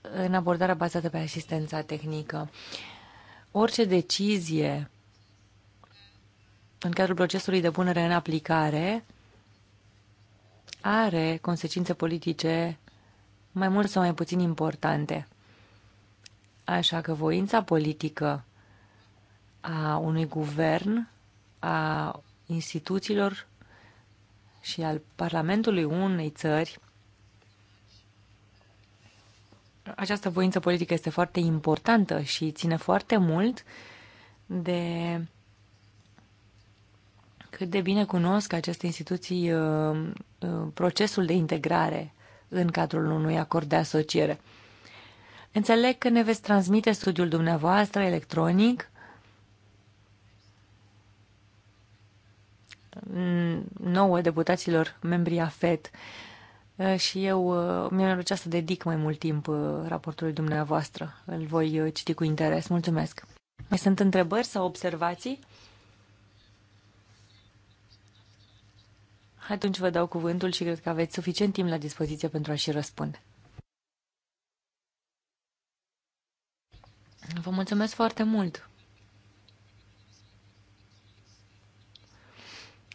în abordarea bazată pe asistența tehnică. Orice decizie în cadrul procesului de punere în aplicare are consecințe politice mai mult sau mai puțin importante. Așa că voința politică a unui guvern, a instituțiilor și al Parlamentului unei țări, această voință politică este foarte importantă și ține foarte mult de cât de bine cunosc aceste instituții uh, uh, procesul de integrare în cadrul unui acord de asociere. Înțeleg că ne veți transmite studiul dumneavoastră electronic nouă deputaților membrii AFET uh, și eu uh, mi-am plăcea să dedic mai mult timp uh, raportului dumneavoastră. Îl voi citi cu interes. Mulțumesc! Mai sunt întrebări sau observații? Atunci vă dau cuvântul și cred că aveți suficient timp la dispoziție pentru a și răspunde. Vă mulțumesc foarte mult!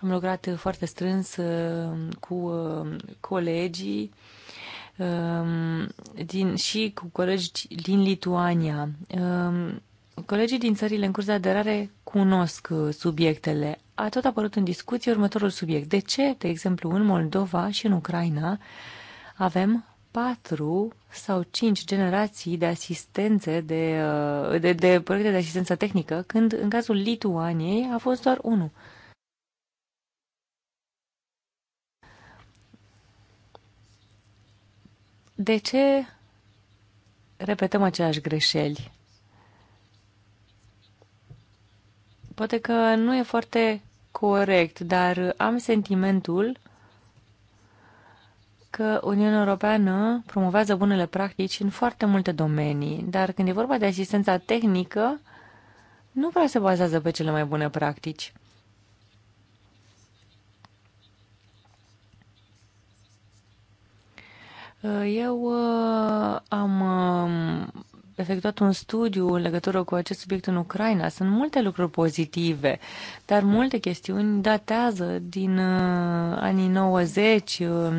Am lucrat uh, foarte strâns uh, cu uh, colegii um, din, și cu colegi din Lituania. Um, colegii din țările în curs de aderare cunosc subiectele. A tot apărut în discuție următorul subiect. De ce, de exemplu, în Moldova și în Ucraina avem patru sau cinci generații de asistențe, de, de, de proiecte de asistență tehnică, când în cazul Lituaniei a fost doar unul. de ce repetăm aceleași greșeli? Poate că nu e foarte corect, dar am sentimentul că Uniunea Europeană promovează bunele practici în foarte multe domenii, dar când e vorba de asistența tehnică, nu prea se bazează pe cele mai bune practici. Uh, eu uh, am um, efectuat un studiu în legătură cu acest subiect în Ucraina. Sunt multe lucruri pozitive, dar multe chestiuni datează din uh, anii 90, um,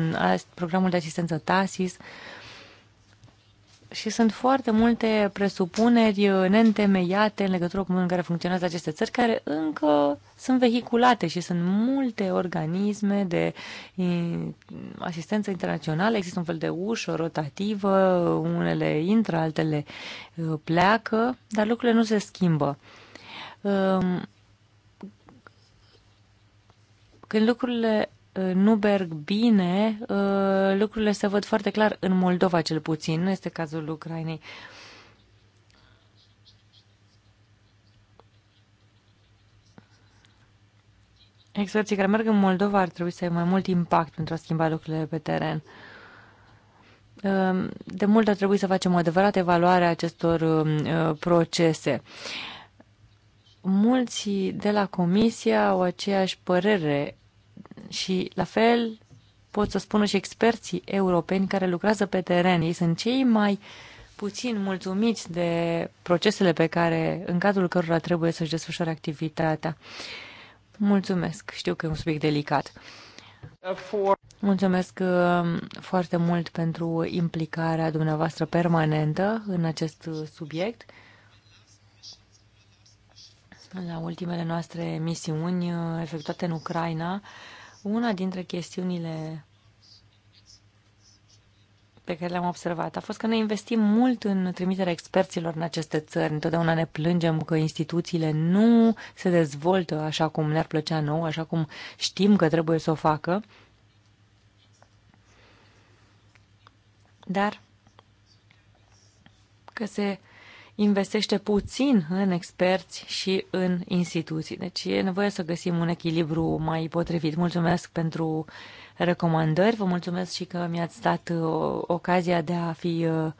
programul de asistență TASIS, și sunt foarte multe presupuneri uh, neîntemeiate în legătură cu modul în care funcționează aceste țări, care încă sunt vehiculate și sunt multe organisme de asistență internațională. Există un fel de ușă rotativă, unele intră, altele uh, pleacă, dar lucrurile nu se schimbă. Um, când lucrurile Uh, nu merg bine, uh, lucrurile se văd foarte clar în Moldova cel puțin, nu este cazul Ucrainei. Experții care merg în Moldova ar trebui să aibă mai mult impact pentru a schimba lucrurile pe teren. Uh, de mult ar trebui să facem o adevărată evaluare a acestor procese. Mulți de la Comisia au aceeași părere și la fel pot să spună și experții europeni care lucrează pe teren. Ei sunt cei mai puțin mulțumiți de procesele pe care, în cadrul cărora trebuie să-și desfășoare activitatea. Mulțumesc. Știu că e un subiect delicat. Mulțumesc uh, foarte mult pentru implicarea dumneavoastră permanentă în acest subiect. La ultimele noastre misiuni uh, efectuate în Ucraina, una dintre chestiunile pe care le-am observat a fost că ne investim mult în trimiterea experților în aceste țări. Întotdeauna ne plângem că instituțiile nu se dezvoltă așa cum ne-ar plăcea nou, așa cum știm că trebuie să o facă. Dar că se investește puțin în experți și în instituții. Deci e nevoie să găsim un echilibru mai potrivit. Mulțumesc pentru recomandări, vă mulțumesc și că mi-ați dat uh, ocazia de a fi uh,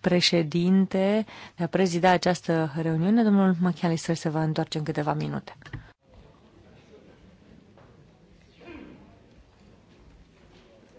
președinte, de a prezida această reuniune. Domnul McAllister se va întoarce în câteva minute.